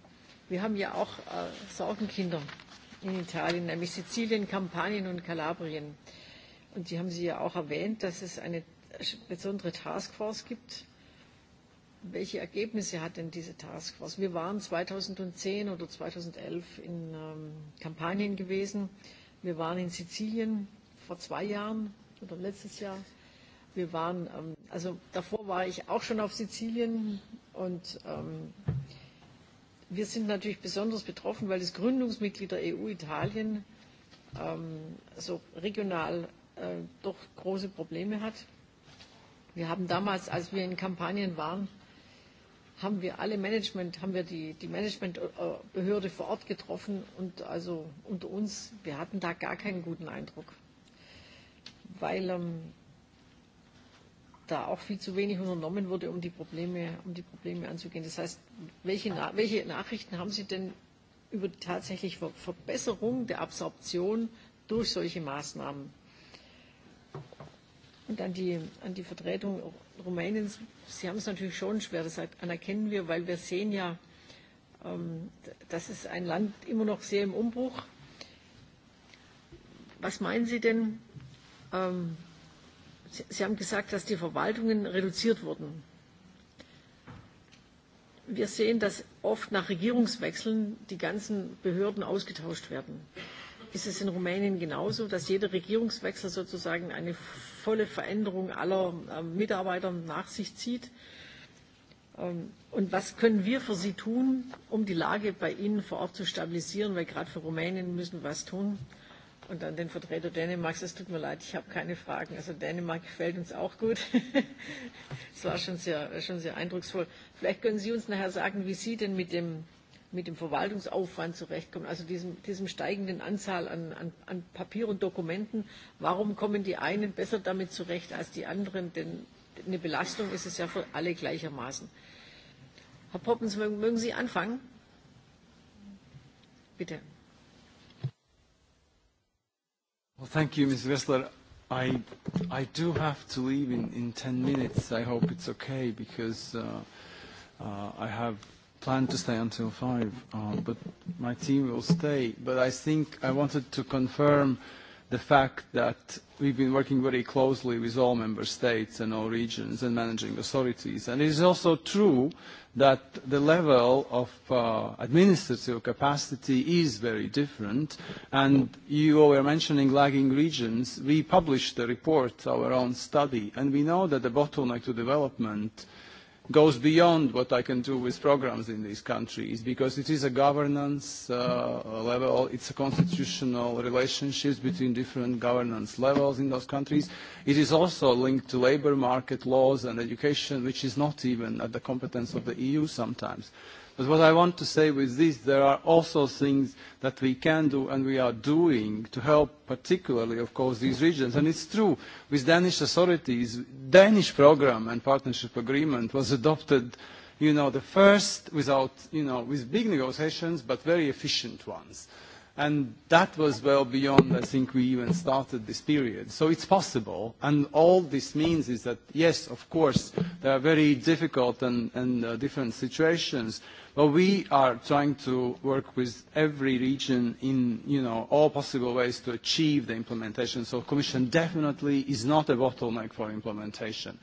Wir haben ja auch äh, Sorgenkinder in Italien, nämlich Sizilien, Kampanien und Kalabrien. Und die haben Sie ja auch erwähnt, dass es eine besondere Taskforce gibt. Welche Ergebnisse hat denn diese Taskforce? Wir waren 2010 oder 2011 in ähm, Kampanien gewesen. Wir waren in Sizilien vor zwei Jahren oder letztes Jahr wir waren, ähm, also davor war ich auch schon auf Sizilien und ähm, wir sind natürlich besonders betroffen, weil das Gründungsmitglied der EU Italien ähm, so regional äh, doch große Probleme hat. Wir haben damals, als wir in Kampagnen waren, haben wir alle Management, haben wir die, die Managementbehörde vor Ort getroffen und also unter uns, wir hatten da gar keinen guten Eindruck. Weil ähm, da auch viel zu wenig unternommen wurde, um die Probleme, um die Probleme anzugehen. Das heißt, welche, welche Nachrichten haben Sie denn über die tatsächliche Verbesserung der Absorption durch solche Maßnahmen? Und an die, an die Vertretung Rumäniens, Sie haben es natürlich schon schwer, das anerkennen wir, weil wir sehen ja, ähm, das ist ein Land immer noch sehr im Umbruch. Was meinen Sie denn, ähm, Sie, haben gesagt, dass die Verwaltungen reduziert wurden. Wir sehen, dass oft nach Regierungswechseln die ganzen Behörden ausgetauscht werden. Ist es in Rumänien genauso, dass jeder Regierungswechsel sozusagen eine volle Veränderung aller äh, Mitarbeiter nach sich zieht? Ähm, und was können wir für Sie tun, um die Lage bei Ihnen vor Ort zu stabilisieren? Weil gerade für Rumänien müssen wir was tun. Und an den Vertreter Dänemarks, es tut mir leid, ich habe keine Fragen. Also Dänemark gefällt uns auch gut. Es war schon sehr, schon sehr eindrucksvoll. Vielleicht können Sie uns nachher sagen, wie Sie denn mit dem, mit dem Verwaltungsaufwand zurechtkommen, also diesem, diesem steigenden Anzahl an, an, an Papier und Dokumenten. Warum kommen die einen besser damit zurecht als die anderen? Denn eine Belastung ist es ja für alle gleichermaßen. Herr Poppens, mögen Sie anfangen? Bitte. Well, thank you, Ms. Wessler. I, I do have to leave in, in 10 minutes. I hope it's okay because uh, uh, I have planned to stay until 5, uh, but my team will stay. But I think I wanted to confirm uh, the fact that we have been working very closely with all member states and all regions and managing authorities. it is also true that the level of uh, administrative capacity is very different. And you were mentioning lagging regions. We published a report, our own study, and we know that the bottleneck to development goes beyond what I can do with programs in these countries because it is a governance uh, level, it's a constitutional relationships between different governance levels in those countries. It is also linked to labor market laws and education, which is not even at the competence of the EU sometimes. But what I want to say with this, there are also things that we can do and we are doing to help particularly, of course, these regions. And it's true, with Danish authorities, Danish program and partnership agreement was adopted, you know, the first without, you know, with big negotiations, but very efficient ones. Uh, and that was well beyond, I think, we even started this period. So it's possible, and all this means is that, yes, of course, there are very difficult and, and uh, different situations, but we are trying to work with every region in, you know, all possible ways to achieve the implementation. So Commission definitely is not a bottleneck for implementation.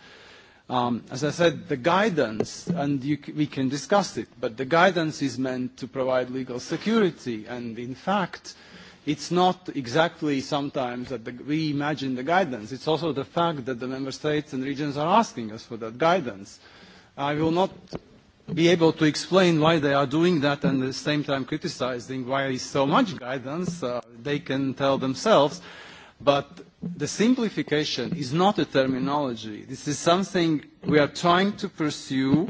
Um, as I said, the guidance, and we can discuss it, but the guidance is meant to provide legal security, and in fact, it's not exactly sometimes that we imagine the guidance. It's also the fact that the member states and regions are asking us for that guidance. I will not be able to explain why they are doing that and at the same time criticizing why is so much guidance. Uh, they can tell themselves. But the simplification is not a terminology. This is something we are trying to pursue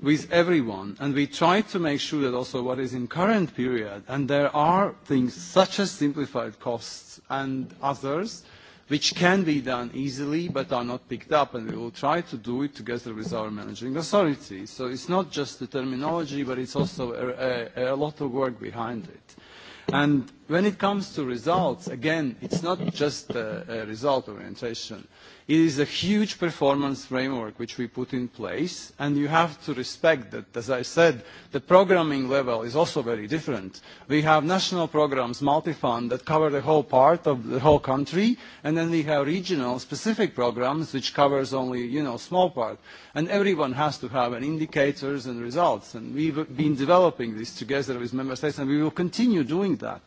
with everyone, and we try to make sure that also what is in current period, and there are things such as simplified costs and others, which can be done easily but are not picked up, and we will try to do it together with our managing authorities. So it's not just the terminology, but it's also a, a, a lot of work behind it. And when it comes to results, again, it's not just a, result orientation. It is a huge performance framework which we put in place, and you have to respect that, as I said, the programming level is also very different. We have national programs, multi-fund, that cover the whole part of the whole country, and then we have regional specific programs which covers only, you know, small part. And everyone has to have an indicators and results, and we've been developing this together with member states, and we will continue doing that.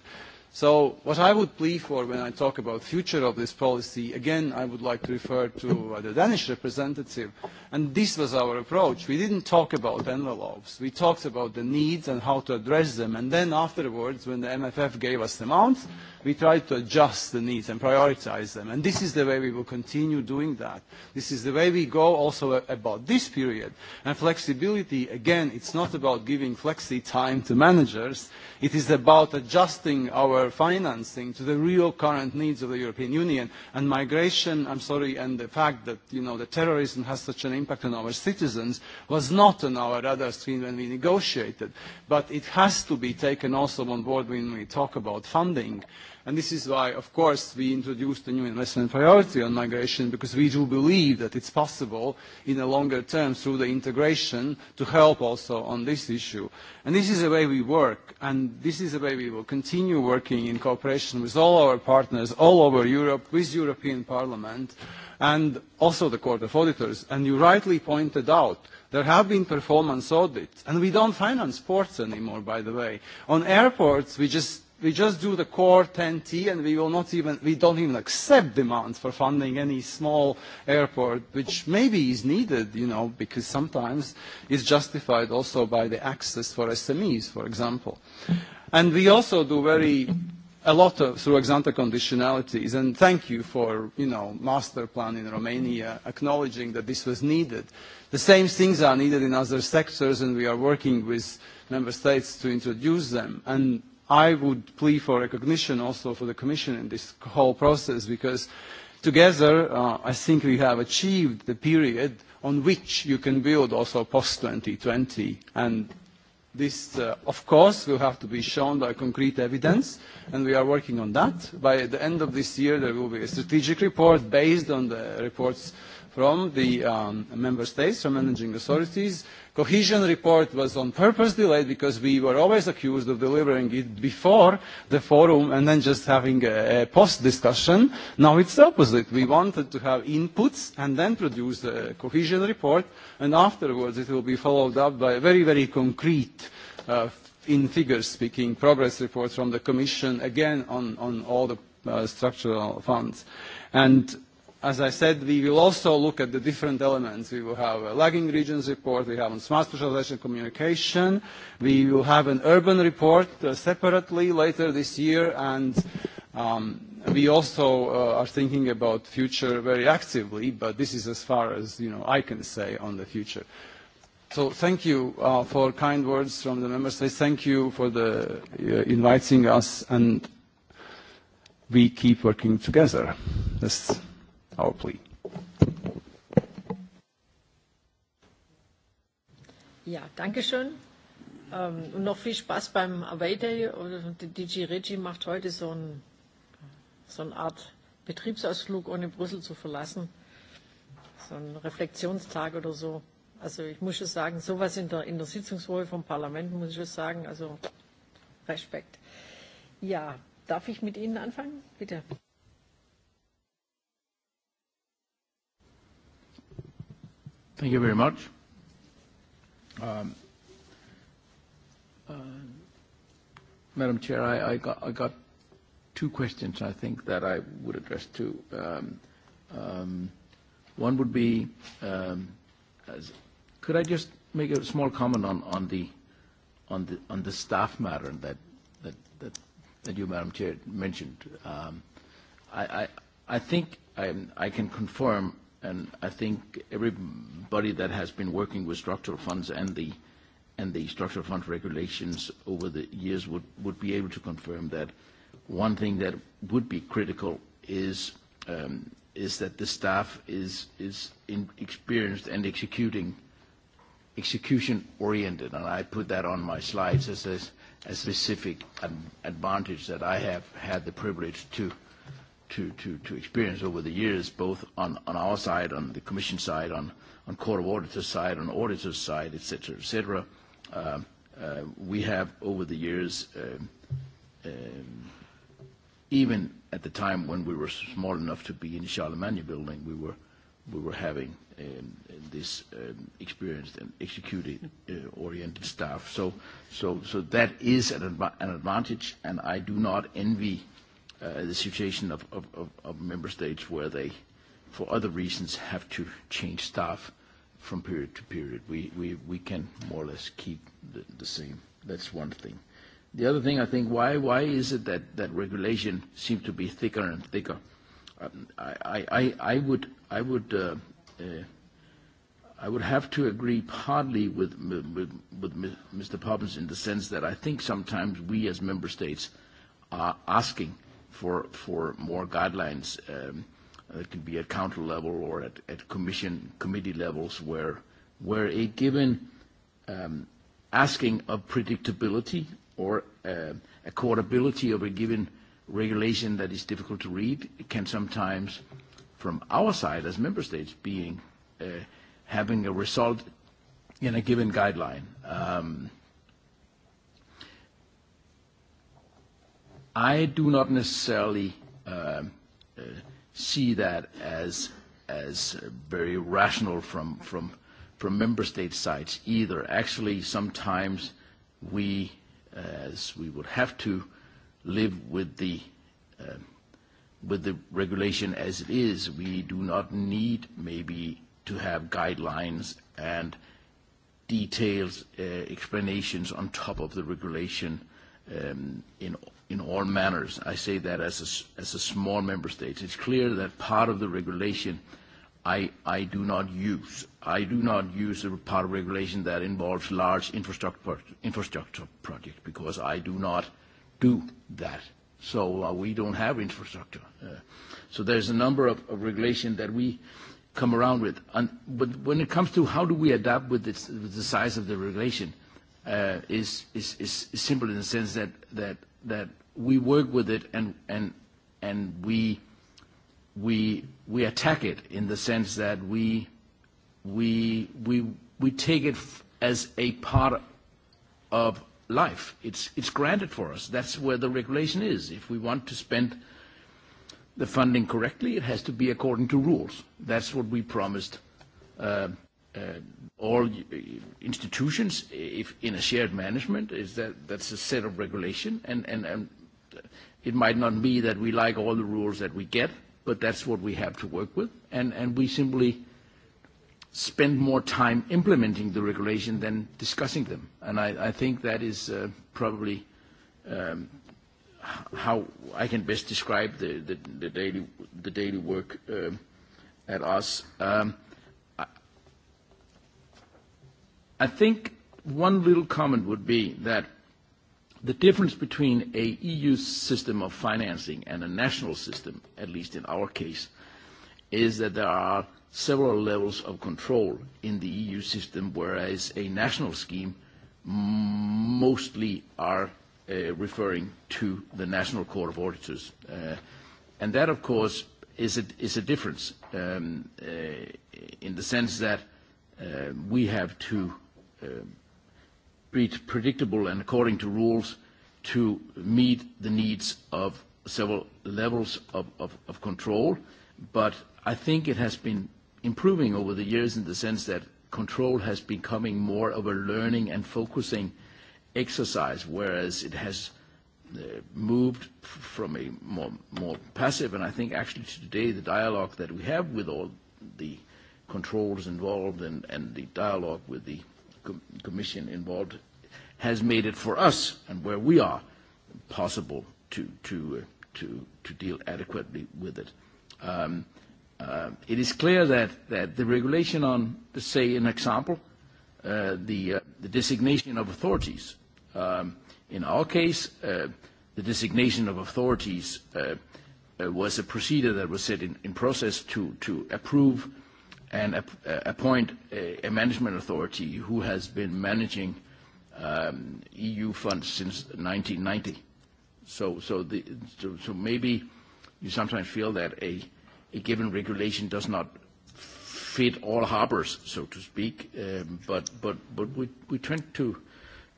So what I would plea for when I talk about future of this policy, again, I would like to refer to uh, the Danish representative. And this was our approach. We didn't talk about envelopes. We talked about the needs and how to address them. And then afterwards, when the MFF gave us the amounts, we try to adjust the needs and prioritize them. And this is the way we will continue doing that. This is the way we go also about this period. And flexibility, again, it's not about giving flexi time to managers. It is about adjusting our financing to the real current needs of the European Union. And migration, I'm sorry, and the fact that, you know, the terrorism has such an impact on our citizens was not on our radar screen when we negotiated. But it has to be taken also on board when we talk about funding. And this is why, of course, we introduced a new investment priority on migration, because we do believe that it's possible in the longer term through the integration to help also on this issue. And this is the way we work, and this is the way we will continue working in cooperation with all our partners all over Europe, with European Parliament, and also the Court of Auditors. And you rightly pointed out There have been performance audits, and we don't finance ports anymore, by the way. On airports, we just we just do the core 10T and we will not even, we don't even accept demands for funding any small airport, which maybe is needed, you know, because sometimes is justified also by the access for SMEs, for example. And we also do very a lot of through ex conditionalities, and thank you for, you know, master plan in Romania, acknowledging that this was needed. The same things are needed in other sectors, and we are working with member states to introduce them. And i would plea for recognition also for the Commission in this whole process because together uh, I think we have achieved the period on which you can build also post-2020 and This, uh, of course, will have to be shown by concrete evidence, and we are working on that. By the end of this year, there will be a strategic report based on the reports from the um, member states, from managing authorities, cohesion report was on purpose delayed because we were always accused of delivering it before the forum and then just having a, a post discussion. Now it's the opposite. We wanted to have inputs and then produce a cohesion report and afterwards it will be followed up by a very, very concrete uh, in figures speaking progress report from the Commission again on, on all the uh, structural funds. And as I said, we will also look at the different elements. We will have a lagging regions report, we have a smart specialization communication, we will have an urban report uh, separately later this year, and um, we also uh, are thinking about future very actively, but this is as far as you know, I can say on the future. So thank you uh, for kind words from the member states. Thank you for the, uh, inviting us, and we keep working together. That's our plea. Ja, danke schön. Ähm, und noch viel Spaß beim Away Day. DJ Regi macht heute so, ein, so eine Art Betriebsausflug, ohne Brüssel zu verlassen. So ein Reflexionstag oder so. Also ich muss schon sagen, sowas in der, in der Sitzungswoche vom Parlament muss ich schon sagen, also Respekt. Ja, darf ich mit Ihnen anfangen? Bitte. Thank you very much. Um, uh, Madam Chair, I, I, got, I got two questions I think that I would address to. Um, um, one would be, um, as, could I just make a small comment on, on, the, on, the, on the staff matter that, that, that, that you, Madam Chair, mentioned? Um, I, I, I think I, I can confirm and I think everybody that has been working with structural funds and the and the structural fund regulations over the years would, would be able to confirm that one thing that would be critical is um, is that the staff is is in, experienced and executing execution oriented and I put that on my slides as a, a specific ad, advantage that I have had the privilege to to, to, to experience over the years, both on, on our side, on the Commission side, on, on Court of Auditors side, on auditors side, et cetera, et cetera. Uh, uh, we have over the years, um, um, even at the time when we were small enough to be in the Charlemagne building, we were, we were having um, this um, experienced and executed uh, oriented staff. So, so, so that is an, an advantage, and I do not envy uh, the situation of, of, of, of member states where they, for other reasons, have to change staff from period to period. We, we, we can more or less keep the, the same. That's one thing. The other thing I think, why, why is it that, that regulation seems to be thicker and thicker? Um, I, I, I would, I would, uh, uh, I would have to agree partly with, with, with Mr. Poppins in the sense that I think sometimes we as member states are asking for, for more guidelines um, uh, that can be at council level or at, at commission committee levels where, where a given um, asking of predictability or uh, accordability of a given regulation that is difficult to read can sometimes, from our side as member states, being uh, having a result in a given guideline. Um, I do not necessarily uh, uh, see that as as very rational from from from member state sides either. Actually, sometimes we, as we would have to, live with the uh, with the regulation as it is. We do not need maybe to have guidelines and details, uh, explanations on top of the regulation um, in in all manners. I say that as a, as a small member state. It's clear that part of the regulation I, I do not use. I do not use a part of regulation that involves large infrastructure, infrastructure projects because I do not do that. So uh, we don't have infrastructure. Uh, so there's a number of, of regulation that we come around with. And, but when it comes to how do we adapt with, this, with the size of the regulation, uh, is, is, is simple in the sense that, that that we work with it and and and we we we attack it in the sense that we we we we take it as a part of life. It's it's granted for us. That's where the regulation is. If we want to spend the funding correctly, it has to be according to rules. That's what we promised uh, uh, all uh, institutions if in a shared management is that that's a set of regulation and, and, and it might not be that we like all the rules that we get but that's what we have to work with and, and we simply spend more time implementing the regulation than discussing them and I, I think that is uh, probably um, how I can best describe the, the, the, daily, the daily work uh, at us. Um, I think one little comment would be that the difference between a EU system of financing and a national system, at least in our case, is that there are several levels of control in the EU system, whereas a national scheme mostly are uh, referring to the National Court of Auditors. Uh, and that, of course, is a, is a difference um, uh, in the sense that uh, we have to Uh, predictable and according to rules to meet the needs of several levels of, of, of control. But I think it has been improving over the years in the sense that control has becoming more of a learning and focusing exercise, whereas it has uh, moved from a more, more passive, and I think actually today the dialogue that we have with all the controls involved and, and the dialogue with the com Commission involved has made it for us and where we are possible to, to, uh, to, to deal adequately with it. Um, uh, it is clear that, that the regulation on, let's say, an example, uh, the, uh, the designation of authorities. Um, in our case, uh, the designation of authorities uh, uh, was a procedure that was set in, in process to, to approve and appoint a, a management authority who has been managing um, EU funds since 1990. So, so, the, so, so maybe you sometimes feel that a, a given regulation does not fit all harbors, so to speak, um, but, but, but we, we tend to,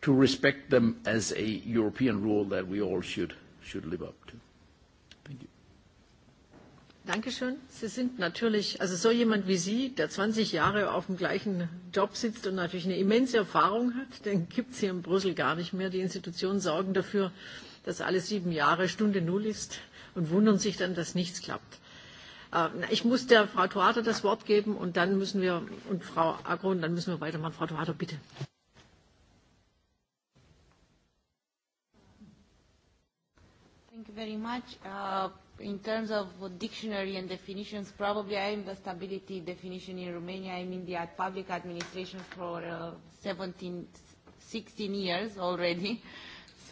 to respect them as a European rule that we all should, should live up to. Dankeschön. Sie sind natürlich, also so jemand wie Sie, der 20 Jahre auf dem gleichen Job sitzt und natürlich eine immense Erfahrung hat, den gibt es hier in Brüssel gar nicht mehr. Die Institutionen sorgen dafür, dass alle sieben Jahre Stunde Null ist und wundern sich dann, dass nichts klappt. Äh, ich muss der Frau Tuata das Wort geben und dann müssen wir, und Frau Agro, und dann müssen wir weitermachen. Frau Tuata, bitte. Thank you very much. Uh, in terms of dictionary and definitions, probably I am the stability definition in Romania. I'm in the public administration for uh, 17, 16 years already.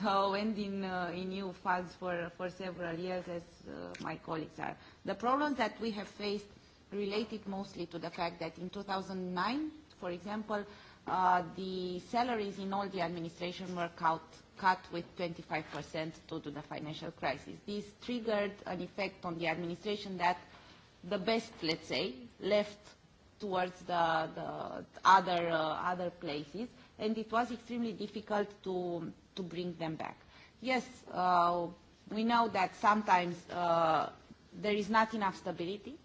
So, and in, uh, in EU funds for, for several years, as uh, my colleagues are. The problems that we have faced related mostly to the fact that in 2009, for example, uh, the salaries in all the administration were out cut with 25% due to the financial crisis. This triggered an effect on the administration that the best, let's say, left towards the, the other, uh, other places, and it was extremely difficult to, to bring them back. Yes, uh, we know that sometimes uh, there is not enough stability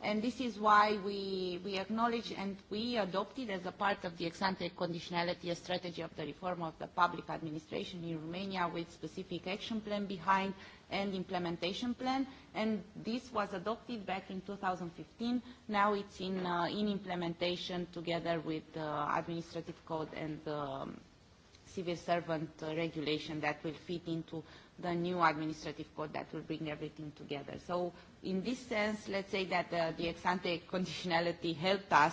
And this is why we, we acknowledge and we adopted as a part of the ex-ante conditionality a strategy of the reform of the public administration in Romania with specific action plan behind and implementation plan. And this was adopted back in 2015. Now it's in, uh, in implementation together with the uh, administrative code and um, civil servant uh, regulation that will fit into the new administrative code that will bring everything together. So in this sense, let's say that uh, the ex-ante conditionality helped us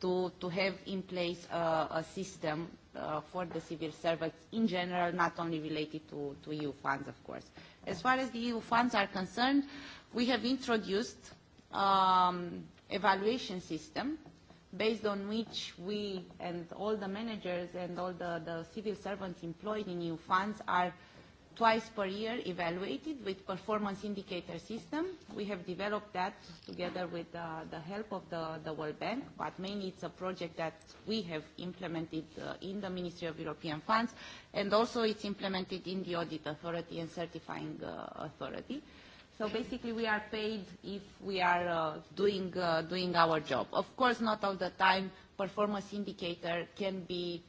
to, to have in place uh, a system uh, for the civil servants in general, not only related to, to EU funds, of course. As far as the EU funds are concerned, we have introduced um, evaluation system based on which we and all the managers and all the, the civil servants employed in EU funds are uh, twice per year evaluated with performance indicator system. We have developed that together with uh, the help of the, the World Bank, but mainly it's a project that we have implemented uh, in the Ministry of European Funds, and also it's implemented in the Audit Authority and Certifying uh, Authority. So basically we are paid if we are uh, doing, uh, doing our job. Of course, not all the time performance indicator can be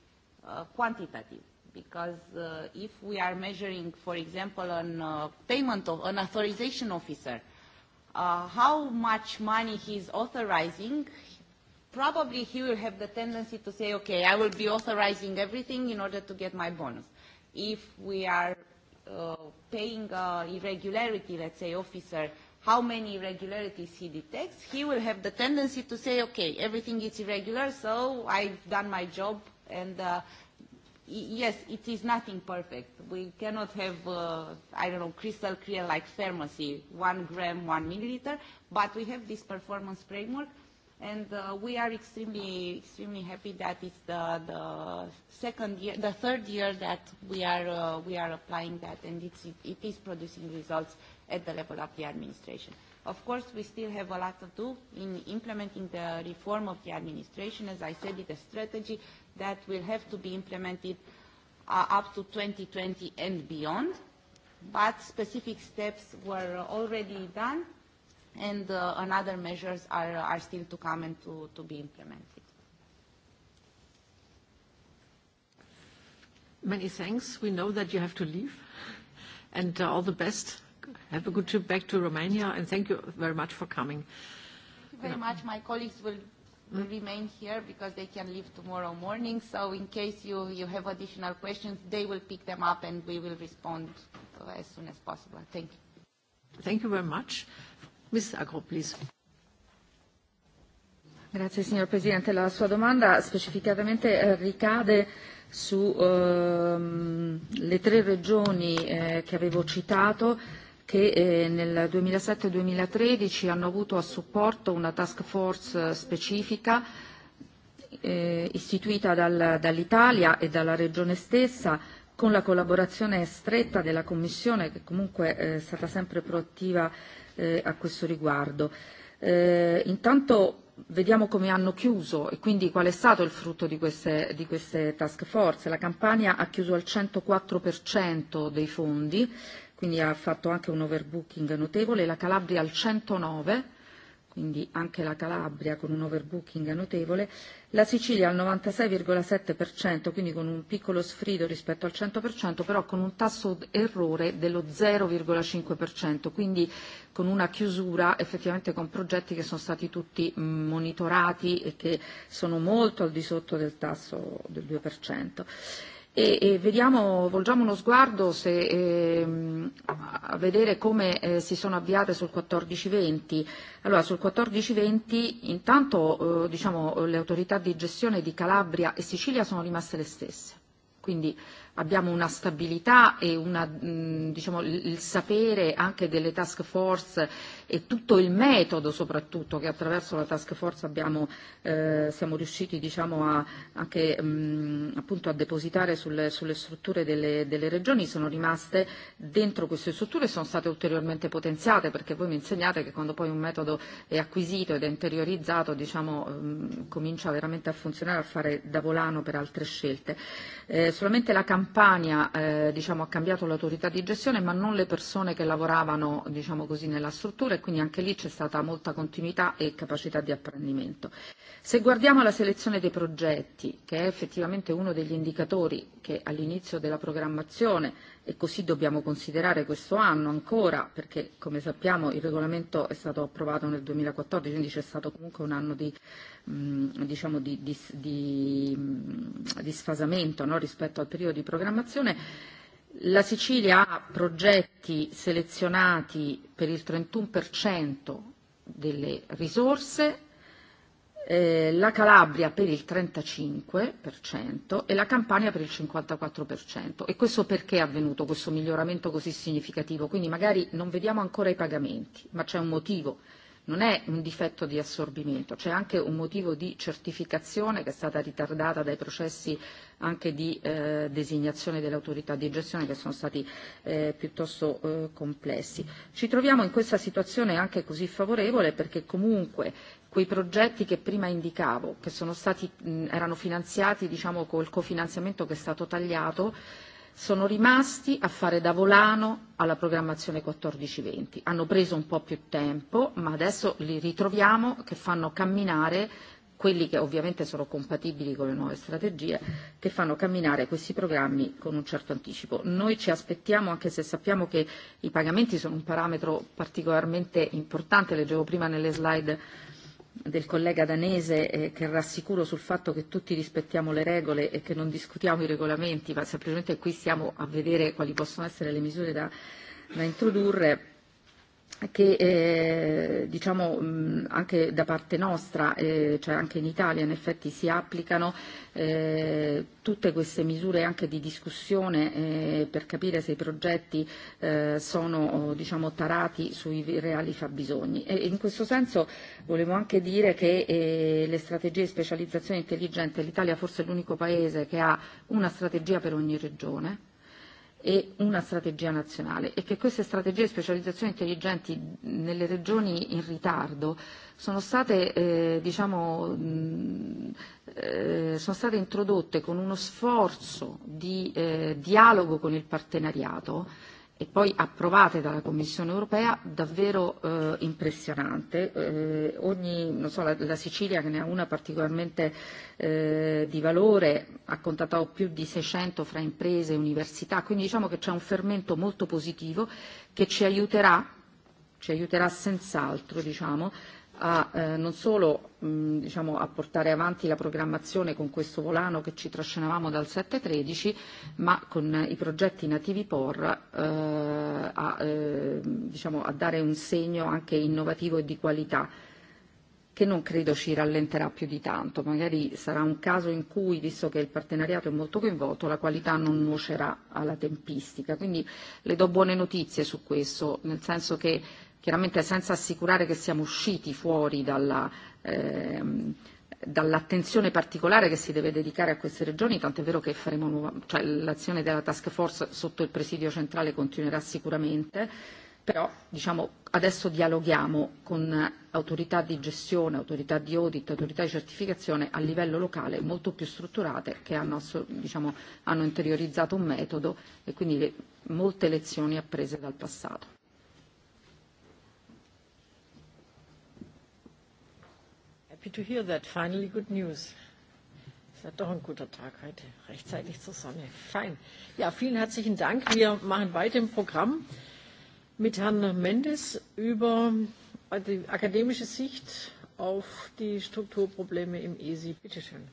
uh, quantitative because uh, if we are measuring, for example, an uh, payment of an authorization officer, uh, how much money he's authorizing, probably he will have the tendency to say, okay, I will be authorizing everything in order to get my bonus. If we are uh, paying uh, irregularity, let's say, officer, how many irregularities he detects, he will have the tendency to say, okay, everything is irregular, so I've done my job and uh, yes, it is nothing perfect. We cannot have, uh, I don't know, crystal clear like pharmacy, one gram, one milliliter, but we have this performance framework, and uh, we are extremely, extremely happy that it's the, the second year, the third year that we are, uh, we are applying that, and it's, it, it is producing results at the level of the administration. Of course, we still have a lot to do in implementing the reform of the administration. As I said, it's a strategy that will have to be implemented uh, up to 2020 and beyond. But specific steps were already done, and uh, another measures are, are still to come and to, to be implemented. Many thanks. We know that you have to leave, and uh, all the best have a good trip back to Romania, and thank you very much for coming. Thank you very much. My colleagues will will hmm? remain here because they can leave tomorrow morning. So in case you, you have additional questions, they will pick them up and we will respond as soon as possible. Thank you. Thank you very much. Ms. Agro, please. Grazie signor Presidente. La sua domanda specificatamente eh, ricade sulle ehm, tre regioni eh, che avevo citato che eh, nel 2007-2013 hanno avuto a supporto una task force eh, specifica eh, istituita dal, dall'Italia e dalla Regione stessa con la collaborazione stretta della Commissione che comunque eh, è stata sempre proattiva eh, a questo riguardo. Eh, intanto vediamo come hanno chiuso e quindi qual è stato il frutto di queste, di queste task force. La Campania ha chiuso al 104% dei fondi quindi ha fatto anche un overbooking notevole, la Calabria al 109, quindi anche la Calabria con un overbooking notevole, la Sicilia al 96,7%, quindi con un piccolo sfrido rispetto al 100%, però con un tasso errore dello 0,5%, quindi con una chiusura effettivamente con progetti che sono stati tutti monitorati e che sono molto al di sotto del tasso del 2% e, e vediamo, volgiamo uno sguardo se, eh, a vedere come eh, si sono avviate sul 1420. Allora, sul 1420 intanto eh, diciamo, le autorità di gestione di Calabria e Sicilia sono rimaste le stesse. Quindi abbiamo una stabilità e una, mm, diciamo, il sapere anche delle task force e tutto il metodo soprattutto che attraverso la task force abbiamo, eh, siamo riusciti diciamo, a, anche mh, mm, appunto a depositare sulle, sulle strutture delle, delle regioni sono rimaste dentro queste strutture e sono state ulteriormente potenziate perché voi mi insegnate che quando poi un metodo è acquisito ed è interiorizzato diciamo, mh, mm, comincia veramente a funzionare, a fare da volano per altre scelte. Eh, solamente la Campania eh, diciamo, ha cambiato l'autorità di gestione ma non le persone che lavoravano diciamo così, nella struttura e quindi anche lì c'è stata molta continuità e capacità di apprendimento. Se guardiamo la selezione dei progetti, che è effettivamente uno degli indicatori che all'inizio della programmazione, e così dobbiamo considerare questo anno ancora, perché come sappiamo il regolamento è stato approvato nel 2014, quindi c'è stato comunque un anno di, mm, diciamo di, di, di, mm, di sfasamento no? rispetto al periodo di programmazione, La Sicilia ha progetti selezionati per il 31% delle risorse, eh, la Calabria per il 35% e la Campania per il 54%. E questo perché è avvenuto questo miglioramento così significativo? Quindi magari non vediamo ancora i pagamenti, ma c'è un motivo non è un difetto di assorbimento, c'è anche un motivo di certificazione che è stata ritardata dai processi anche di eh, designazione dell'autorità di gestione che sono stati eh, piuttosto eh, complessi. Ci troviamo in questa situazione anche così favorevole perché comunque quei progetti che prima indicavo, che sono stati, mh, erano finanziati diciamo, col cofinanziamento che è stato tagliato, sono rimasti a fare da volano alla programmazione 14-20. Hanno preso un po' più tempo, ma adesso li ritroviamo che fanno camminare quelli che ovviamente sono compatibili con le nuove strategie, che fanno camminare questi programmi con un certo anticipo. Noi ci aspettiamo, anche se sappiamo che i pagamenti sono un parametro particolarmente importante, leggevo prima nelle slide del collega danese eh, che rassicuro sul fatto che tutti rispettiamo le regole e che non discutiamo i regolamenti, ma semplicemente qui stiamo a vedere quali possono essere le misure da, da introdurre che eh, diciamo mh, anche da parte nostra, eh, cioè anche in Italia in effetti si applicano eh, tutte queste misure anche di discussione eh, per capire se i progetti eh, sono oh, diciamo, tarati sui reali fabbisogni. E, e in questo senso volevo anche dire che eh, le strategie di specializzazione intelligente, l'Italia forse è l'unico paese che ha una strategia per ogni regione, e una strategia nazionale e che queste strategie di specializzazione intelligenti nelle regioni in ritardo sono state, eh, diciamo, mh, eh, sono state introdotte con uno sforzo di eh, dialogo con il partenariato e poi approvate dalla Commissione europea davvero eh, impressionante. Eh, ogni, non so, la, la Sicilia che ne ha una particolarmente eh, di valore ha contattato più di 600 fra imprese e università, quindi diciamo che c'è un fermento molto positivo che ci aiuterà ci aiuterà senz'altro diciamo, a eh, non solo mh, diciamo, a portare avanti la programmazione con questo volano che ci trascinavamo dal 713, ma con i progetti nativi POR eh, a, eh, diciamo, a dare un segno anche innovativo e di qualità che non credo ci rallenterà più di tanto. Magari sarà un caso in cui, visto che il partenariato è molto coinvolto, la qualità non nuocerà alla tempistica. Quindi le do buone notizie su questo, nel senso che chiaramente senza assicurare che siamo usciti fuori dalla, ehm, dall'attenzione particolare che si deve dedicare a queste regioni, tant'è vero che faremo nuova, cioè, l'azione della task force sotto il presidio centrale continuerà sicuramente, però diciamo, adesso dialoghiamo con autorità di gestione, autorità di audit, autorità di certificazione a livello locale molto più strutturate che hanno, diciamo, hanno interiorizzato un metodo e quindi le, molte lezioni apprese dal passato. happy to hear that. Finally good news. Ist ja doch ein guter Tag heute. Rechtzeitig zur Sonne. Fein. Ja, vielen herzlichen Dank. Wir machen weiter im Programm mit Herrn Mendes über die akademische Sicht auf die Strukturprobleme im ESI. Bitte schön.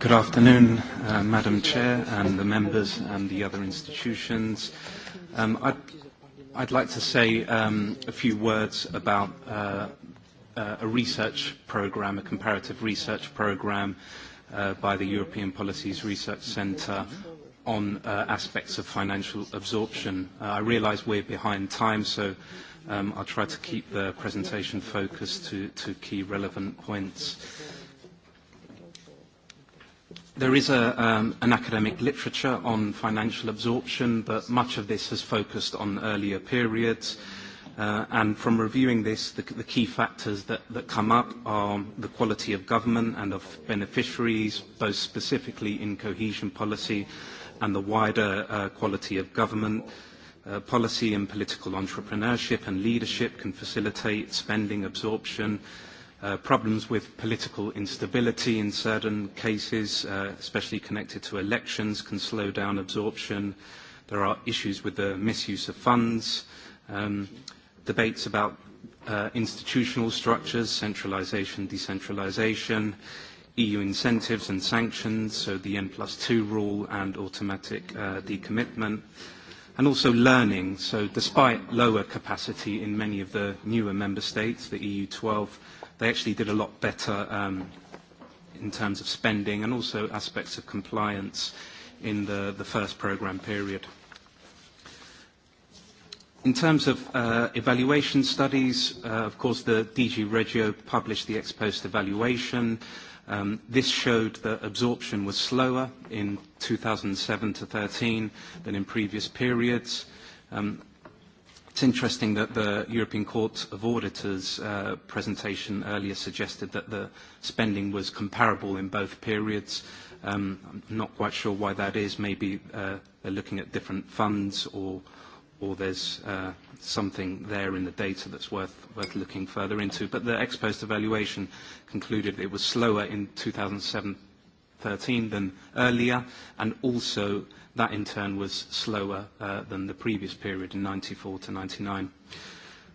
Good afternoon, uh, Madam Chair and the members and the other institutions. Um, I'd, I'd like to say um, a few words about uh, uh, a research program, a comparative research program uh, by the European Policies Research Centre on uh, aspects of financial absorption. Uh, I realise we're behind time, so um, I'll try to keep the presentation focused to, to key relevant points. There is a, um, an academic literature on financial absorption, but much of this has focused on earlier periods. Uh, and from reviewing this, the, the key factors that, that come up are the quality of government and of beneficiaries, both specifically in cohesion policy and the wider uh, quality of government. Uh, policy and political entrepreneurship and leadership can facilitate spending absorption, uh, problems with political instability in certain cases, uh, especially connected to elections, can slow down absorption. There are issues with the misuse of funds. Um, debates about uh, institutional structures, centralisation, decentralisation, EU incentives and sanctions, so the N plus two rule and automatic uh, decommitment, and also learning. So despite lower capacity in many of the newer member states, the EU 12, they actually did a lot better um, in terms of spending and also aspects of compliance in the, the first programme period. In terms of uh, evaluation studies, uh, of course, the DG Regio published the ex post evaluation. Um, this showed that absorption was slower in 2007 to 13 than in previous periods. Um, it's interesting that the European Court of Auditors uh, presentation earlier suggested that the spending was comparable in both periods. Um, I'm not quite sure why that is. Maybe uh, they're looking at different funds or or there's uh, something there in the data that's worth, worth looking further into. But the ex post evaluation concluded it was slower in 2007-13 than earlier, and also that in turn was slower uh, than the previous period in 94 to 99.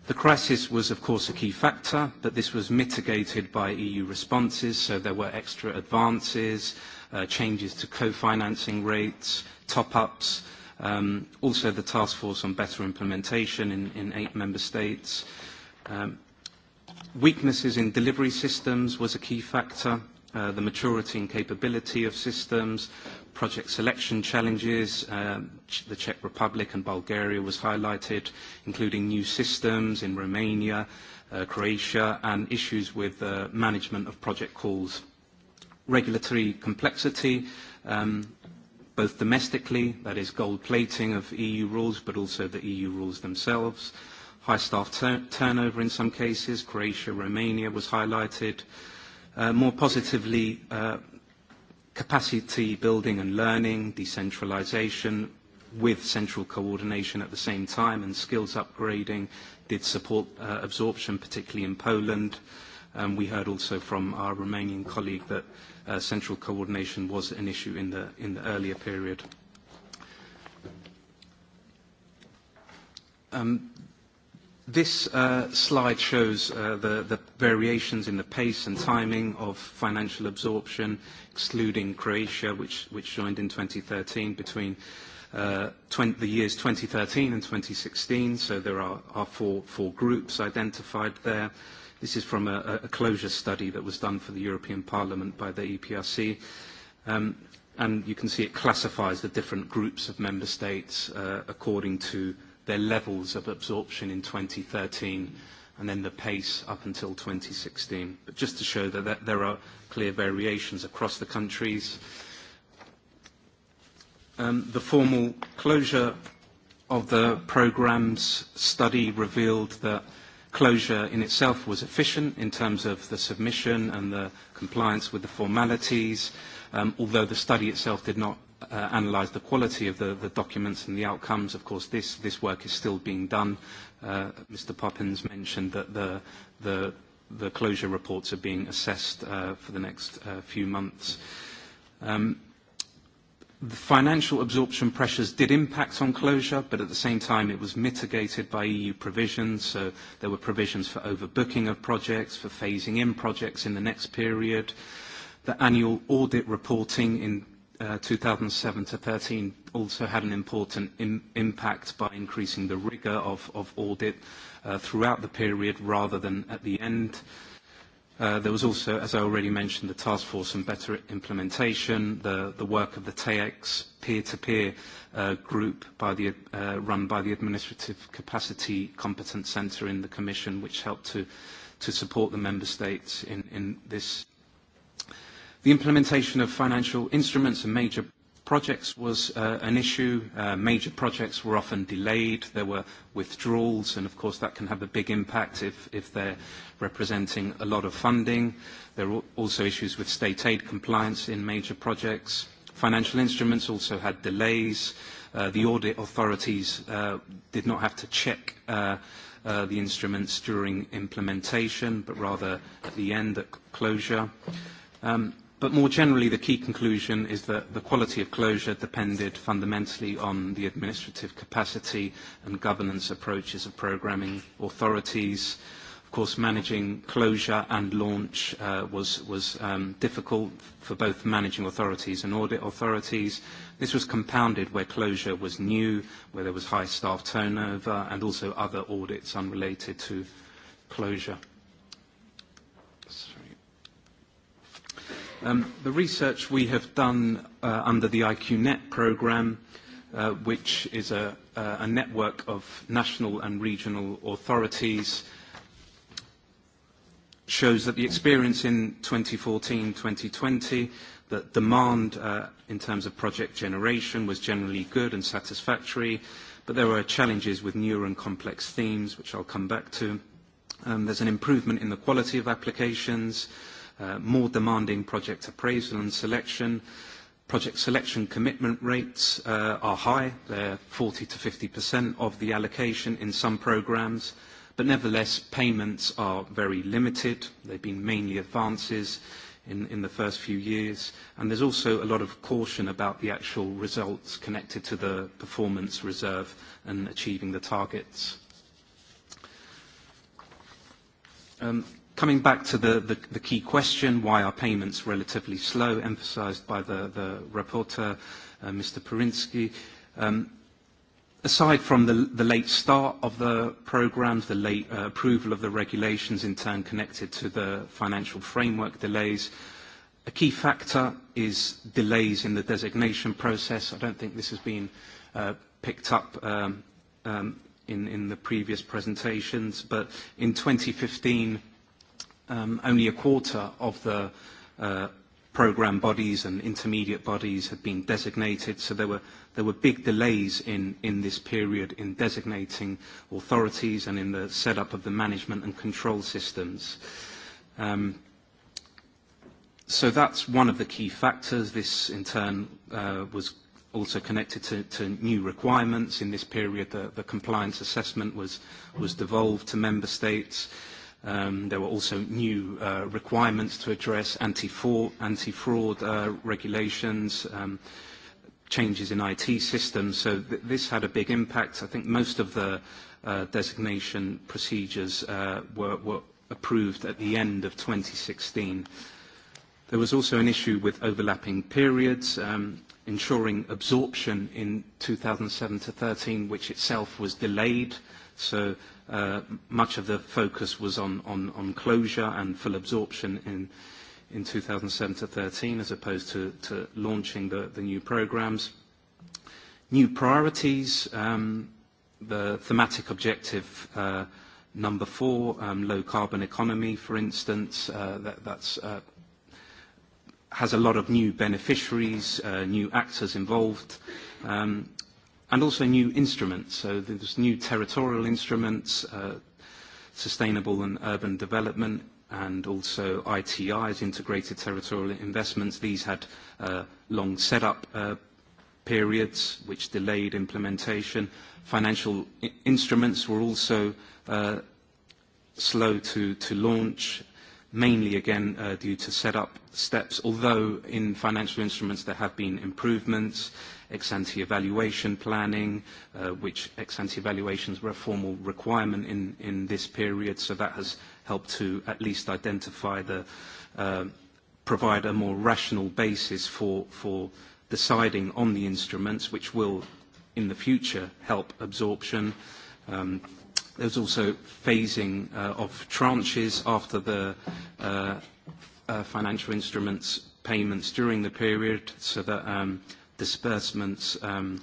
The crisis was, of course, a key factor, but this was mitigated by EU responses, so there were extra advances, uh, changes to co-financing rates, top-ups, Um, also, the task force on better implementation in, in eight member states. Um, weaknesses in delivery systems was a key factor. Uh, the maturity and capability of systems, project selection challenges, um, the Czech Republic and Bulgaria was highlighted, including new systems in Romania, uh, Croatia, and issues with uh, management of project calls. Regulatory complexity, um, both domestically, that is gold plating of EU rules, but also the EU rules themselves. High staff turnover in some cases, Croatia, Romania was highlighted. Uh, more positively, uh, capacity building and learning, decentralization with central coordination at the same time and skills upgrading did support uh, absorption, particularly in Poland. Um, we heard also from our Romanian colleague that Uh, central coordination was an issue in the, in the earlier period. Um, this uh, slide shows uh, the, the variations in the pace and timing of financial absorption, excluding Croatia, which, which joined in 2013, between uh, 20, the years 2013 and 2016. So there are, are four, four groups identified there. This is from a, a closure study that was done for the European Parliament by the EPRC. Um, and you can see it classifies the different groups of member states uh, according to their levels of absorption in 2013 and then the pace up until 2016. But just to show that, that there are clear variations across the countries. Um, the formal closure of the programme's study revealed that Closure in itself was efficient in terms of the submission and the compliance with the formalities, um, although the study itself did not uh, analyze the quality of the, the documents and the outcomes. Of course, this, this work is still being done. Uh, Mr. Poppins mentioned that the, the, the closure reports are being assessed uh, for the next uh, few months. Um, The financial absorption pressures did impact on closure, but at the same time, it was mitigated by EU provisions. So there were provisions for overbooking of projects, for phasing in projects in the next period. The annual audit reporting in 2007 uh, to 2013 also had an important impact by increasing the rigor of, audit uh, throughout the period rather than at the end. Uh, there was also, as I already mentioned, the task force on better implementation, the, the work of the TAEX peer-to-peer uh, group by the, uh, run by the Administrative Capacity Competence Centre in the Commission, which helped to, support the member states in, in this. The implementation of financial instruments and major projects was uh, an issue. Uh, major projects were often delayed. There were withdrawals, and of course that can have a big impact if, if they're representing a lot of funding. There are also issues with state aid compliance in major projects. Financial instruments also had delays. Uh, the audit authorities uh, did not have to check uh, uh, the instruments during implementation, but rather at the end, at closure. Um, But more generally, the key conclusion is that the quality of closure depended fundamentally on the administrative capacity and governance approaches of programming authorities. Of course, managing closure and launch uh, was, was um, difficult for both managing authorities and audit authorities. This was compounded where closure was new, where there was high staff turnover, and also other audits unrelated to closure. Um, the research we have done uh, under the IQNet program, uh, which is a, uh, a network of national and regional authorities, shows that the experience in 2014-2020, that demand uh, in terms of project generation was generally good and satisfactory, but there were challenges with newer and complex themes, which I'll come back to. Um, there's an improvement in the quality of applications, Uh, more demanding project appraisal and selection. Project selection commitment rates uh, are high. They're 40 to 50% of the allocation in some programs. But nevertheless, payments are very limited. They've been mainly advances in, the first few years. And there's also a lot of caution about the actual results connected to the performance reserve and achieving the targets. Um, Coming back to the, key question, why are payments relatively slow, emphasized by the, rapporteur, uh, Mr. Pirinski. Um, aside from the, late start of the programs, the late uh, approval of the regulations in turn connected to the financial framework delays, a key factor is delays in the designation process. I don't think this has been uh, picked up um, um, in, in the previous presentations, but in 2015, um, only a quarter of the uh, program bodies and intermediate bodies had been designated, so there were, there were big delays in, in this period in designating authorities and in the setup of the management and control systems. Um, so that's one of the key factors. This, in turn, uh, was also connected to, to new requirements. In this period, the, the compliance assessment was, was devolved to member states. Um, there were also new uh, requirements to address anti-fraud anti uh, regulations, um, changes in IT systems. So this had a big impact. I think most of the uh, designation procedures were, were approved at the end of 2016. There was also an issue with overlapping periods, um, ensuring absorption in 2007 to 13, which itself was delayed. So uh, much of the focus was on, on, closure and full absorption in, 2007 to 13 as opposed to, to launching the, new programs. New priorities, um, the thematic objective uh, number four, um, low carbon economy, for instance, uh, that, that's uh, has a lot of new beneficiaries, uh, new actors involved. Um, and also new instruments. So there's new territorial instruments, uh, sustainable and urban development, and also ITIs, integrated territorial investments. These had uh, long setup uh, periods, which delayed implementation. Financial I instruments were also uh, slow to, to launch, mainly again uh, due to setup steps, although in financial instruments there have been improvements ex-ante evaluation planning, uh, which ex-ante evaluations were a formal requirement in, in this period, so that has helped to at least identify the, uh, provide a more rational basis for, for deciding on the instruments, which will in the future help absorption. Um, There's also phasing uh, of tranches after the uh, uh, financial instruments payments during the period so that um, disbursements um,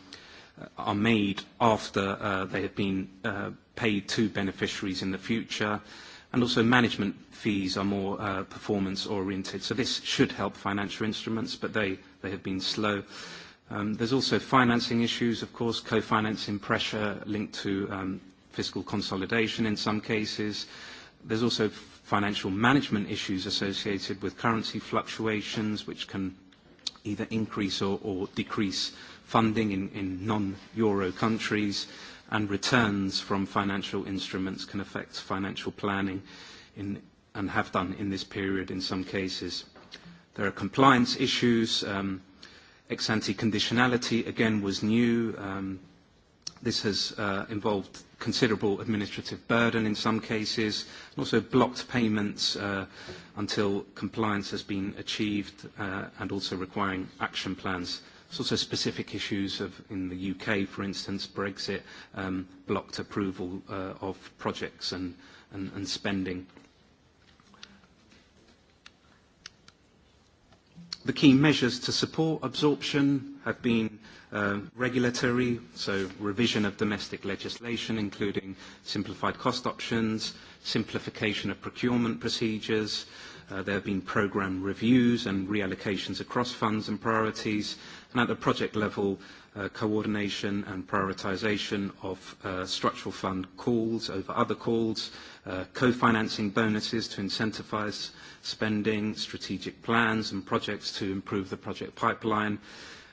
are made after uh, they have been uh, paid to beneficiaries in the future. And also management fees are more uh, performance oriented. So this should help financial instruments, but they, they have been slow. Um, there's also financing issues, of course, co-financing pressure linked to um, fiscal consolidation in some cases. There's also financial management issues associated with currency fluctuations, which can either increase or, or decrease funding in, in non-euro countries, and returns from financial instruments can affect financial planning in, and have done in this period in some cases. There are compliance issues. Um, ex-ante conditionality, again, was new. Um, this has uh, involved considerable administrative burden in some cases, and also blocked payments uh, until compliance has been achieved, uh, and also requiring action plans. There's also specific issues of, in the UK, for instance, Brexit um, blocked approval uh, of projects and, and, and spending. The key measures to support absorption have been uh, regulatory, so revision of domestic legislation, including simplified cost options, simplification of procurement procedures. Uh, there have been program reviews and reallocations across funds and priorities, and at the project level, uh, coordination and prioritization of uh, structural fund calls over other calls, uh, co-financing bonuses to incentivize spending, strategic plans and projects to improve the project pipeline,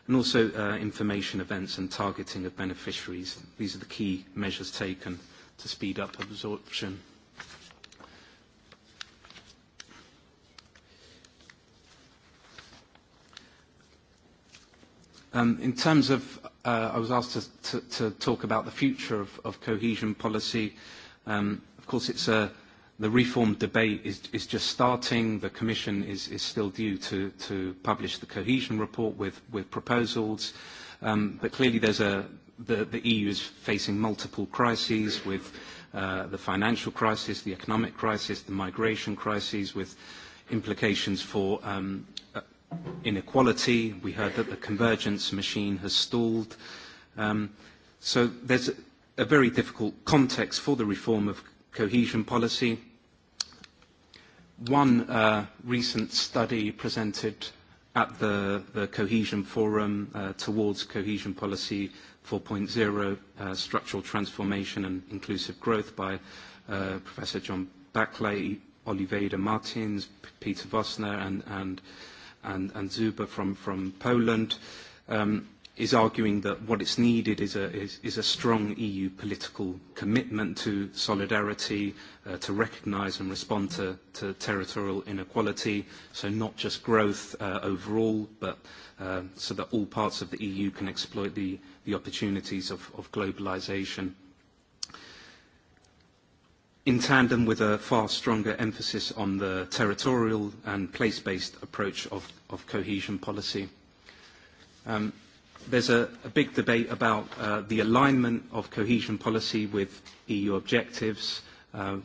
and also uh, information events and targeting of beneficiaries. These are the key measures taken to speed up absorption. Um, in terms of, uh, I was asked to, to, to talk about the future of, of cohesion policy. Um, of course, it's a the reform debate is, is just starting. The Commission is, is still due to, to publish the cohesion report with, with proposals. Um, but clearly there's a, the, the EU is facing multiple crises with uh, the financial crisis, the economic crisis, the migration crisis with implications for um, uh, inequality. We heard that the convergence machine has stalled. Um, so there's a, a very difficult context for the reform of cohesion policy one uh, recent study presented at the, the Cohesion Forum uh, towards Cohesion Policy 4.0, uh, Structural Transformation and Inclusive Growth by uh, Professor John Backley, Oliveira Martins, P Peter Vosner, and, and, and, and Zuba from, from Poland, um, is arguing that what is needed is a, is, is a strong EU political commitment to solidarity, Uh, to recognize and respond to, to territorial inequality, so not just growth uh, overall, but uh, so that all parts of the EU can exploit the, the opportunities of, of globalization. In tandem with a far stronger emphasis on the territorial and place-based approach of, of cohesion policy. Um, there's a, a big debate about uh, the alignment of cohesion policy with EU objectives Uh,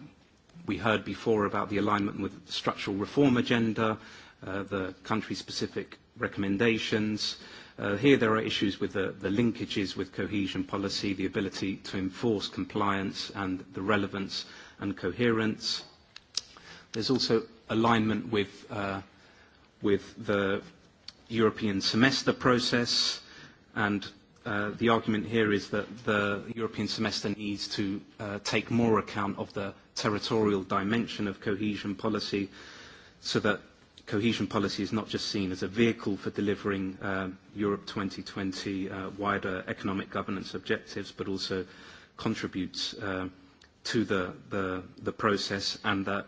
we heard before about the alignment with the structural reform agenda, uh, the country-specific recommendations. Uh, here there are issues with the, the linkages with cohesion policy, the ability to enforce compliance and the relevance and coherence. There's also alignment with, uh, with the European semester process and Uh, the argument here is that the European semester needs to uh, take more account of the territorial dimension of cohesion policy so that cohesion policy is not just seen as a vehicle for delivering uh, Europe 2020 uh, wider economic governance objectives, but also contributes uh, to the, the, the process and that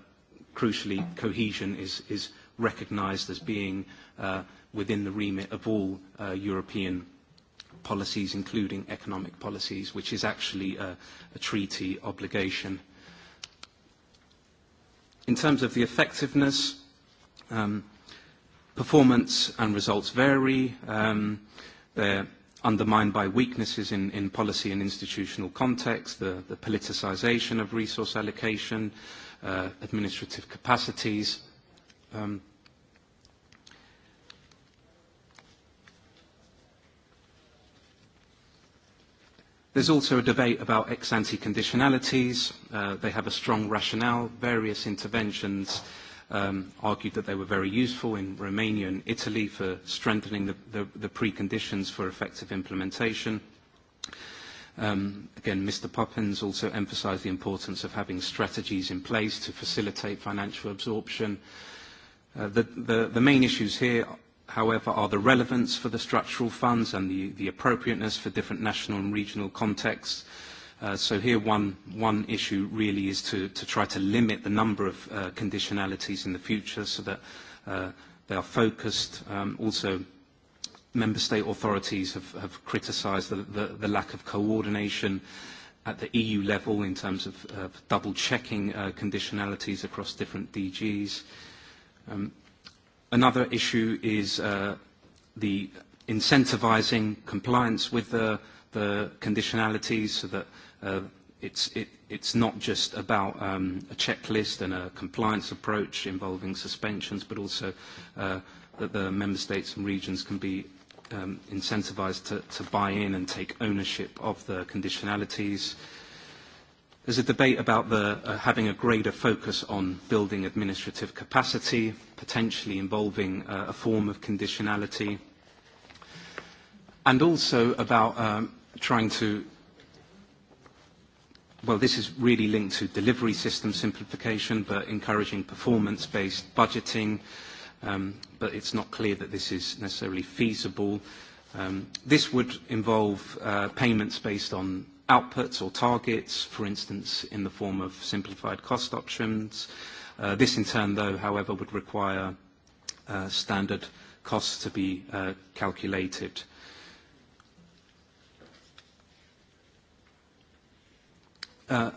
crucially cohesion is, is recognized as being uh, within the remit of all uh, European policies, including economic policies, which is actually a, a treaty obligation. In terms of the effectiveness, um, performance and results vary. Um, they're undermined by weaknesses in, in policy and institutional context, the, the politicization of resource allocation, uh, administrative capacities. Um, There's also a debate about ex-ante conditionalities. Uh, they have a strong rationale. Various interventions um, argued that they were very useful in Romania and Italy for strengthening the, the, the preconditions for effective implementation. Um, again, Mr. Poppins also emphasized the importance of having strategies in place to facilitate financial absorption. Uh, the, the, the main issues here however, are the relevance for the structural funds and the, the appropriateness for different national and regional contexts. Uh, so here one, one issue really is to, to try to limit the number of uh, conditionalities in the future so that uh, they are focused. Um, also, member state authorities have, have criticised the, the, the lack of coordination at the EU level in terms of uh, double-checking uh, conditionalities across different DGs. Um, Another issue is uh, the incentivizing compliance with the, the conditionalities so that uh, it's, it, it's not just about um, a checklist and a compliance approach involving suspensions, but also uh, that the member states and regions can be um, incentivized to, to buy in and take ownership of the conditionalities. Uh, There's a debate about the, uh, having a greater focus on building administrative capacity, potentially involving uh, a form of conditionality, and also about um, trying to, well, this is really linked to delivery system simplification, but encouraging performance-based budgeting, um, but it's not clear that this is necessarily feasible. Um, this would involve uh, payments based on outputs or targets, for instance, in the form of simplified cost options. Uh, this in turn, though, however, would require uh, standard costs to be uh, calculated. Uh,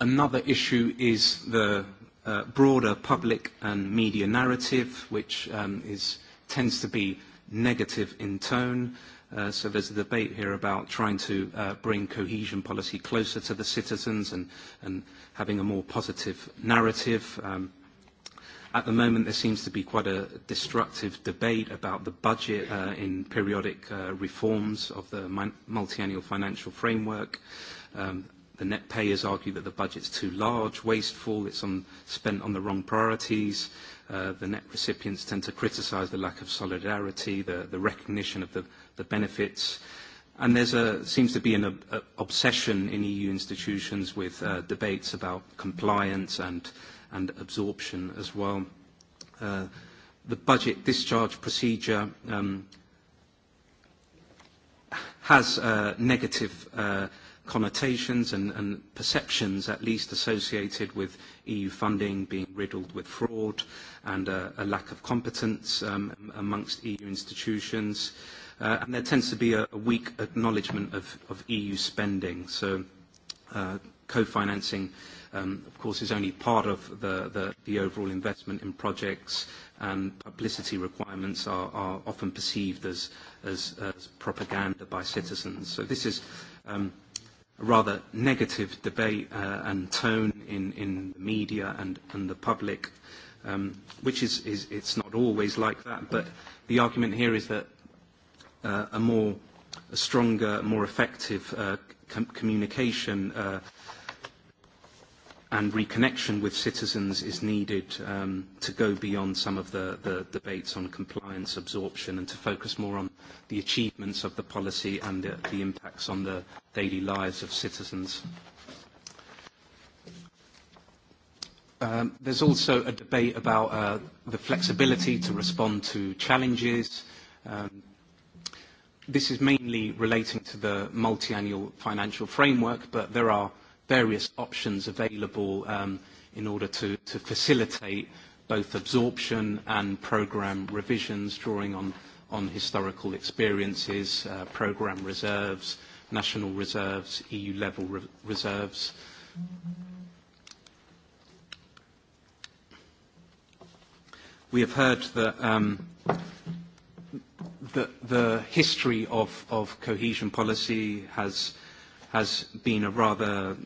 another issue is the uh, broader public and media narrative, which um, is, tends to be negative in tone. Uh, so there's a debate here about trying to uh, bring cohesion policy closer to the citizens and, and having a more positive narrative. Um, at the moment, there seems to be quite a destructive debate about the budget uh, in periodic uh, reforms of the multi-annual financial framework. Um, the net payers argue that the budget's too large, wasteful, it's on, spent on the wrong priorities. Uh, the net recipients tend to criticize the lack of solidarity, the, the recognition of the the benefits. And there seems to be an uh, obsession in EU institutions with uh, debates about compliance and, and absorption as well. Uh, the budget discharge procedure um, has uh, negative uh, connotations and, and perceptions at least associated with EU funding being riddled with fraud and uh, a lack of competence um, amongst EU institutions. Uh, Uh, and there tends to be a, a weak acknowledgement of, of EU spending. So uh, co-financing, um, of course, is only part of the, the, the overall investment in projects, and publicity requirements are, are often perceived as, as, as propaganda by citizens. So this is um, a rather negative debate uh, and tone in, in the media and, and the public, um, which is, is it's not always like that, but the argument here is that uh, a more a stronger, more effective uh, com communication uh, and reconnection with citizens is needed um, to go beyond some of the, the debates on compliance, absorption, and to focus more on the achievements of the policy and the, the impacts on the daily lives of citizens. Um, there's also a debate about uh, the flexibility to respond to challenges. Um, This is mainly relating to the multi-annual financial framework, but there are various options available um, in order to, to facilitate both absorption and program revisions, drawing on, on historical experiences, uh, program reserves, national reserves, EU-level re reserves. We have heard that um, the, the history of, of cohesion policy has, has been a rather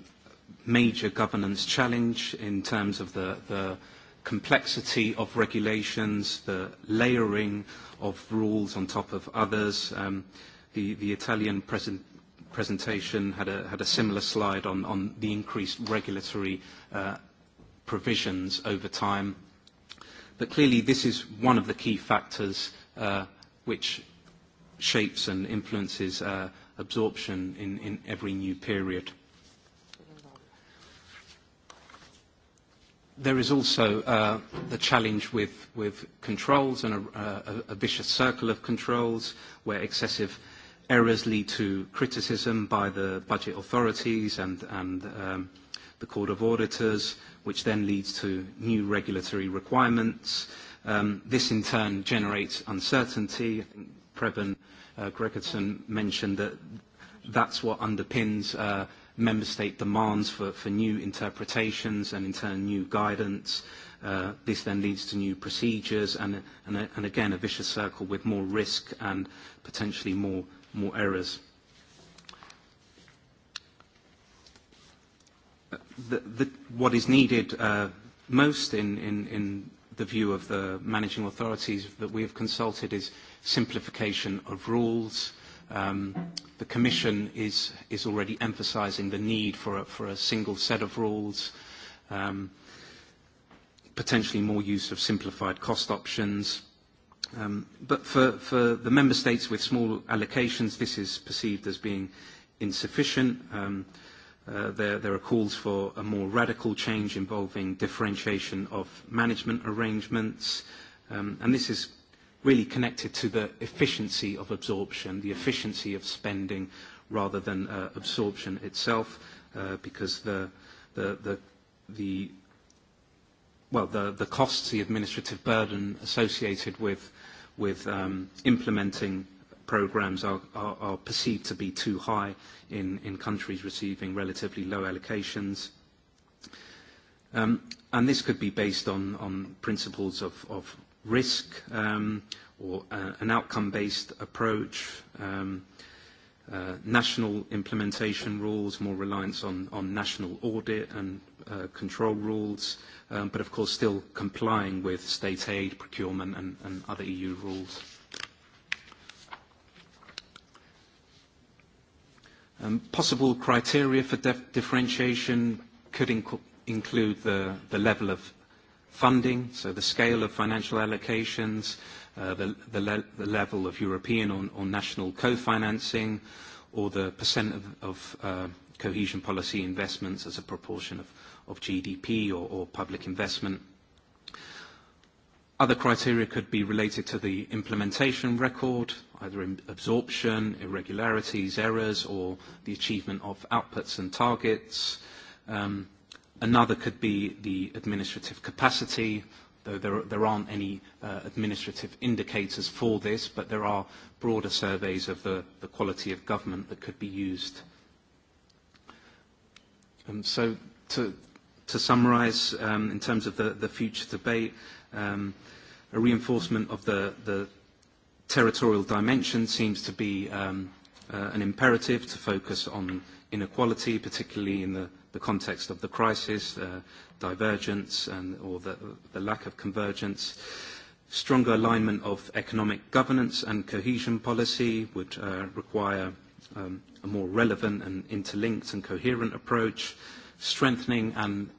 major governance challenge in terms of the, the complexity of regulations, the layering of rules on top of others. Um, the, the Italian present, presentation had a, had a similar slide on, on the increased regulatory uh, provisions over time. But clearly this is one of the key factors uh, which shapes and influences uh, absorption in, in every new period. There is also uh, the challenge with, with controls and a, a, a vicious circle of controls where excessive errors lead to criticism by the budget authorities and, and um, the Court of Auditors, which then leads to new regulatory requirements, Um, this in turn generates uncertainty. I think Preben uh, Gregerson mentioned that that's what underpins uh, member state demands for, for new interpretations and in turn new guidance. Uh, this then leads to new procedures and, and, and again a vicious circle with more risk and potentially more, more errors. Uh, the, the, what is needed uh, most in, in, in the view of the managing authorities that we have consulted is simplification of rules. Um, the Commission is, is already emphasising the need for a, for a single set of rules, um, potentially more use of simplified cost options. Um, but for, for the member states with small allocations, this is perceived as being insufficient. Um, Uh, there, there are calls for a more radical change involving differentiation of management arrangements. Um, and this is really connected to the efficiency of absorption, the efficiency of spending rather than uh, absorption itself, uh, because the, the, the, the, well, the, the costs, the administrative burden associated with, with um, implementing programs are, are, are perceived to be too high in, in countries receiving relatively low allocations. Um, and this could be based on, on principles of, of risk um, or uh, an outcome-based approach, um, uh, national implementation rules, more reliance on, on national audit and uh, control rules, um, but of course still complying with state aid, procurement and, and other EU rules. Um, possible criteria for differentiation could inc include the, the level of funding, so the scale of financial allocations, uh, the, the, le the level of European or, or national co-financing, or the percent of, of uh, cohesion policy investments as a proportion of, of GDP or, or public investment. Other criteria could be related to the implementation record, either in absorption, irregularities, errors, or the achievement of outputs and targets. Um, another could be the administrative capacity, though there, there aren't any uh, administrative indicators for this, but there are broader surveys of the, the quality of government that could be used. Um, so to, to summarise, um, in terms of the, the future debate, um, a reinforcement of the, the territorial dimension seems to be um, uh, an imperative to focus on inequality, particularly in the, the context of the crisis, uh, divergence and, or the, the lack of convergence. Stronger alignment of economic governance and cohesion policy would uh, require um, a more relevant and interlinked and coherent approach. Strengthening and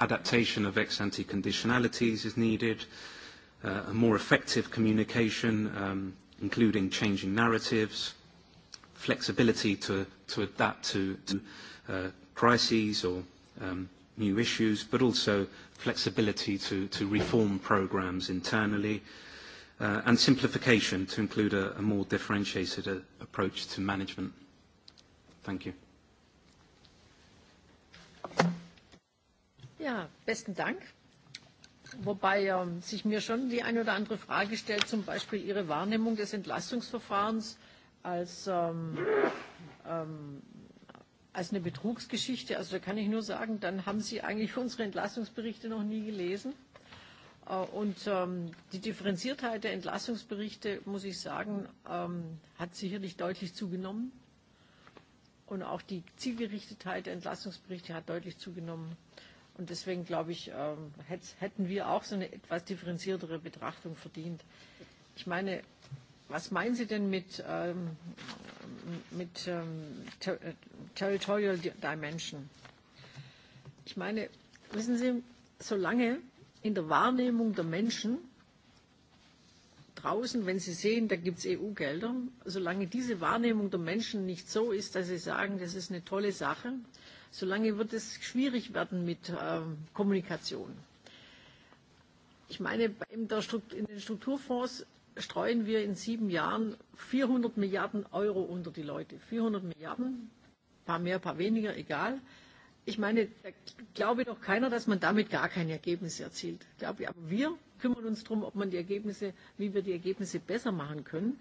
adaptation of ex-ante conditionalities is needed, uh, a more effective communication, um, including changing narratives, flexibility to, to adapt to, to uh, crises or um, new issues, but also flexibility to, to reform programs internally, uh, and simplification to include a, a more differentiated uh, approach to management. Thank you. Ja, besten Dank. Wobei ähm, sich mir schon die eine oder andere Frage stellt, zum Beispiel Ihre Wahrnehmung des Entlastungsverfahrens als, ähm, ähm, als eine Betrugsgeschichte. Also da kann ich nur sagen, dann haben Sie eigentlich unsere Entlastungsberichte noch nie gelesen. Äh, und ähm, die Differenziertheit der Entlastungsberichte, muss ich sagen, ähm, hat sicherlich deutlich zugenommen. Und auch die Zielgerichtetheit der Entlastungsberichte hat deutlich zugenommen. Äh, Und deswegen, glaube ich, ähm, hätten wir auch so eine etwas differenziertere Betrachtung verdient. Ich meine, was meinen Sie denn mit, ähm, mit ähm, ter äh, Territorial Dimension? Ich meine, wissen Sie, solange in der Wahrnehmung der Menschen draußen, wenn sie sehen, da gibt es EU-Gelder, solange diese Wahrnehmung der Menschen nicht so ist, dass sie sagen, das ist eine tolle Sache, Solange wird es schwierig werden mit äh, Kommunikation. Ich meine, in den Strukturfonds streuen wir in sieben Jahren 400 Milliarden Euro unter die Leute. 400 Milliarden, ein paar mehr, ein paar weniger, egal. Ich meine, da glaube doch keiner, dass man damit gar keine Ergebnisse erzielt. Ich glaube, aber wir kümmern uns darum, ob man die Ergebnisse, wie wir die Ergebnisse besser machen können.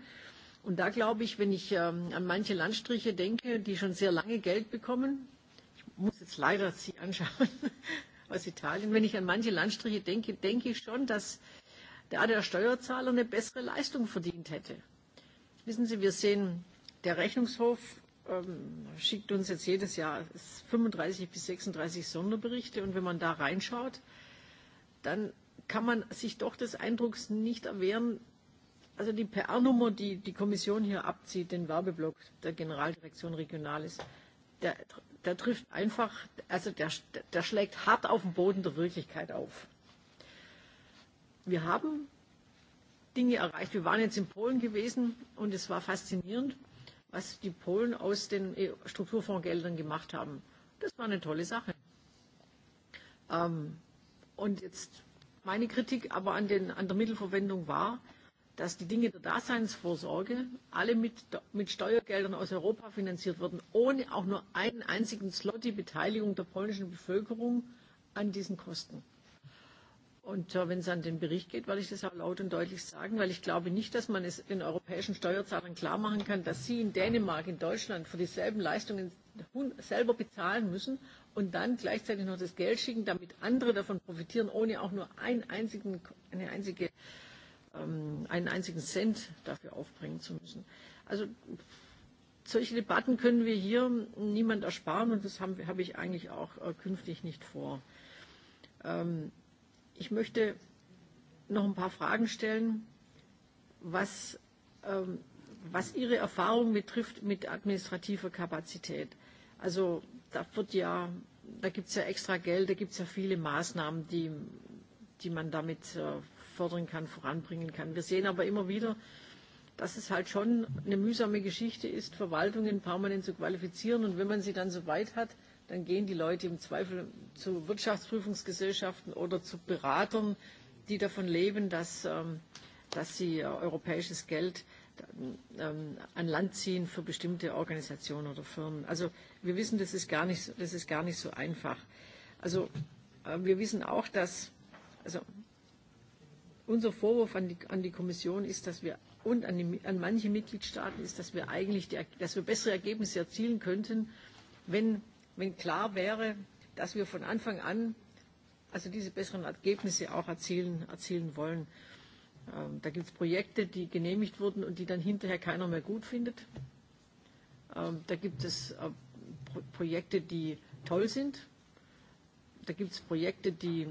Und da glaube ich, wenn ich ähm, an manche Landstriche denke, die schon sehr lange Geld bekommen, muss jetzt leider Sie anschauen aus Italien. Wenn ich an manche Landstriche denke, denke ich schon, dass da der Steuerzahler eine bessere Leistung verdient hätte. Wissen Sie, wir sehen, der Rechnungshof ähm, schickt uns jetzt jedes Jahr 35 bis 36 Sonderberichte. Und wenn man da reinschaut, dann kann man sich doch des Eindrucks nicht erwehren, also die PR-Nummer, die die Kommission hier abzieht, den Werbeblock der Generaldirektion Regionales, der der trifft einfach, also der, der schlägt hart auf den Boden der Wirklichkeit auf. Wir haben Dinge erreicht. Wir waren jetzt in Polen gewesen und es war faszinierend, was die Polen aus den e Strukturfondsgeldern gemacht haben. Das war eine tolle Sache. Ähm, und jetzt meine Kritik aber an, den, an der Mittelverwendung war, dass die Dinge der Daseinsvorsorge alle mit, mit Steuergeldern aus Europa finanziert wurden, ohne auch nur einen einzigen Slot die Beteiligung der polnischen Bevölkerung an diesen Kosten. Und äh, wenn es an den Bericht geht, werde ich das auch laut und deutlich sagen, weil ich glaube nicht, dass man es den europäischen Steuerzahlern klar machen kann, dass sie in Dänemark, in Deutschland für dieselben Leistungen selber bezahlen müssen und dann gleichzeitig noch das Geld schicken, damit andere davon profitieren, ohne auch nur einen einzigen, eine einzige Ähm, einen einzigen Cent dafür aufbringen zu müssen. Also solche Debatten können wir hier niemand ersparen und das habe ich eigentlich auch äh, künftig nicht vor. Ähm, ich möchte noch ein paar Fragen stellen, was, ähm, was Ihre Erfahrung betrifft mit administrativer Kapazität. Also da wird ja, da gibt es ja extra Geld, da gibt es ja viele Maßnahmen, die, die man damit äh, fördern kann, voranbringen kann. Wir sehen aber immer wieder, dass es halt schon eine mühsame Geschichte ist, Verwaltungen permanent zu qualifizieren. Und wenn man sie dann so weit hat, dann gehen die Leute im Zweifel zu Wirtschaftsprüfungsgesellschaften oder zu Beratern, die davon leben, dass, ähm, dass sie äh, europäisches Geld ähm, an Land ziehen für bestimmte Organisationen oder Firmen. Also wir wissen, das ist gar nicht, das ist gar nicht so einfach. Also äh, wir wissen auch, dass, also Unser Vorwurf an die, an die Kommission ist, dass wir und an, die, an manche Mitgliedstaaten ist, dass wir eigentlich die, dass wir bessere Ergebnisse erzielen könnten, wenn, wenn klar wäre, dass wir von Anfang an also diese besseren Ergebnisse auch erzielen, erzielen wollen. Ähm, da gibt es Projekte, die genehmigt wurden und die dann hinterher keiner mehr gut findet. Ähm, da gibt es äh, Pro Projekte, die toll sind. Da gibt es Projekte, die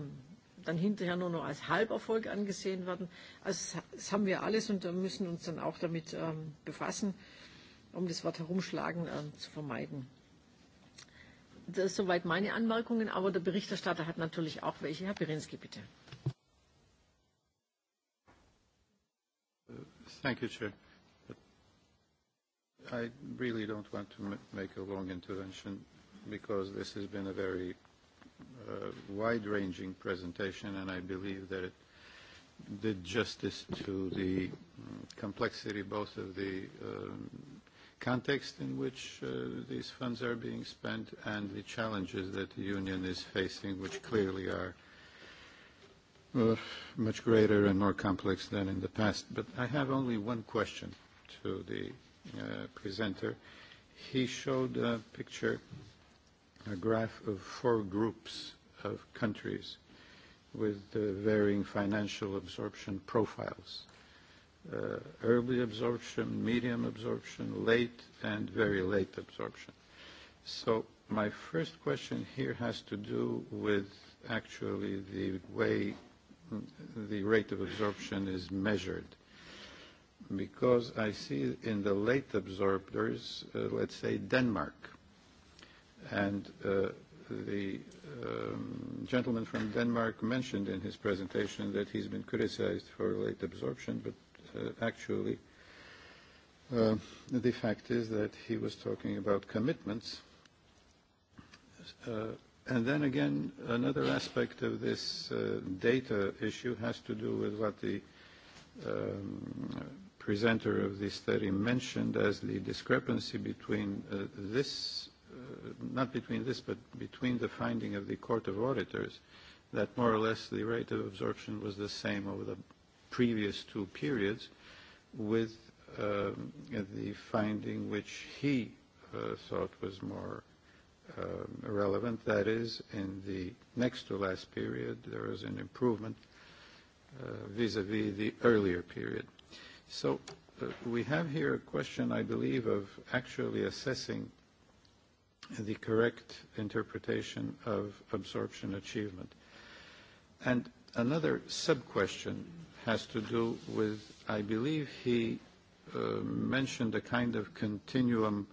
dann hinterher nur noch als Halberfolg angesehen werden. Also das haben wir alles und da müssen uns dann auch damit ähm, befassen, um das Wort herumschlagen äh, zu vermeiden. Das ist soweit meine Anmerkungen, aber der Berichterstatter hat natürlich auch welche. Herr Pirinski, bitte. Uh, thank you, Chair. But I really don't want to make a long intervention because this has been a very uh, wide-ranging presentation, and I believe that it did justice to the mm, complexity both of the um, context in which uh, these funds are being spent and the challenges that the union is facing, which clearly are uh, much greater and more complex than in the past. But I have only one question to the uh, presenter. He showed a picture a graph of four groups of countries with uh, varying financial absorption profiles. Uh, early absorption, medium absorption, late and very late absorption. So my first question here has to do with actually the way the rate of absorption is measured. Because I see in the late absorbers, uh, let's say Denmark, And uh, the um, gentleman from Denmark mentioned in his presentation that he's been criticized for late absorption, but uh, actually uh, the fact is that he was talking about commitments. Uh, and then again, another aspect of this uh, data issue has to do with what the um, presenter of this study mentioned as the discrepancy between uh, this Uh, not between this, but between the finding of the Court of Auditors, that more or less the rate of absorption was the same over the previous two periods, with uh the finding which he uh, thought was more uh relevant. That is, in the next to last period, there was an improvement vis-à-vis uh, -vis the earlier period. So uh, we have here a question, I believe, of actually assessing the correct interpretation of absorption achievement. And another sub-question has to do with, I believe he uh, mentioned a kind of continuum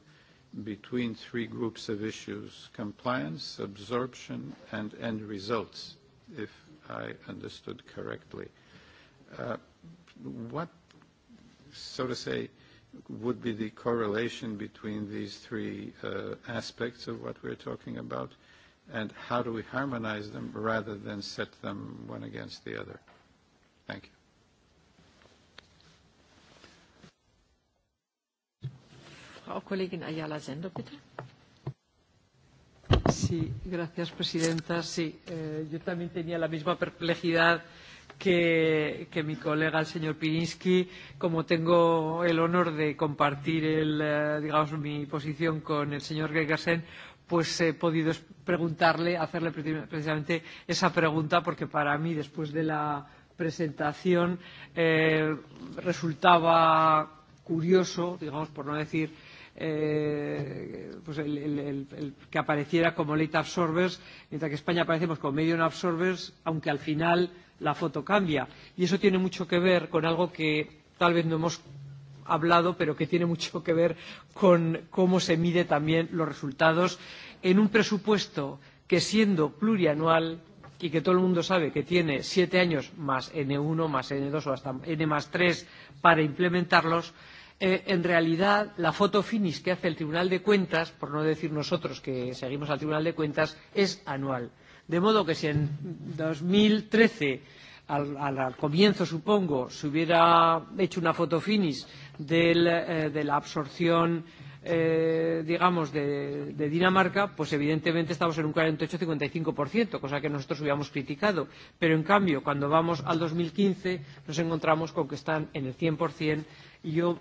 between three groups of issues, compliance, absorption, and end results, if I understood correctly. Uh, what, so to say, would be the correlation between these three uh, aspects of what we're talking about, and how do we harmonize them rather than set them one against the other? Thank you. Frau Kollegin Ayala Sender, bitte. Sí, gracias, Presidenta. Sí, eh, yo también tenía la misma perplejidad que, que mi colega, el señor Pirinsky, como tengo el honor de compartir el, eh, digamos, mi posición con el señor Gregersen, pues he podido preguntarle, hacerle precisamente esa pregunta, porque para mí, después de la presentación, eh, resultaba curioso, digamos, por no decir eh, pues el, el, el, el que apareciera como late absorbers, mientras que España aparecemos como medium absorbers, aunque al final la foto cambia. Y eso tiene mucho que ver con algo que tal vez no hemos hablado, pero que tiene mucho que ver con cómo se mide también los resultados en un presupuesto que siendo plurianual y que todo el mundo sabe que tiene siete años más N1, más N2 o hasta N más 3 para implementarlos, eh, en realidad la foto finis que hace el Tribunal de Cuentas, por no decir nosotros que seguimos al Tribunal de Cuentas, es anual. De modo que si en dos mil trece al, al, al comienzo, supongo, se hubiera hecho una finis del, eh, de la absorción eh, digamos, de, de Dinamarca, pues evidentemente estamos en un 48-55%, cosa que nosotros hubiéramos criticado. Pero en cambio, cuando vamos al 2015, nos encontramos con que están en el 100% yo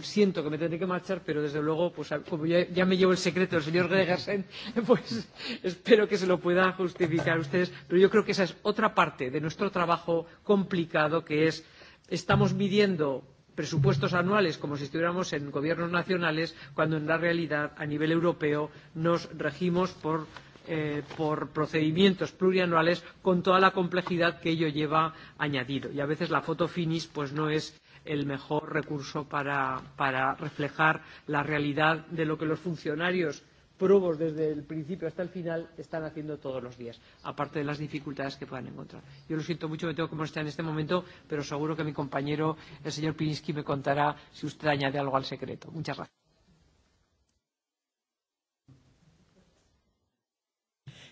siento que me tendré que marchar, pero desde luego, pues, como ya, ya me llevo el secreto del señor Gregersen, pues espero que se lo pueda justificar a ustedes. Pero yo creo que esa es otra parte de nuestro trabajo complicado, que es, estamos midiendo presupuestos anuales como si estuviéramos en gobiernos nacionales, cuando en la realidad, a nivel europeo, nos regimos por eh, por procedimientos plurianuales con toda la complejidad que ello lleva añadido. Y a veces la foto finis pues no es el mejor recurso para, para reflejar la realidad de lo que los funcionarios probos desde el principio hasta el final están haciendo todos los días, aparte de las dificultades que puedan encontrar. Yo lo siento mucho, me tengo que molestar en este momento, pero seguro que mi compañero, el señor Pinsky, me contará si usted añade algo al secreto. Muchas gracias.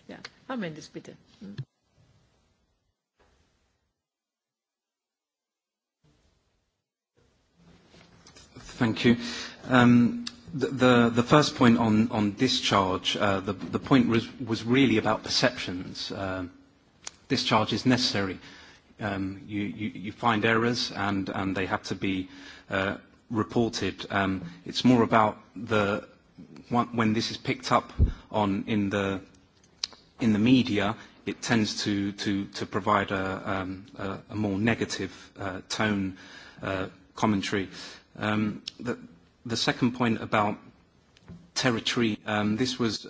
Ja, Herr Mendes, bitte. Thank you. Um, the, the, the first point on, on discharge, uh, the, the point was, was really about perceptions. Uh, discharge is necessary. Um, you, you, you find errors and, and they have to be uh, reported. Um, it's more about the when this is picked up on in the in the media, it tends to to, to provide a, um, a, a more negative uh, tone uh, commentary. Um, the, the second point about territory, um, this was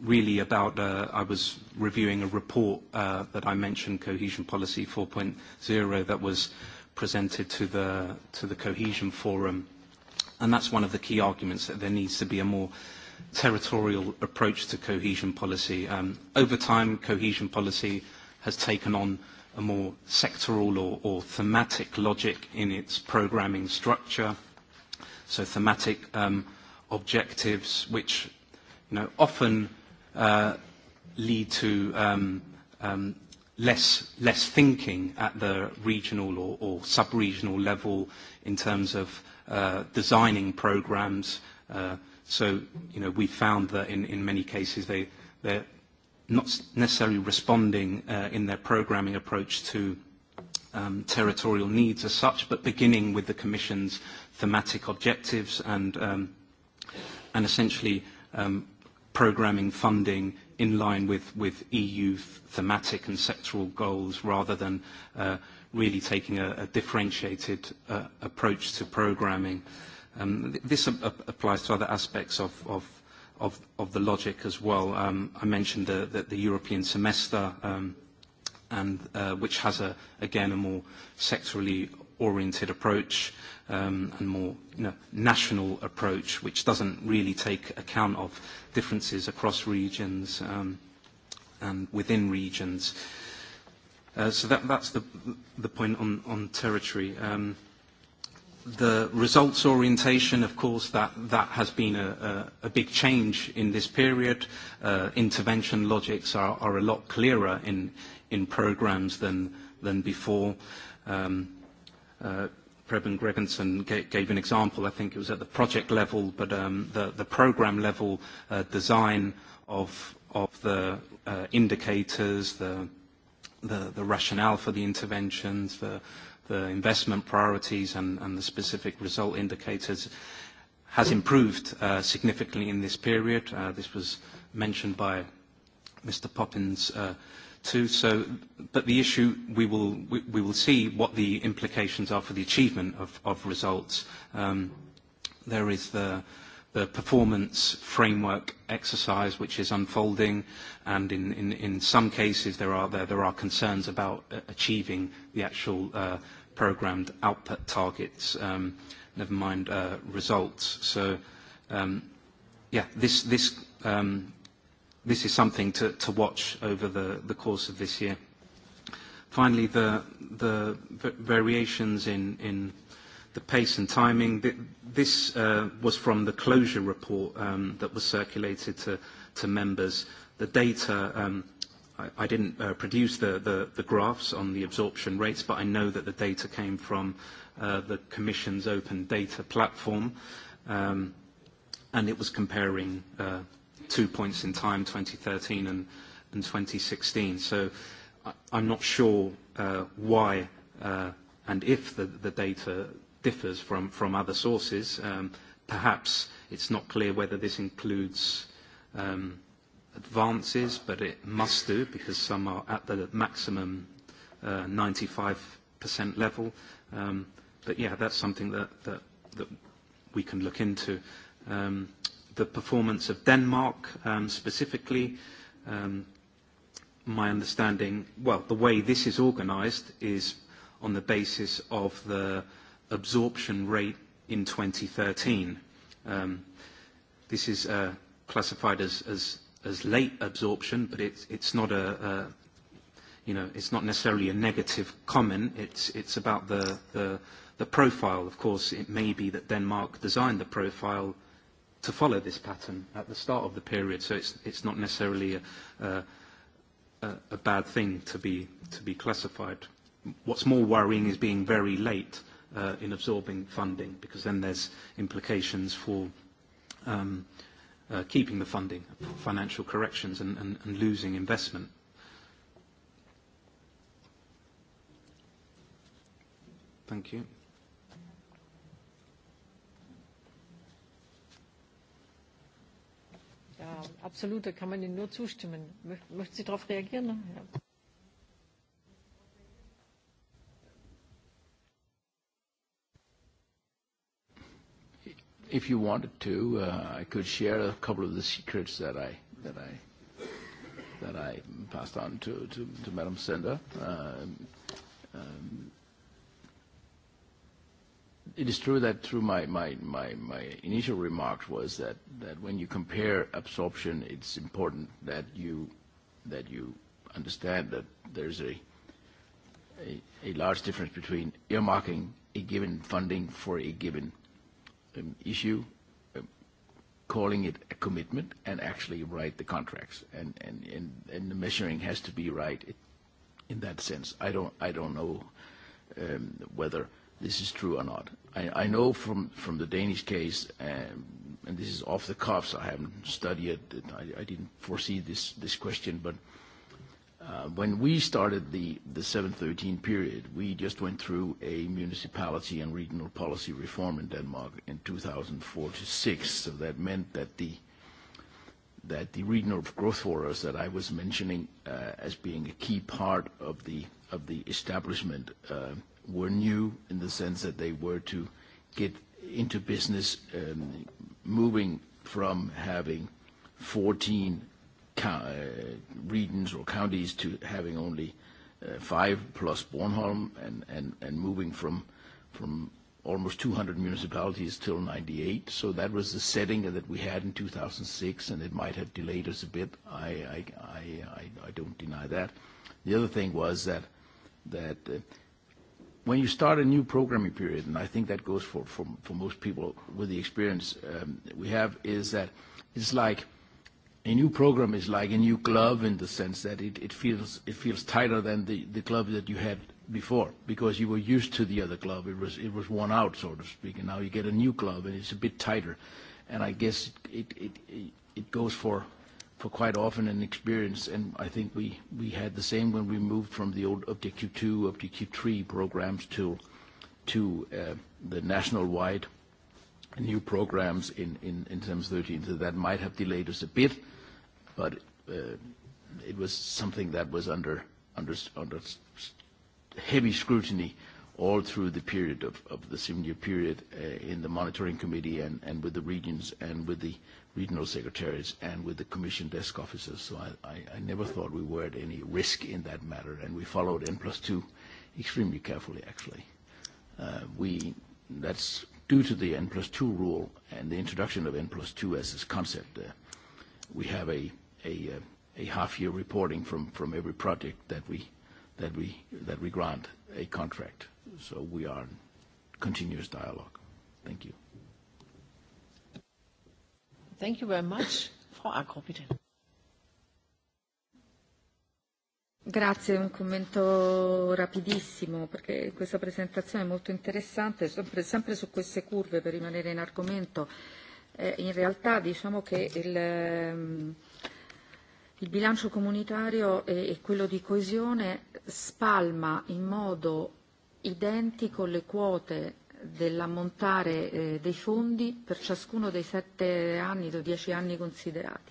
really about, uh, I was reviewing a report uh, that I mentioned, Cohesion Policy 4.0, that was presented to the, to the Cohesion Forum. And that's one of the key arguments, that there needs to be a more territorial approach to cohesion policy. Um, over time, cohesion policy has taken on a more sectoral or, or thematic logic in its programming structure. So thematic um, objectives, which you know, often uh, lead to um, um, less, less thinking at the regional or, or sub-regional level in terms of uh, designing programs. Uh, so, you know, we found that in, in many cases they, they're, not necessarily responding uh, in their programming approach to um, territorial needs as such, but beginning with the Commission's thematic objectives and, um, and essentially um, programming funding in line with, with EU thematic and sectoral goals rather than uh, really taking a, a differentiated uh, approach to programming. Um, th this applies to other aspects of, of of, the logic as well. Um, I mentioned the, the, the European semester, um, and uh, which has, a, again, a more sectorally oriented approach um, and more you know, national approach, which doesn't really take account of differences across regions and within regions. Uh, so that, that's the, the point on, on territory the results orientation, of course, that, that has been a, a, big change in this period. Uh, intervention logics are, are a lot clearer in, programs than, than before. Um, uh, Preben Gregersen gave an example, I think it was at the project level, but um, the, the program level uh, design of, the indicators, the, the, the rationale for the interventions, the the investment priorities and, and the specific result indicators has improved uh, significantly in this period. Uh, this was mentioned by Mr. Poppins uh, too. So, but the issue, we will, we, we will see what the implications are for the achievement of, of results. Um, there is the, the performance framework exercise, which is unfolding, and in, in, in some cases there are, there, there are concerns about uh, achieving the actual uh, programmed output targets, um, never mind uh, results. So, um, yeah, this, this, um, this is something to, to watch over the, the course of this year. Finally, the, the variations in, in the pace and timing. This uh, was from the closure report um, that was circulated to, to members. The data um, i, I didn't uh, produce the, the, the graphs on the absorption rates, but I know that the data came from uh, the Commission's open data platform, um, and it was comparing uh, two points in time, 2013 and, and 2016. So I, I'm not sure uh, why uh, and if the, the data differs from, from other sources. Um, perhaps it's not clear whether this includes um, – advances, but it must do because some are at the maximum uh, 95% level. Um, but yeah, that's something that, that, that we can look into. Um, the performance of Denmark um, specifically, um, my understanding, well, the way this is organised is on the basis of the absorption rate in 2013. Um, this is uh, classified as, as as late absorption, but it's, it's not a, a you know, it's not necessarily a negative comment. It's, it's about the, the, the profile. Of course, it may be that Denmark designed the profile to follow this pattern at the start of the period, so it's, it's not necessarily a, a, a bad thing to be, to be classified. What's more worrying is being very late uh, in absorbing funding, because then there's implications for um, – uh, keeping the funding financial corrections and, and, and losing investment. Thank you. Ja, absolut, da kann man Ihnen nur zustimmen. Möchten Sie darauf reagieren? Ja. if you wanted to, uh, I could share a couple of the secrets that I that I that I passed on to to, to Madam Sender. Um, um, it is true that through my, my, my, my initial remarks was that, that when you compare absorption, it's important that you that you understand that there's a a, a large difference between earmarking a given funding for a given um, issue, um, calling it a commitment, and actually write the contracts. And, and, and, and the measuring has to be right in that sense. I don't, I don't know um, whether this is true or not. I, I know from, from the Danish case, um, and this is off the cuffs, I haven't studied it, I, I didn't foresee this, this question, but uh, Uh, when we started the, the 713 period, we just went through a municipality and regional policy reform in Denmark in 2004 to 6. So that meant that the, that the regional growth forums that I was mentioning uh, as being a key part of the, of the establishment uh, were new in the sense that they were to get into business um, moving from having 14 uh, regions or counties to having only uh, five plus Bornholm and, and, and moving from, from almost 200 municipalities till 98. So that was the setting that we had in 2006, and it might have delayed us a bit. I, I, I, I, I don't deny that. The other thing was that, that uh, when you start a new programming period, and I think that goes for, for, for most people with the experience um, we have, is that it's like – a new program is like a new glove in the sense that it, it feels it feels tighter than the, the glove that you had before because you were used to the other glove. It was it was worn out, so to speak, and now you get a new glove and it's a bit tighter. And I guess it it it, it goes for for quite often an experience. And I think we we had the same when we moved from the old Objective Two, Objective Three programs to to uh, the national wide new programs in, in, in terms So that might have delayed us a bit, but uh, it was something that was under, under, under heavy scrutiny all through the period of, of the seven-year period uh, in the monitoring committee and, and with the regions and with the regional secretaries and with the commission desk officers. So I, I, I never thought we were at any risk in that matter, and we followed N plus two extremely carefully, actually. Uh, we, that's due to the N plus 2 rule and the introduction of N plus 2 as this concept, uh, we have a, a, uh, a half-year reporting from, from every project that we, that, we, that we grant a contract. So we are in continuous dialogue. Thank you. Thank you very much. Frau Ackrow, Grazie, un commento rapidissimo perché questa presentazione è molto interessante, sempre, sempre su queste curve per rimanere in argomento. Eh, in realtà diciamo che il, ehm, il bilancio comunitario e, e quello di coesione spalma in modo identico le quote dell'ammontare eh, dei fondi per ciascuno dei sette anni o dieci anni considerati.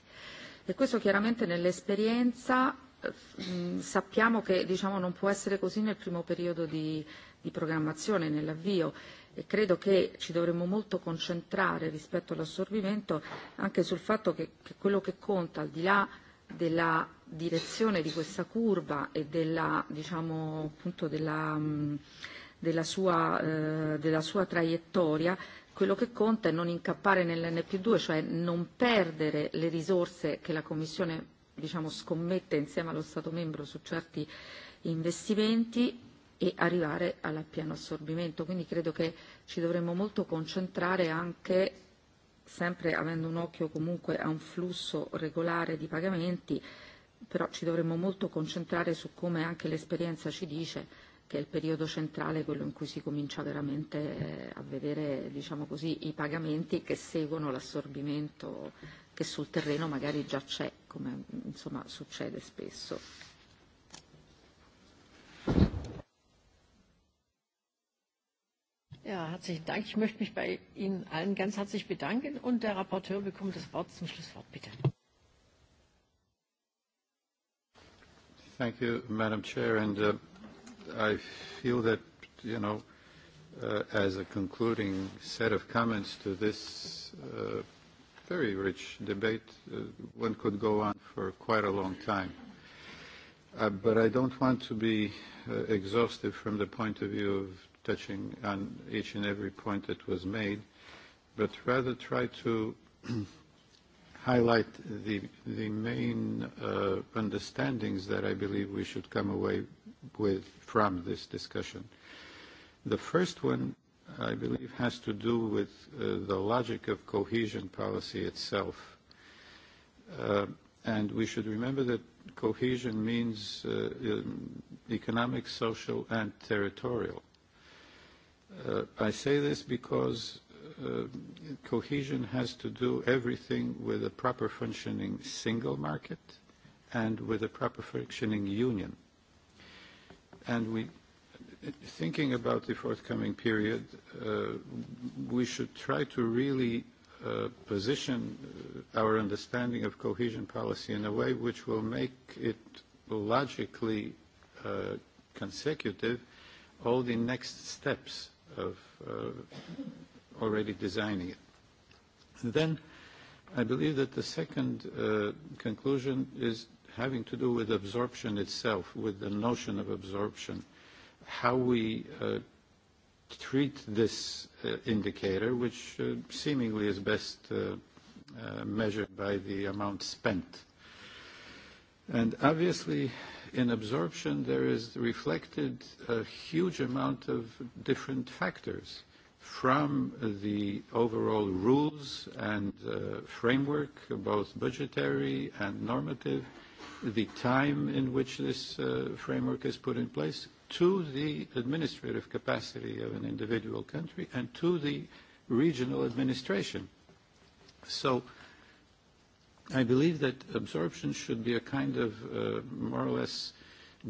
E questo chiaramente nell'esperienza Ehm, sappiamo che diciamo, non può essere così nel primo periodo di, di programmazione, nell'avvio e credo che ci dovremmo molto concentrare rispetto all'assorbimento anche sul fatto che, che quello che conta al di là della direzione di questa curva e della, diciamo, appunto della, della, sua, eh, della sua traiettoria quello che conta è non incappare nell'N più 2, cioè non perdere le risorse che la Commissione diciamo, scommette insieme allo Stato membro su certi investimenti e arrivare al pieno assorbimento. Quindi credo che ci dovremmo molto concentrare anche, sempre avendo un occhio comunque a un flusso regolare di pagamenti, però ci dovremmo molto concentrare su come anche l'esperienza ci dice che è il periodo centrale, quello in cui si comincia veramente a vedere diciamo così, i pagamenti che seguono l'assorbimento che sul terreno magari già c'è, come insomma, succede spesso. Ja, herzlichen Dank. Ich möchte mich bei Ihnen allen ganz herzlich bedanken und der Rapporteur bekommt das Wort zum Schlusswort, bitte. Thank you, Madam Chair, and uh, I feel that, you know, uh, as a concluding set of comments to this uh, very rich debate. Uh, one could go on for quite a long time. Uh, but I don't want to be uh, exhaustive from the point of view of touching on each and every point that was made, but rather try to highlight the, the main uh, understandings that I believe we should come away with from this discussion. The first one i believe, has to do with uh, the logic of cohesion policy itself. Uh, and we should remember that cohesion means uh, um, economic, social, and territorial. Uh, I say this because uh, cohesion has to do everything with a proper functioning single market and with a proper functioning union. And we thinking about the forthcoming period, uh, we should try to really uh, position uh, our understanding of cohesion policy in a way which will make it logically uh, consecutive all the next steps of uh, already designing it. And then I believe that the second uh, conclusion is having to do with absorption itself, with the notion of absorption. Uh, how we uh, treat this uh, indicator, which uh, seemingly is best uh, uh, measured by the amount spent. And obviously, in absorption, there is reflected a huge amount of different factors from the overall rules and uh, framework, both budgetary and normative, the time in which this uh, framework is put in place, to the administrative capacity of an individual country and to the regional administration. So I believe that absorption should be a kind of uh, more or less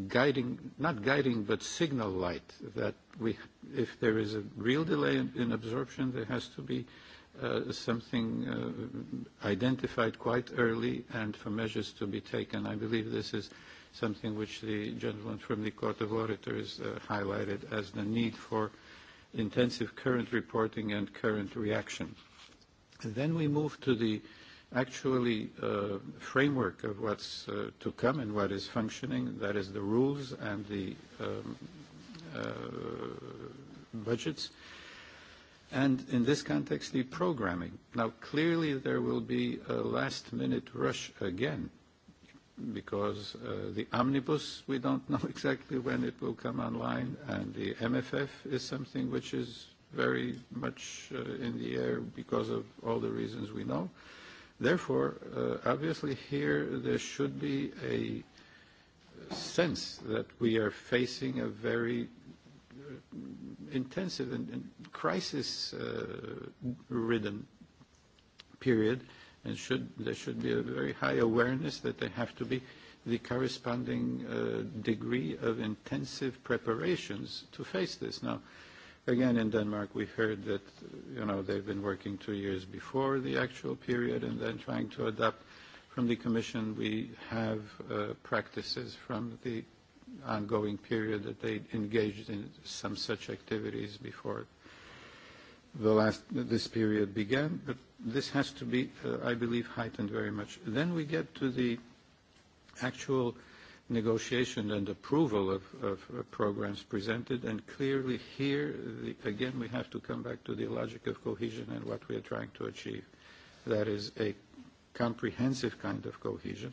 guiding, not guiding, but signal light that we, if there is a real delay in, in absorption, there has to be uh, something uh, identified quite early and for measures to be taken. I believe this is something which the gentleman from the Court of Auditors uh, highlighted as the need for intensive current reporting and current reaction. And then we move to the actually uh, framework of what's uh, to come and what is functioning, that is the rules and the um, uh, budgets. And in this context, the programming. Now, clearly there will be a last-minute rush again because uh, the omnibus, we don't know exactly when it will come online, and the MFF is something which is very much uh, in the air because of all the reasons we know. Therefore, uh, obviously here there should be a sense that we are facing a very uh, intensive and, and crisis-ridden uh, period and should, there should be a very high awareness that they have to be the corresponding uh, degree of intensive preparations to face this. Now, again, in Denmark, we heard that, you know, they've been working two years before the actual period and then trying to adapt. From the Commission, we have uh, practices from the ongoing period that they engaged in some such activities before the last this period began, but this has to be, uh, I believe, heightened very much. Then we get to the actual negotiation and approval of, of uh, programs presented, and clearly here, the, again, we have to come back to the logic of cohesion and what we are trying to achieve. That is a comprehensive kind of cohesion.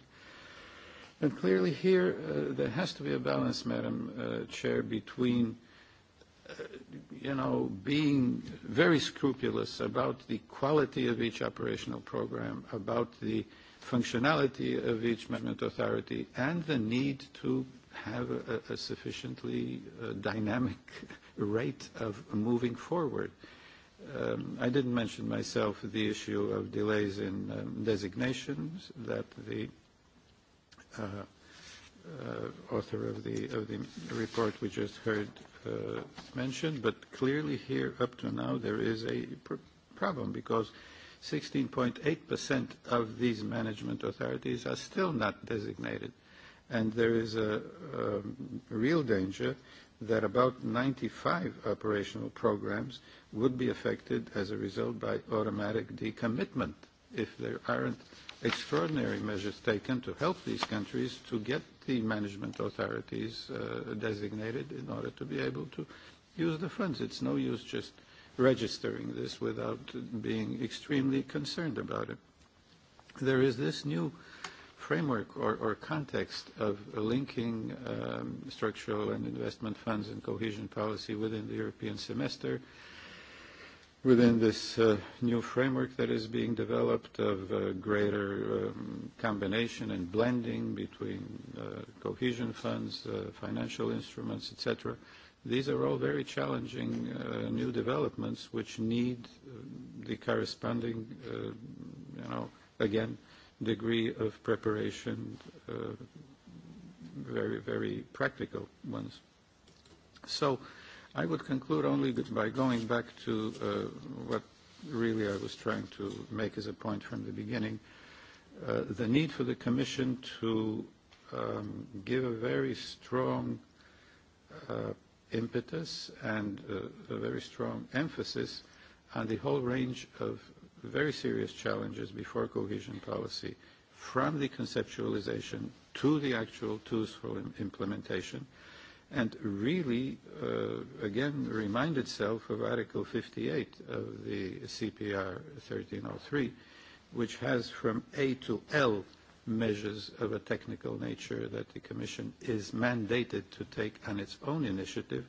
And clearly here, uh, there has to be a balance, Madam uh, Chair, between Uh, you know, being very scrupulous about the quality of each operational program, about the functionality of each management authority, and the need to have a, a sufficiently uh, dynamic rate of moving forward. Um, I didn't mention myself the issue of delays in um, designations that the uh, uh, author of the, of the report we just heard uh, mentioned, but clearly here up to now there is a pr problem because 16.8% of these management authorities are still not designated. And there is a, a um, real danger that about 95 operational programs would be affected as a result by automatic decommitment if there aren't extraordinary measures taken to help these countries to get the management authorities uh, designated in order to be able to use the funds. It's no use just registering this without being extremely concerned about it. There is this new framework or, or context of linking um, structural and investment funds and cohesion policy within the European semester. Uh, within this uh, new framework that is being developed of uh, greater um, combination and blending between uh, cohesion funds, uh, financial instruments, etc. These are all very challenging uh, new developments which need uh, the corresponding, uh, you know, again, degree of preparation, uh, very, very practical ones. So i would conclude only by going back to uh, what really I was trying to make as a point from the beginning, uh, the need for the Commission to um, give a very strong uh, impetus and uh, a very strong emphasis on the whole range of very serious challenges before cohesion policy, from the conceptualization to the actual tools for im implementation and really, uh, again, remind itself of Article 58 of the CPR 1303, which has from A to L measures of a technical nature that the Commission is mandated to take on its own initiative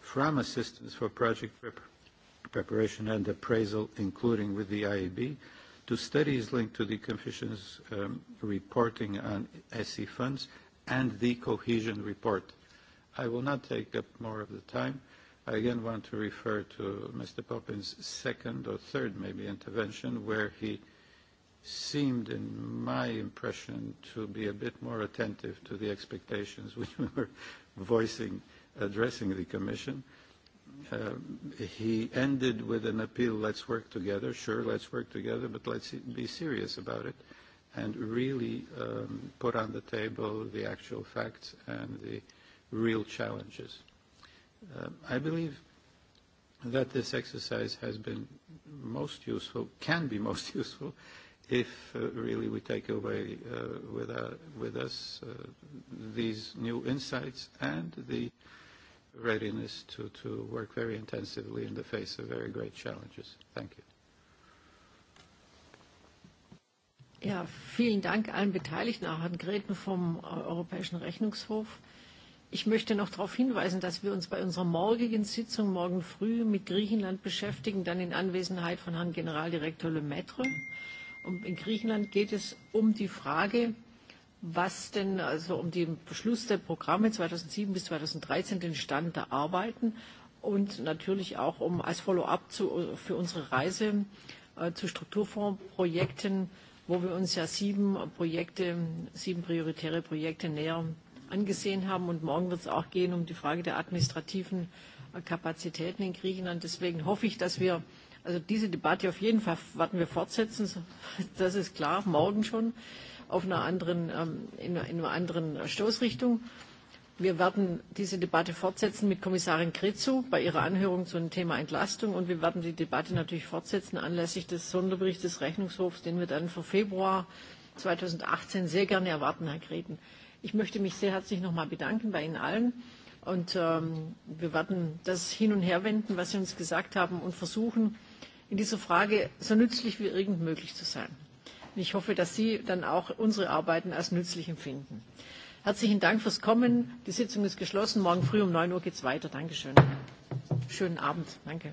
from assistance for project pre- preparation and appraisal, including with the IAB, to studies linked to the Commission's um, reporting on SE funds and the cohesion report i will not take up more of the time. I again want to refer to Mr. Poppin's second or third maybe intervention where he seemed, in my impression, to be a bit more attentive to the expectations which we were voicing addressing the Commission. Um, he ended with an appeal, let's work together. Sure, let's work together, but let's be serious about it and really um, put on the table the actual facts and the real challenges. Uh, I believe that this exercise has been most useful, can be most useful, if uh, really we take away uh, with, our, uh, with us uh, these new insights and the readiness to, to work very intensively in the face of very great challenges. Thank you. Ja, vielen Dank allen Beteiligten, auch Herrn Gräten vom Europäischen Rechnungshof. Ich möchte noch darauf hinweisen, dass wir uns bei unserer morgigen Sitzung morgen früh mit Griechenland beschäftigen, dann in Anwesenheit von Herrn Generaldirektor Lemaitre. Und in Griechenland geht es um die Frage, was denn, also um den Beschluss der Programme 2007 bis 2013, den Stand der Arbeiten und natürlich auch um als Follow-up für unsere Reise äh, zu Strukturfondsprojekten, wo wir uns ja sieben Projekte, sieben prioritäre Projekte näher angesehen haben. Und morgen wird es auch gehen um die Frage der administrativen äh, Kapazitäten in Griechenland. Deswegen hoffe ich, dass wir also diese Debatte auf jeden Fall werden wir fortsetzen. Das ist klar, morgen schon auf einer anderen, ähm, in einer anderen Stoßrichtung. Wir werden diese Debatte fortsetzen mit Kommissarin Kretzow bei ihrer Anhörung zum Thema Entlastung und wir werden die Debatte natürlich fortsetzen anlässlich des Sonderberichts des Rechnungshofs, den wir dann für Februar 2018 sehr gerne erwarten, Herr Greten. Ich möchte mich sehr herzlich nochmal bedanken bei Ihnen allen. Und ähm, wir werden das hin und her wenden, was Sie uns gesagt haben, und versuchen, in dieser Frage so nützlich wie irgend möglich zu sein. Und ich hoffe, dass Sie dann auch unsere Arbeiten als nützlich empfinden. Herzlichen Dank fürs Kommen. Die Sitzung ist geschlossen. Morgen früh um 9 Uhr geht es weiter. Dankeschön. Schönen Abend. Danke.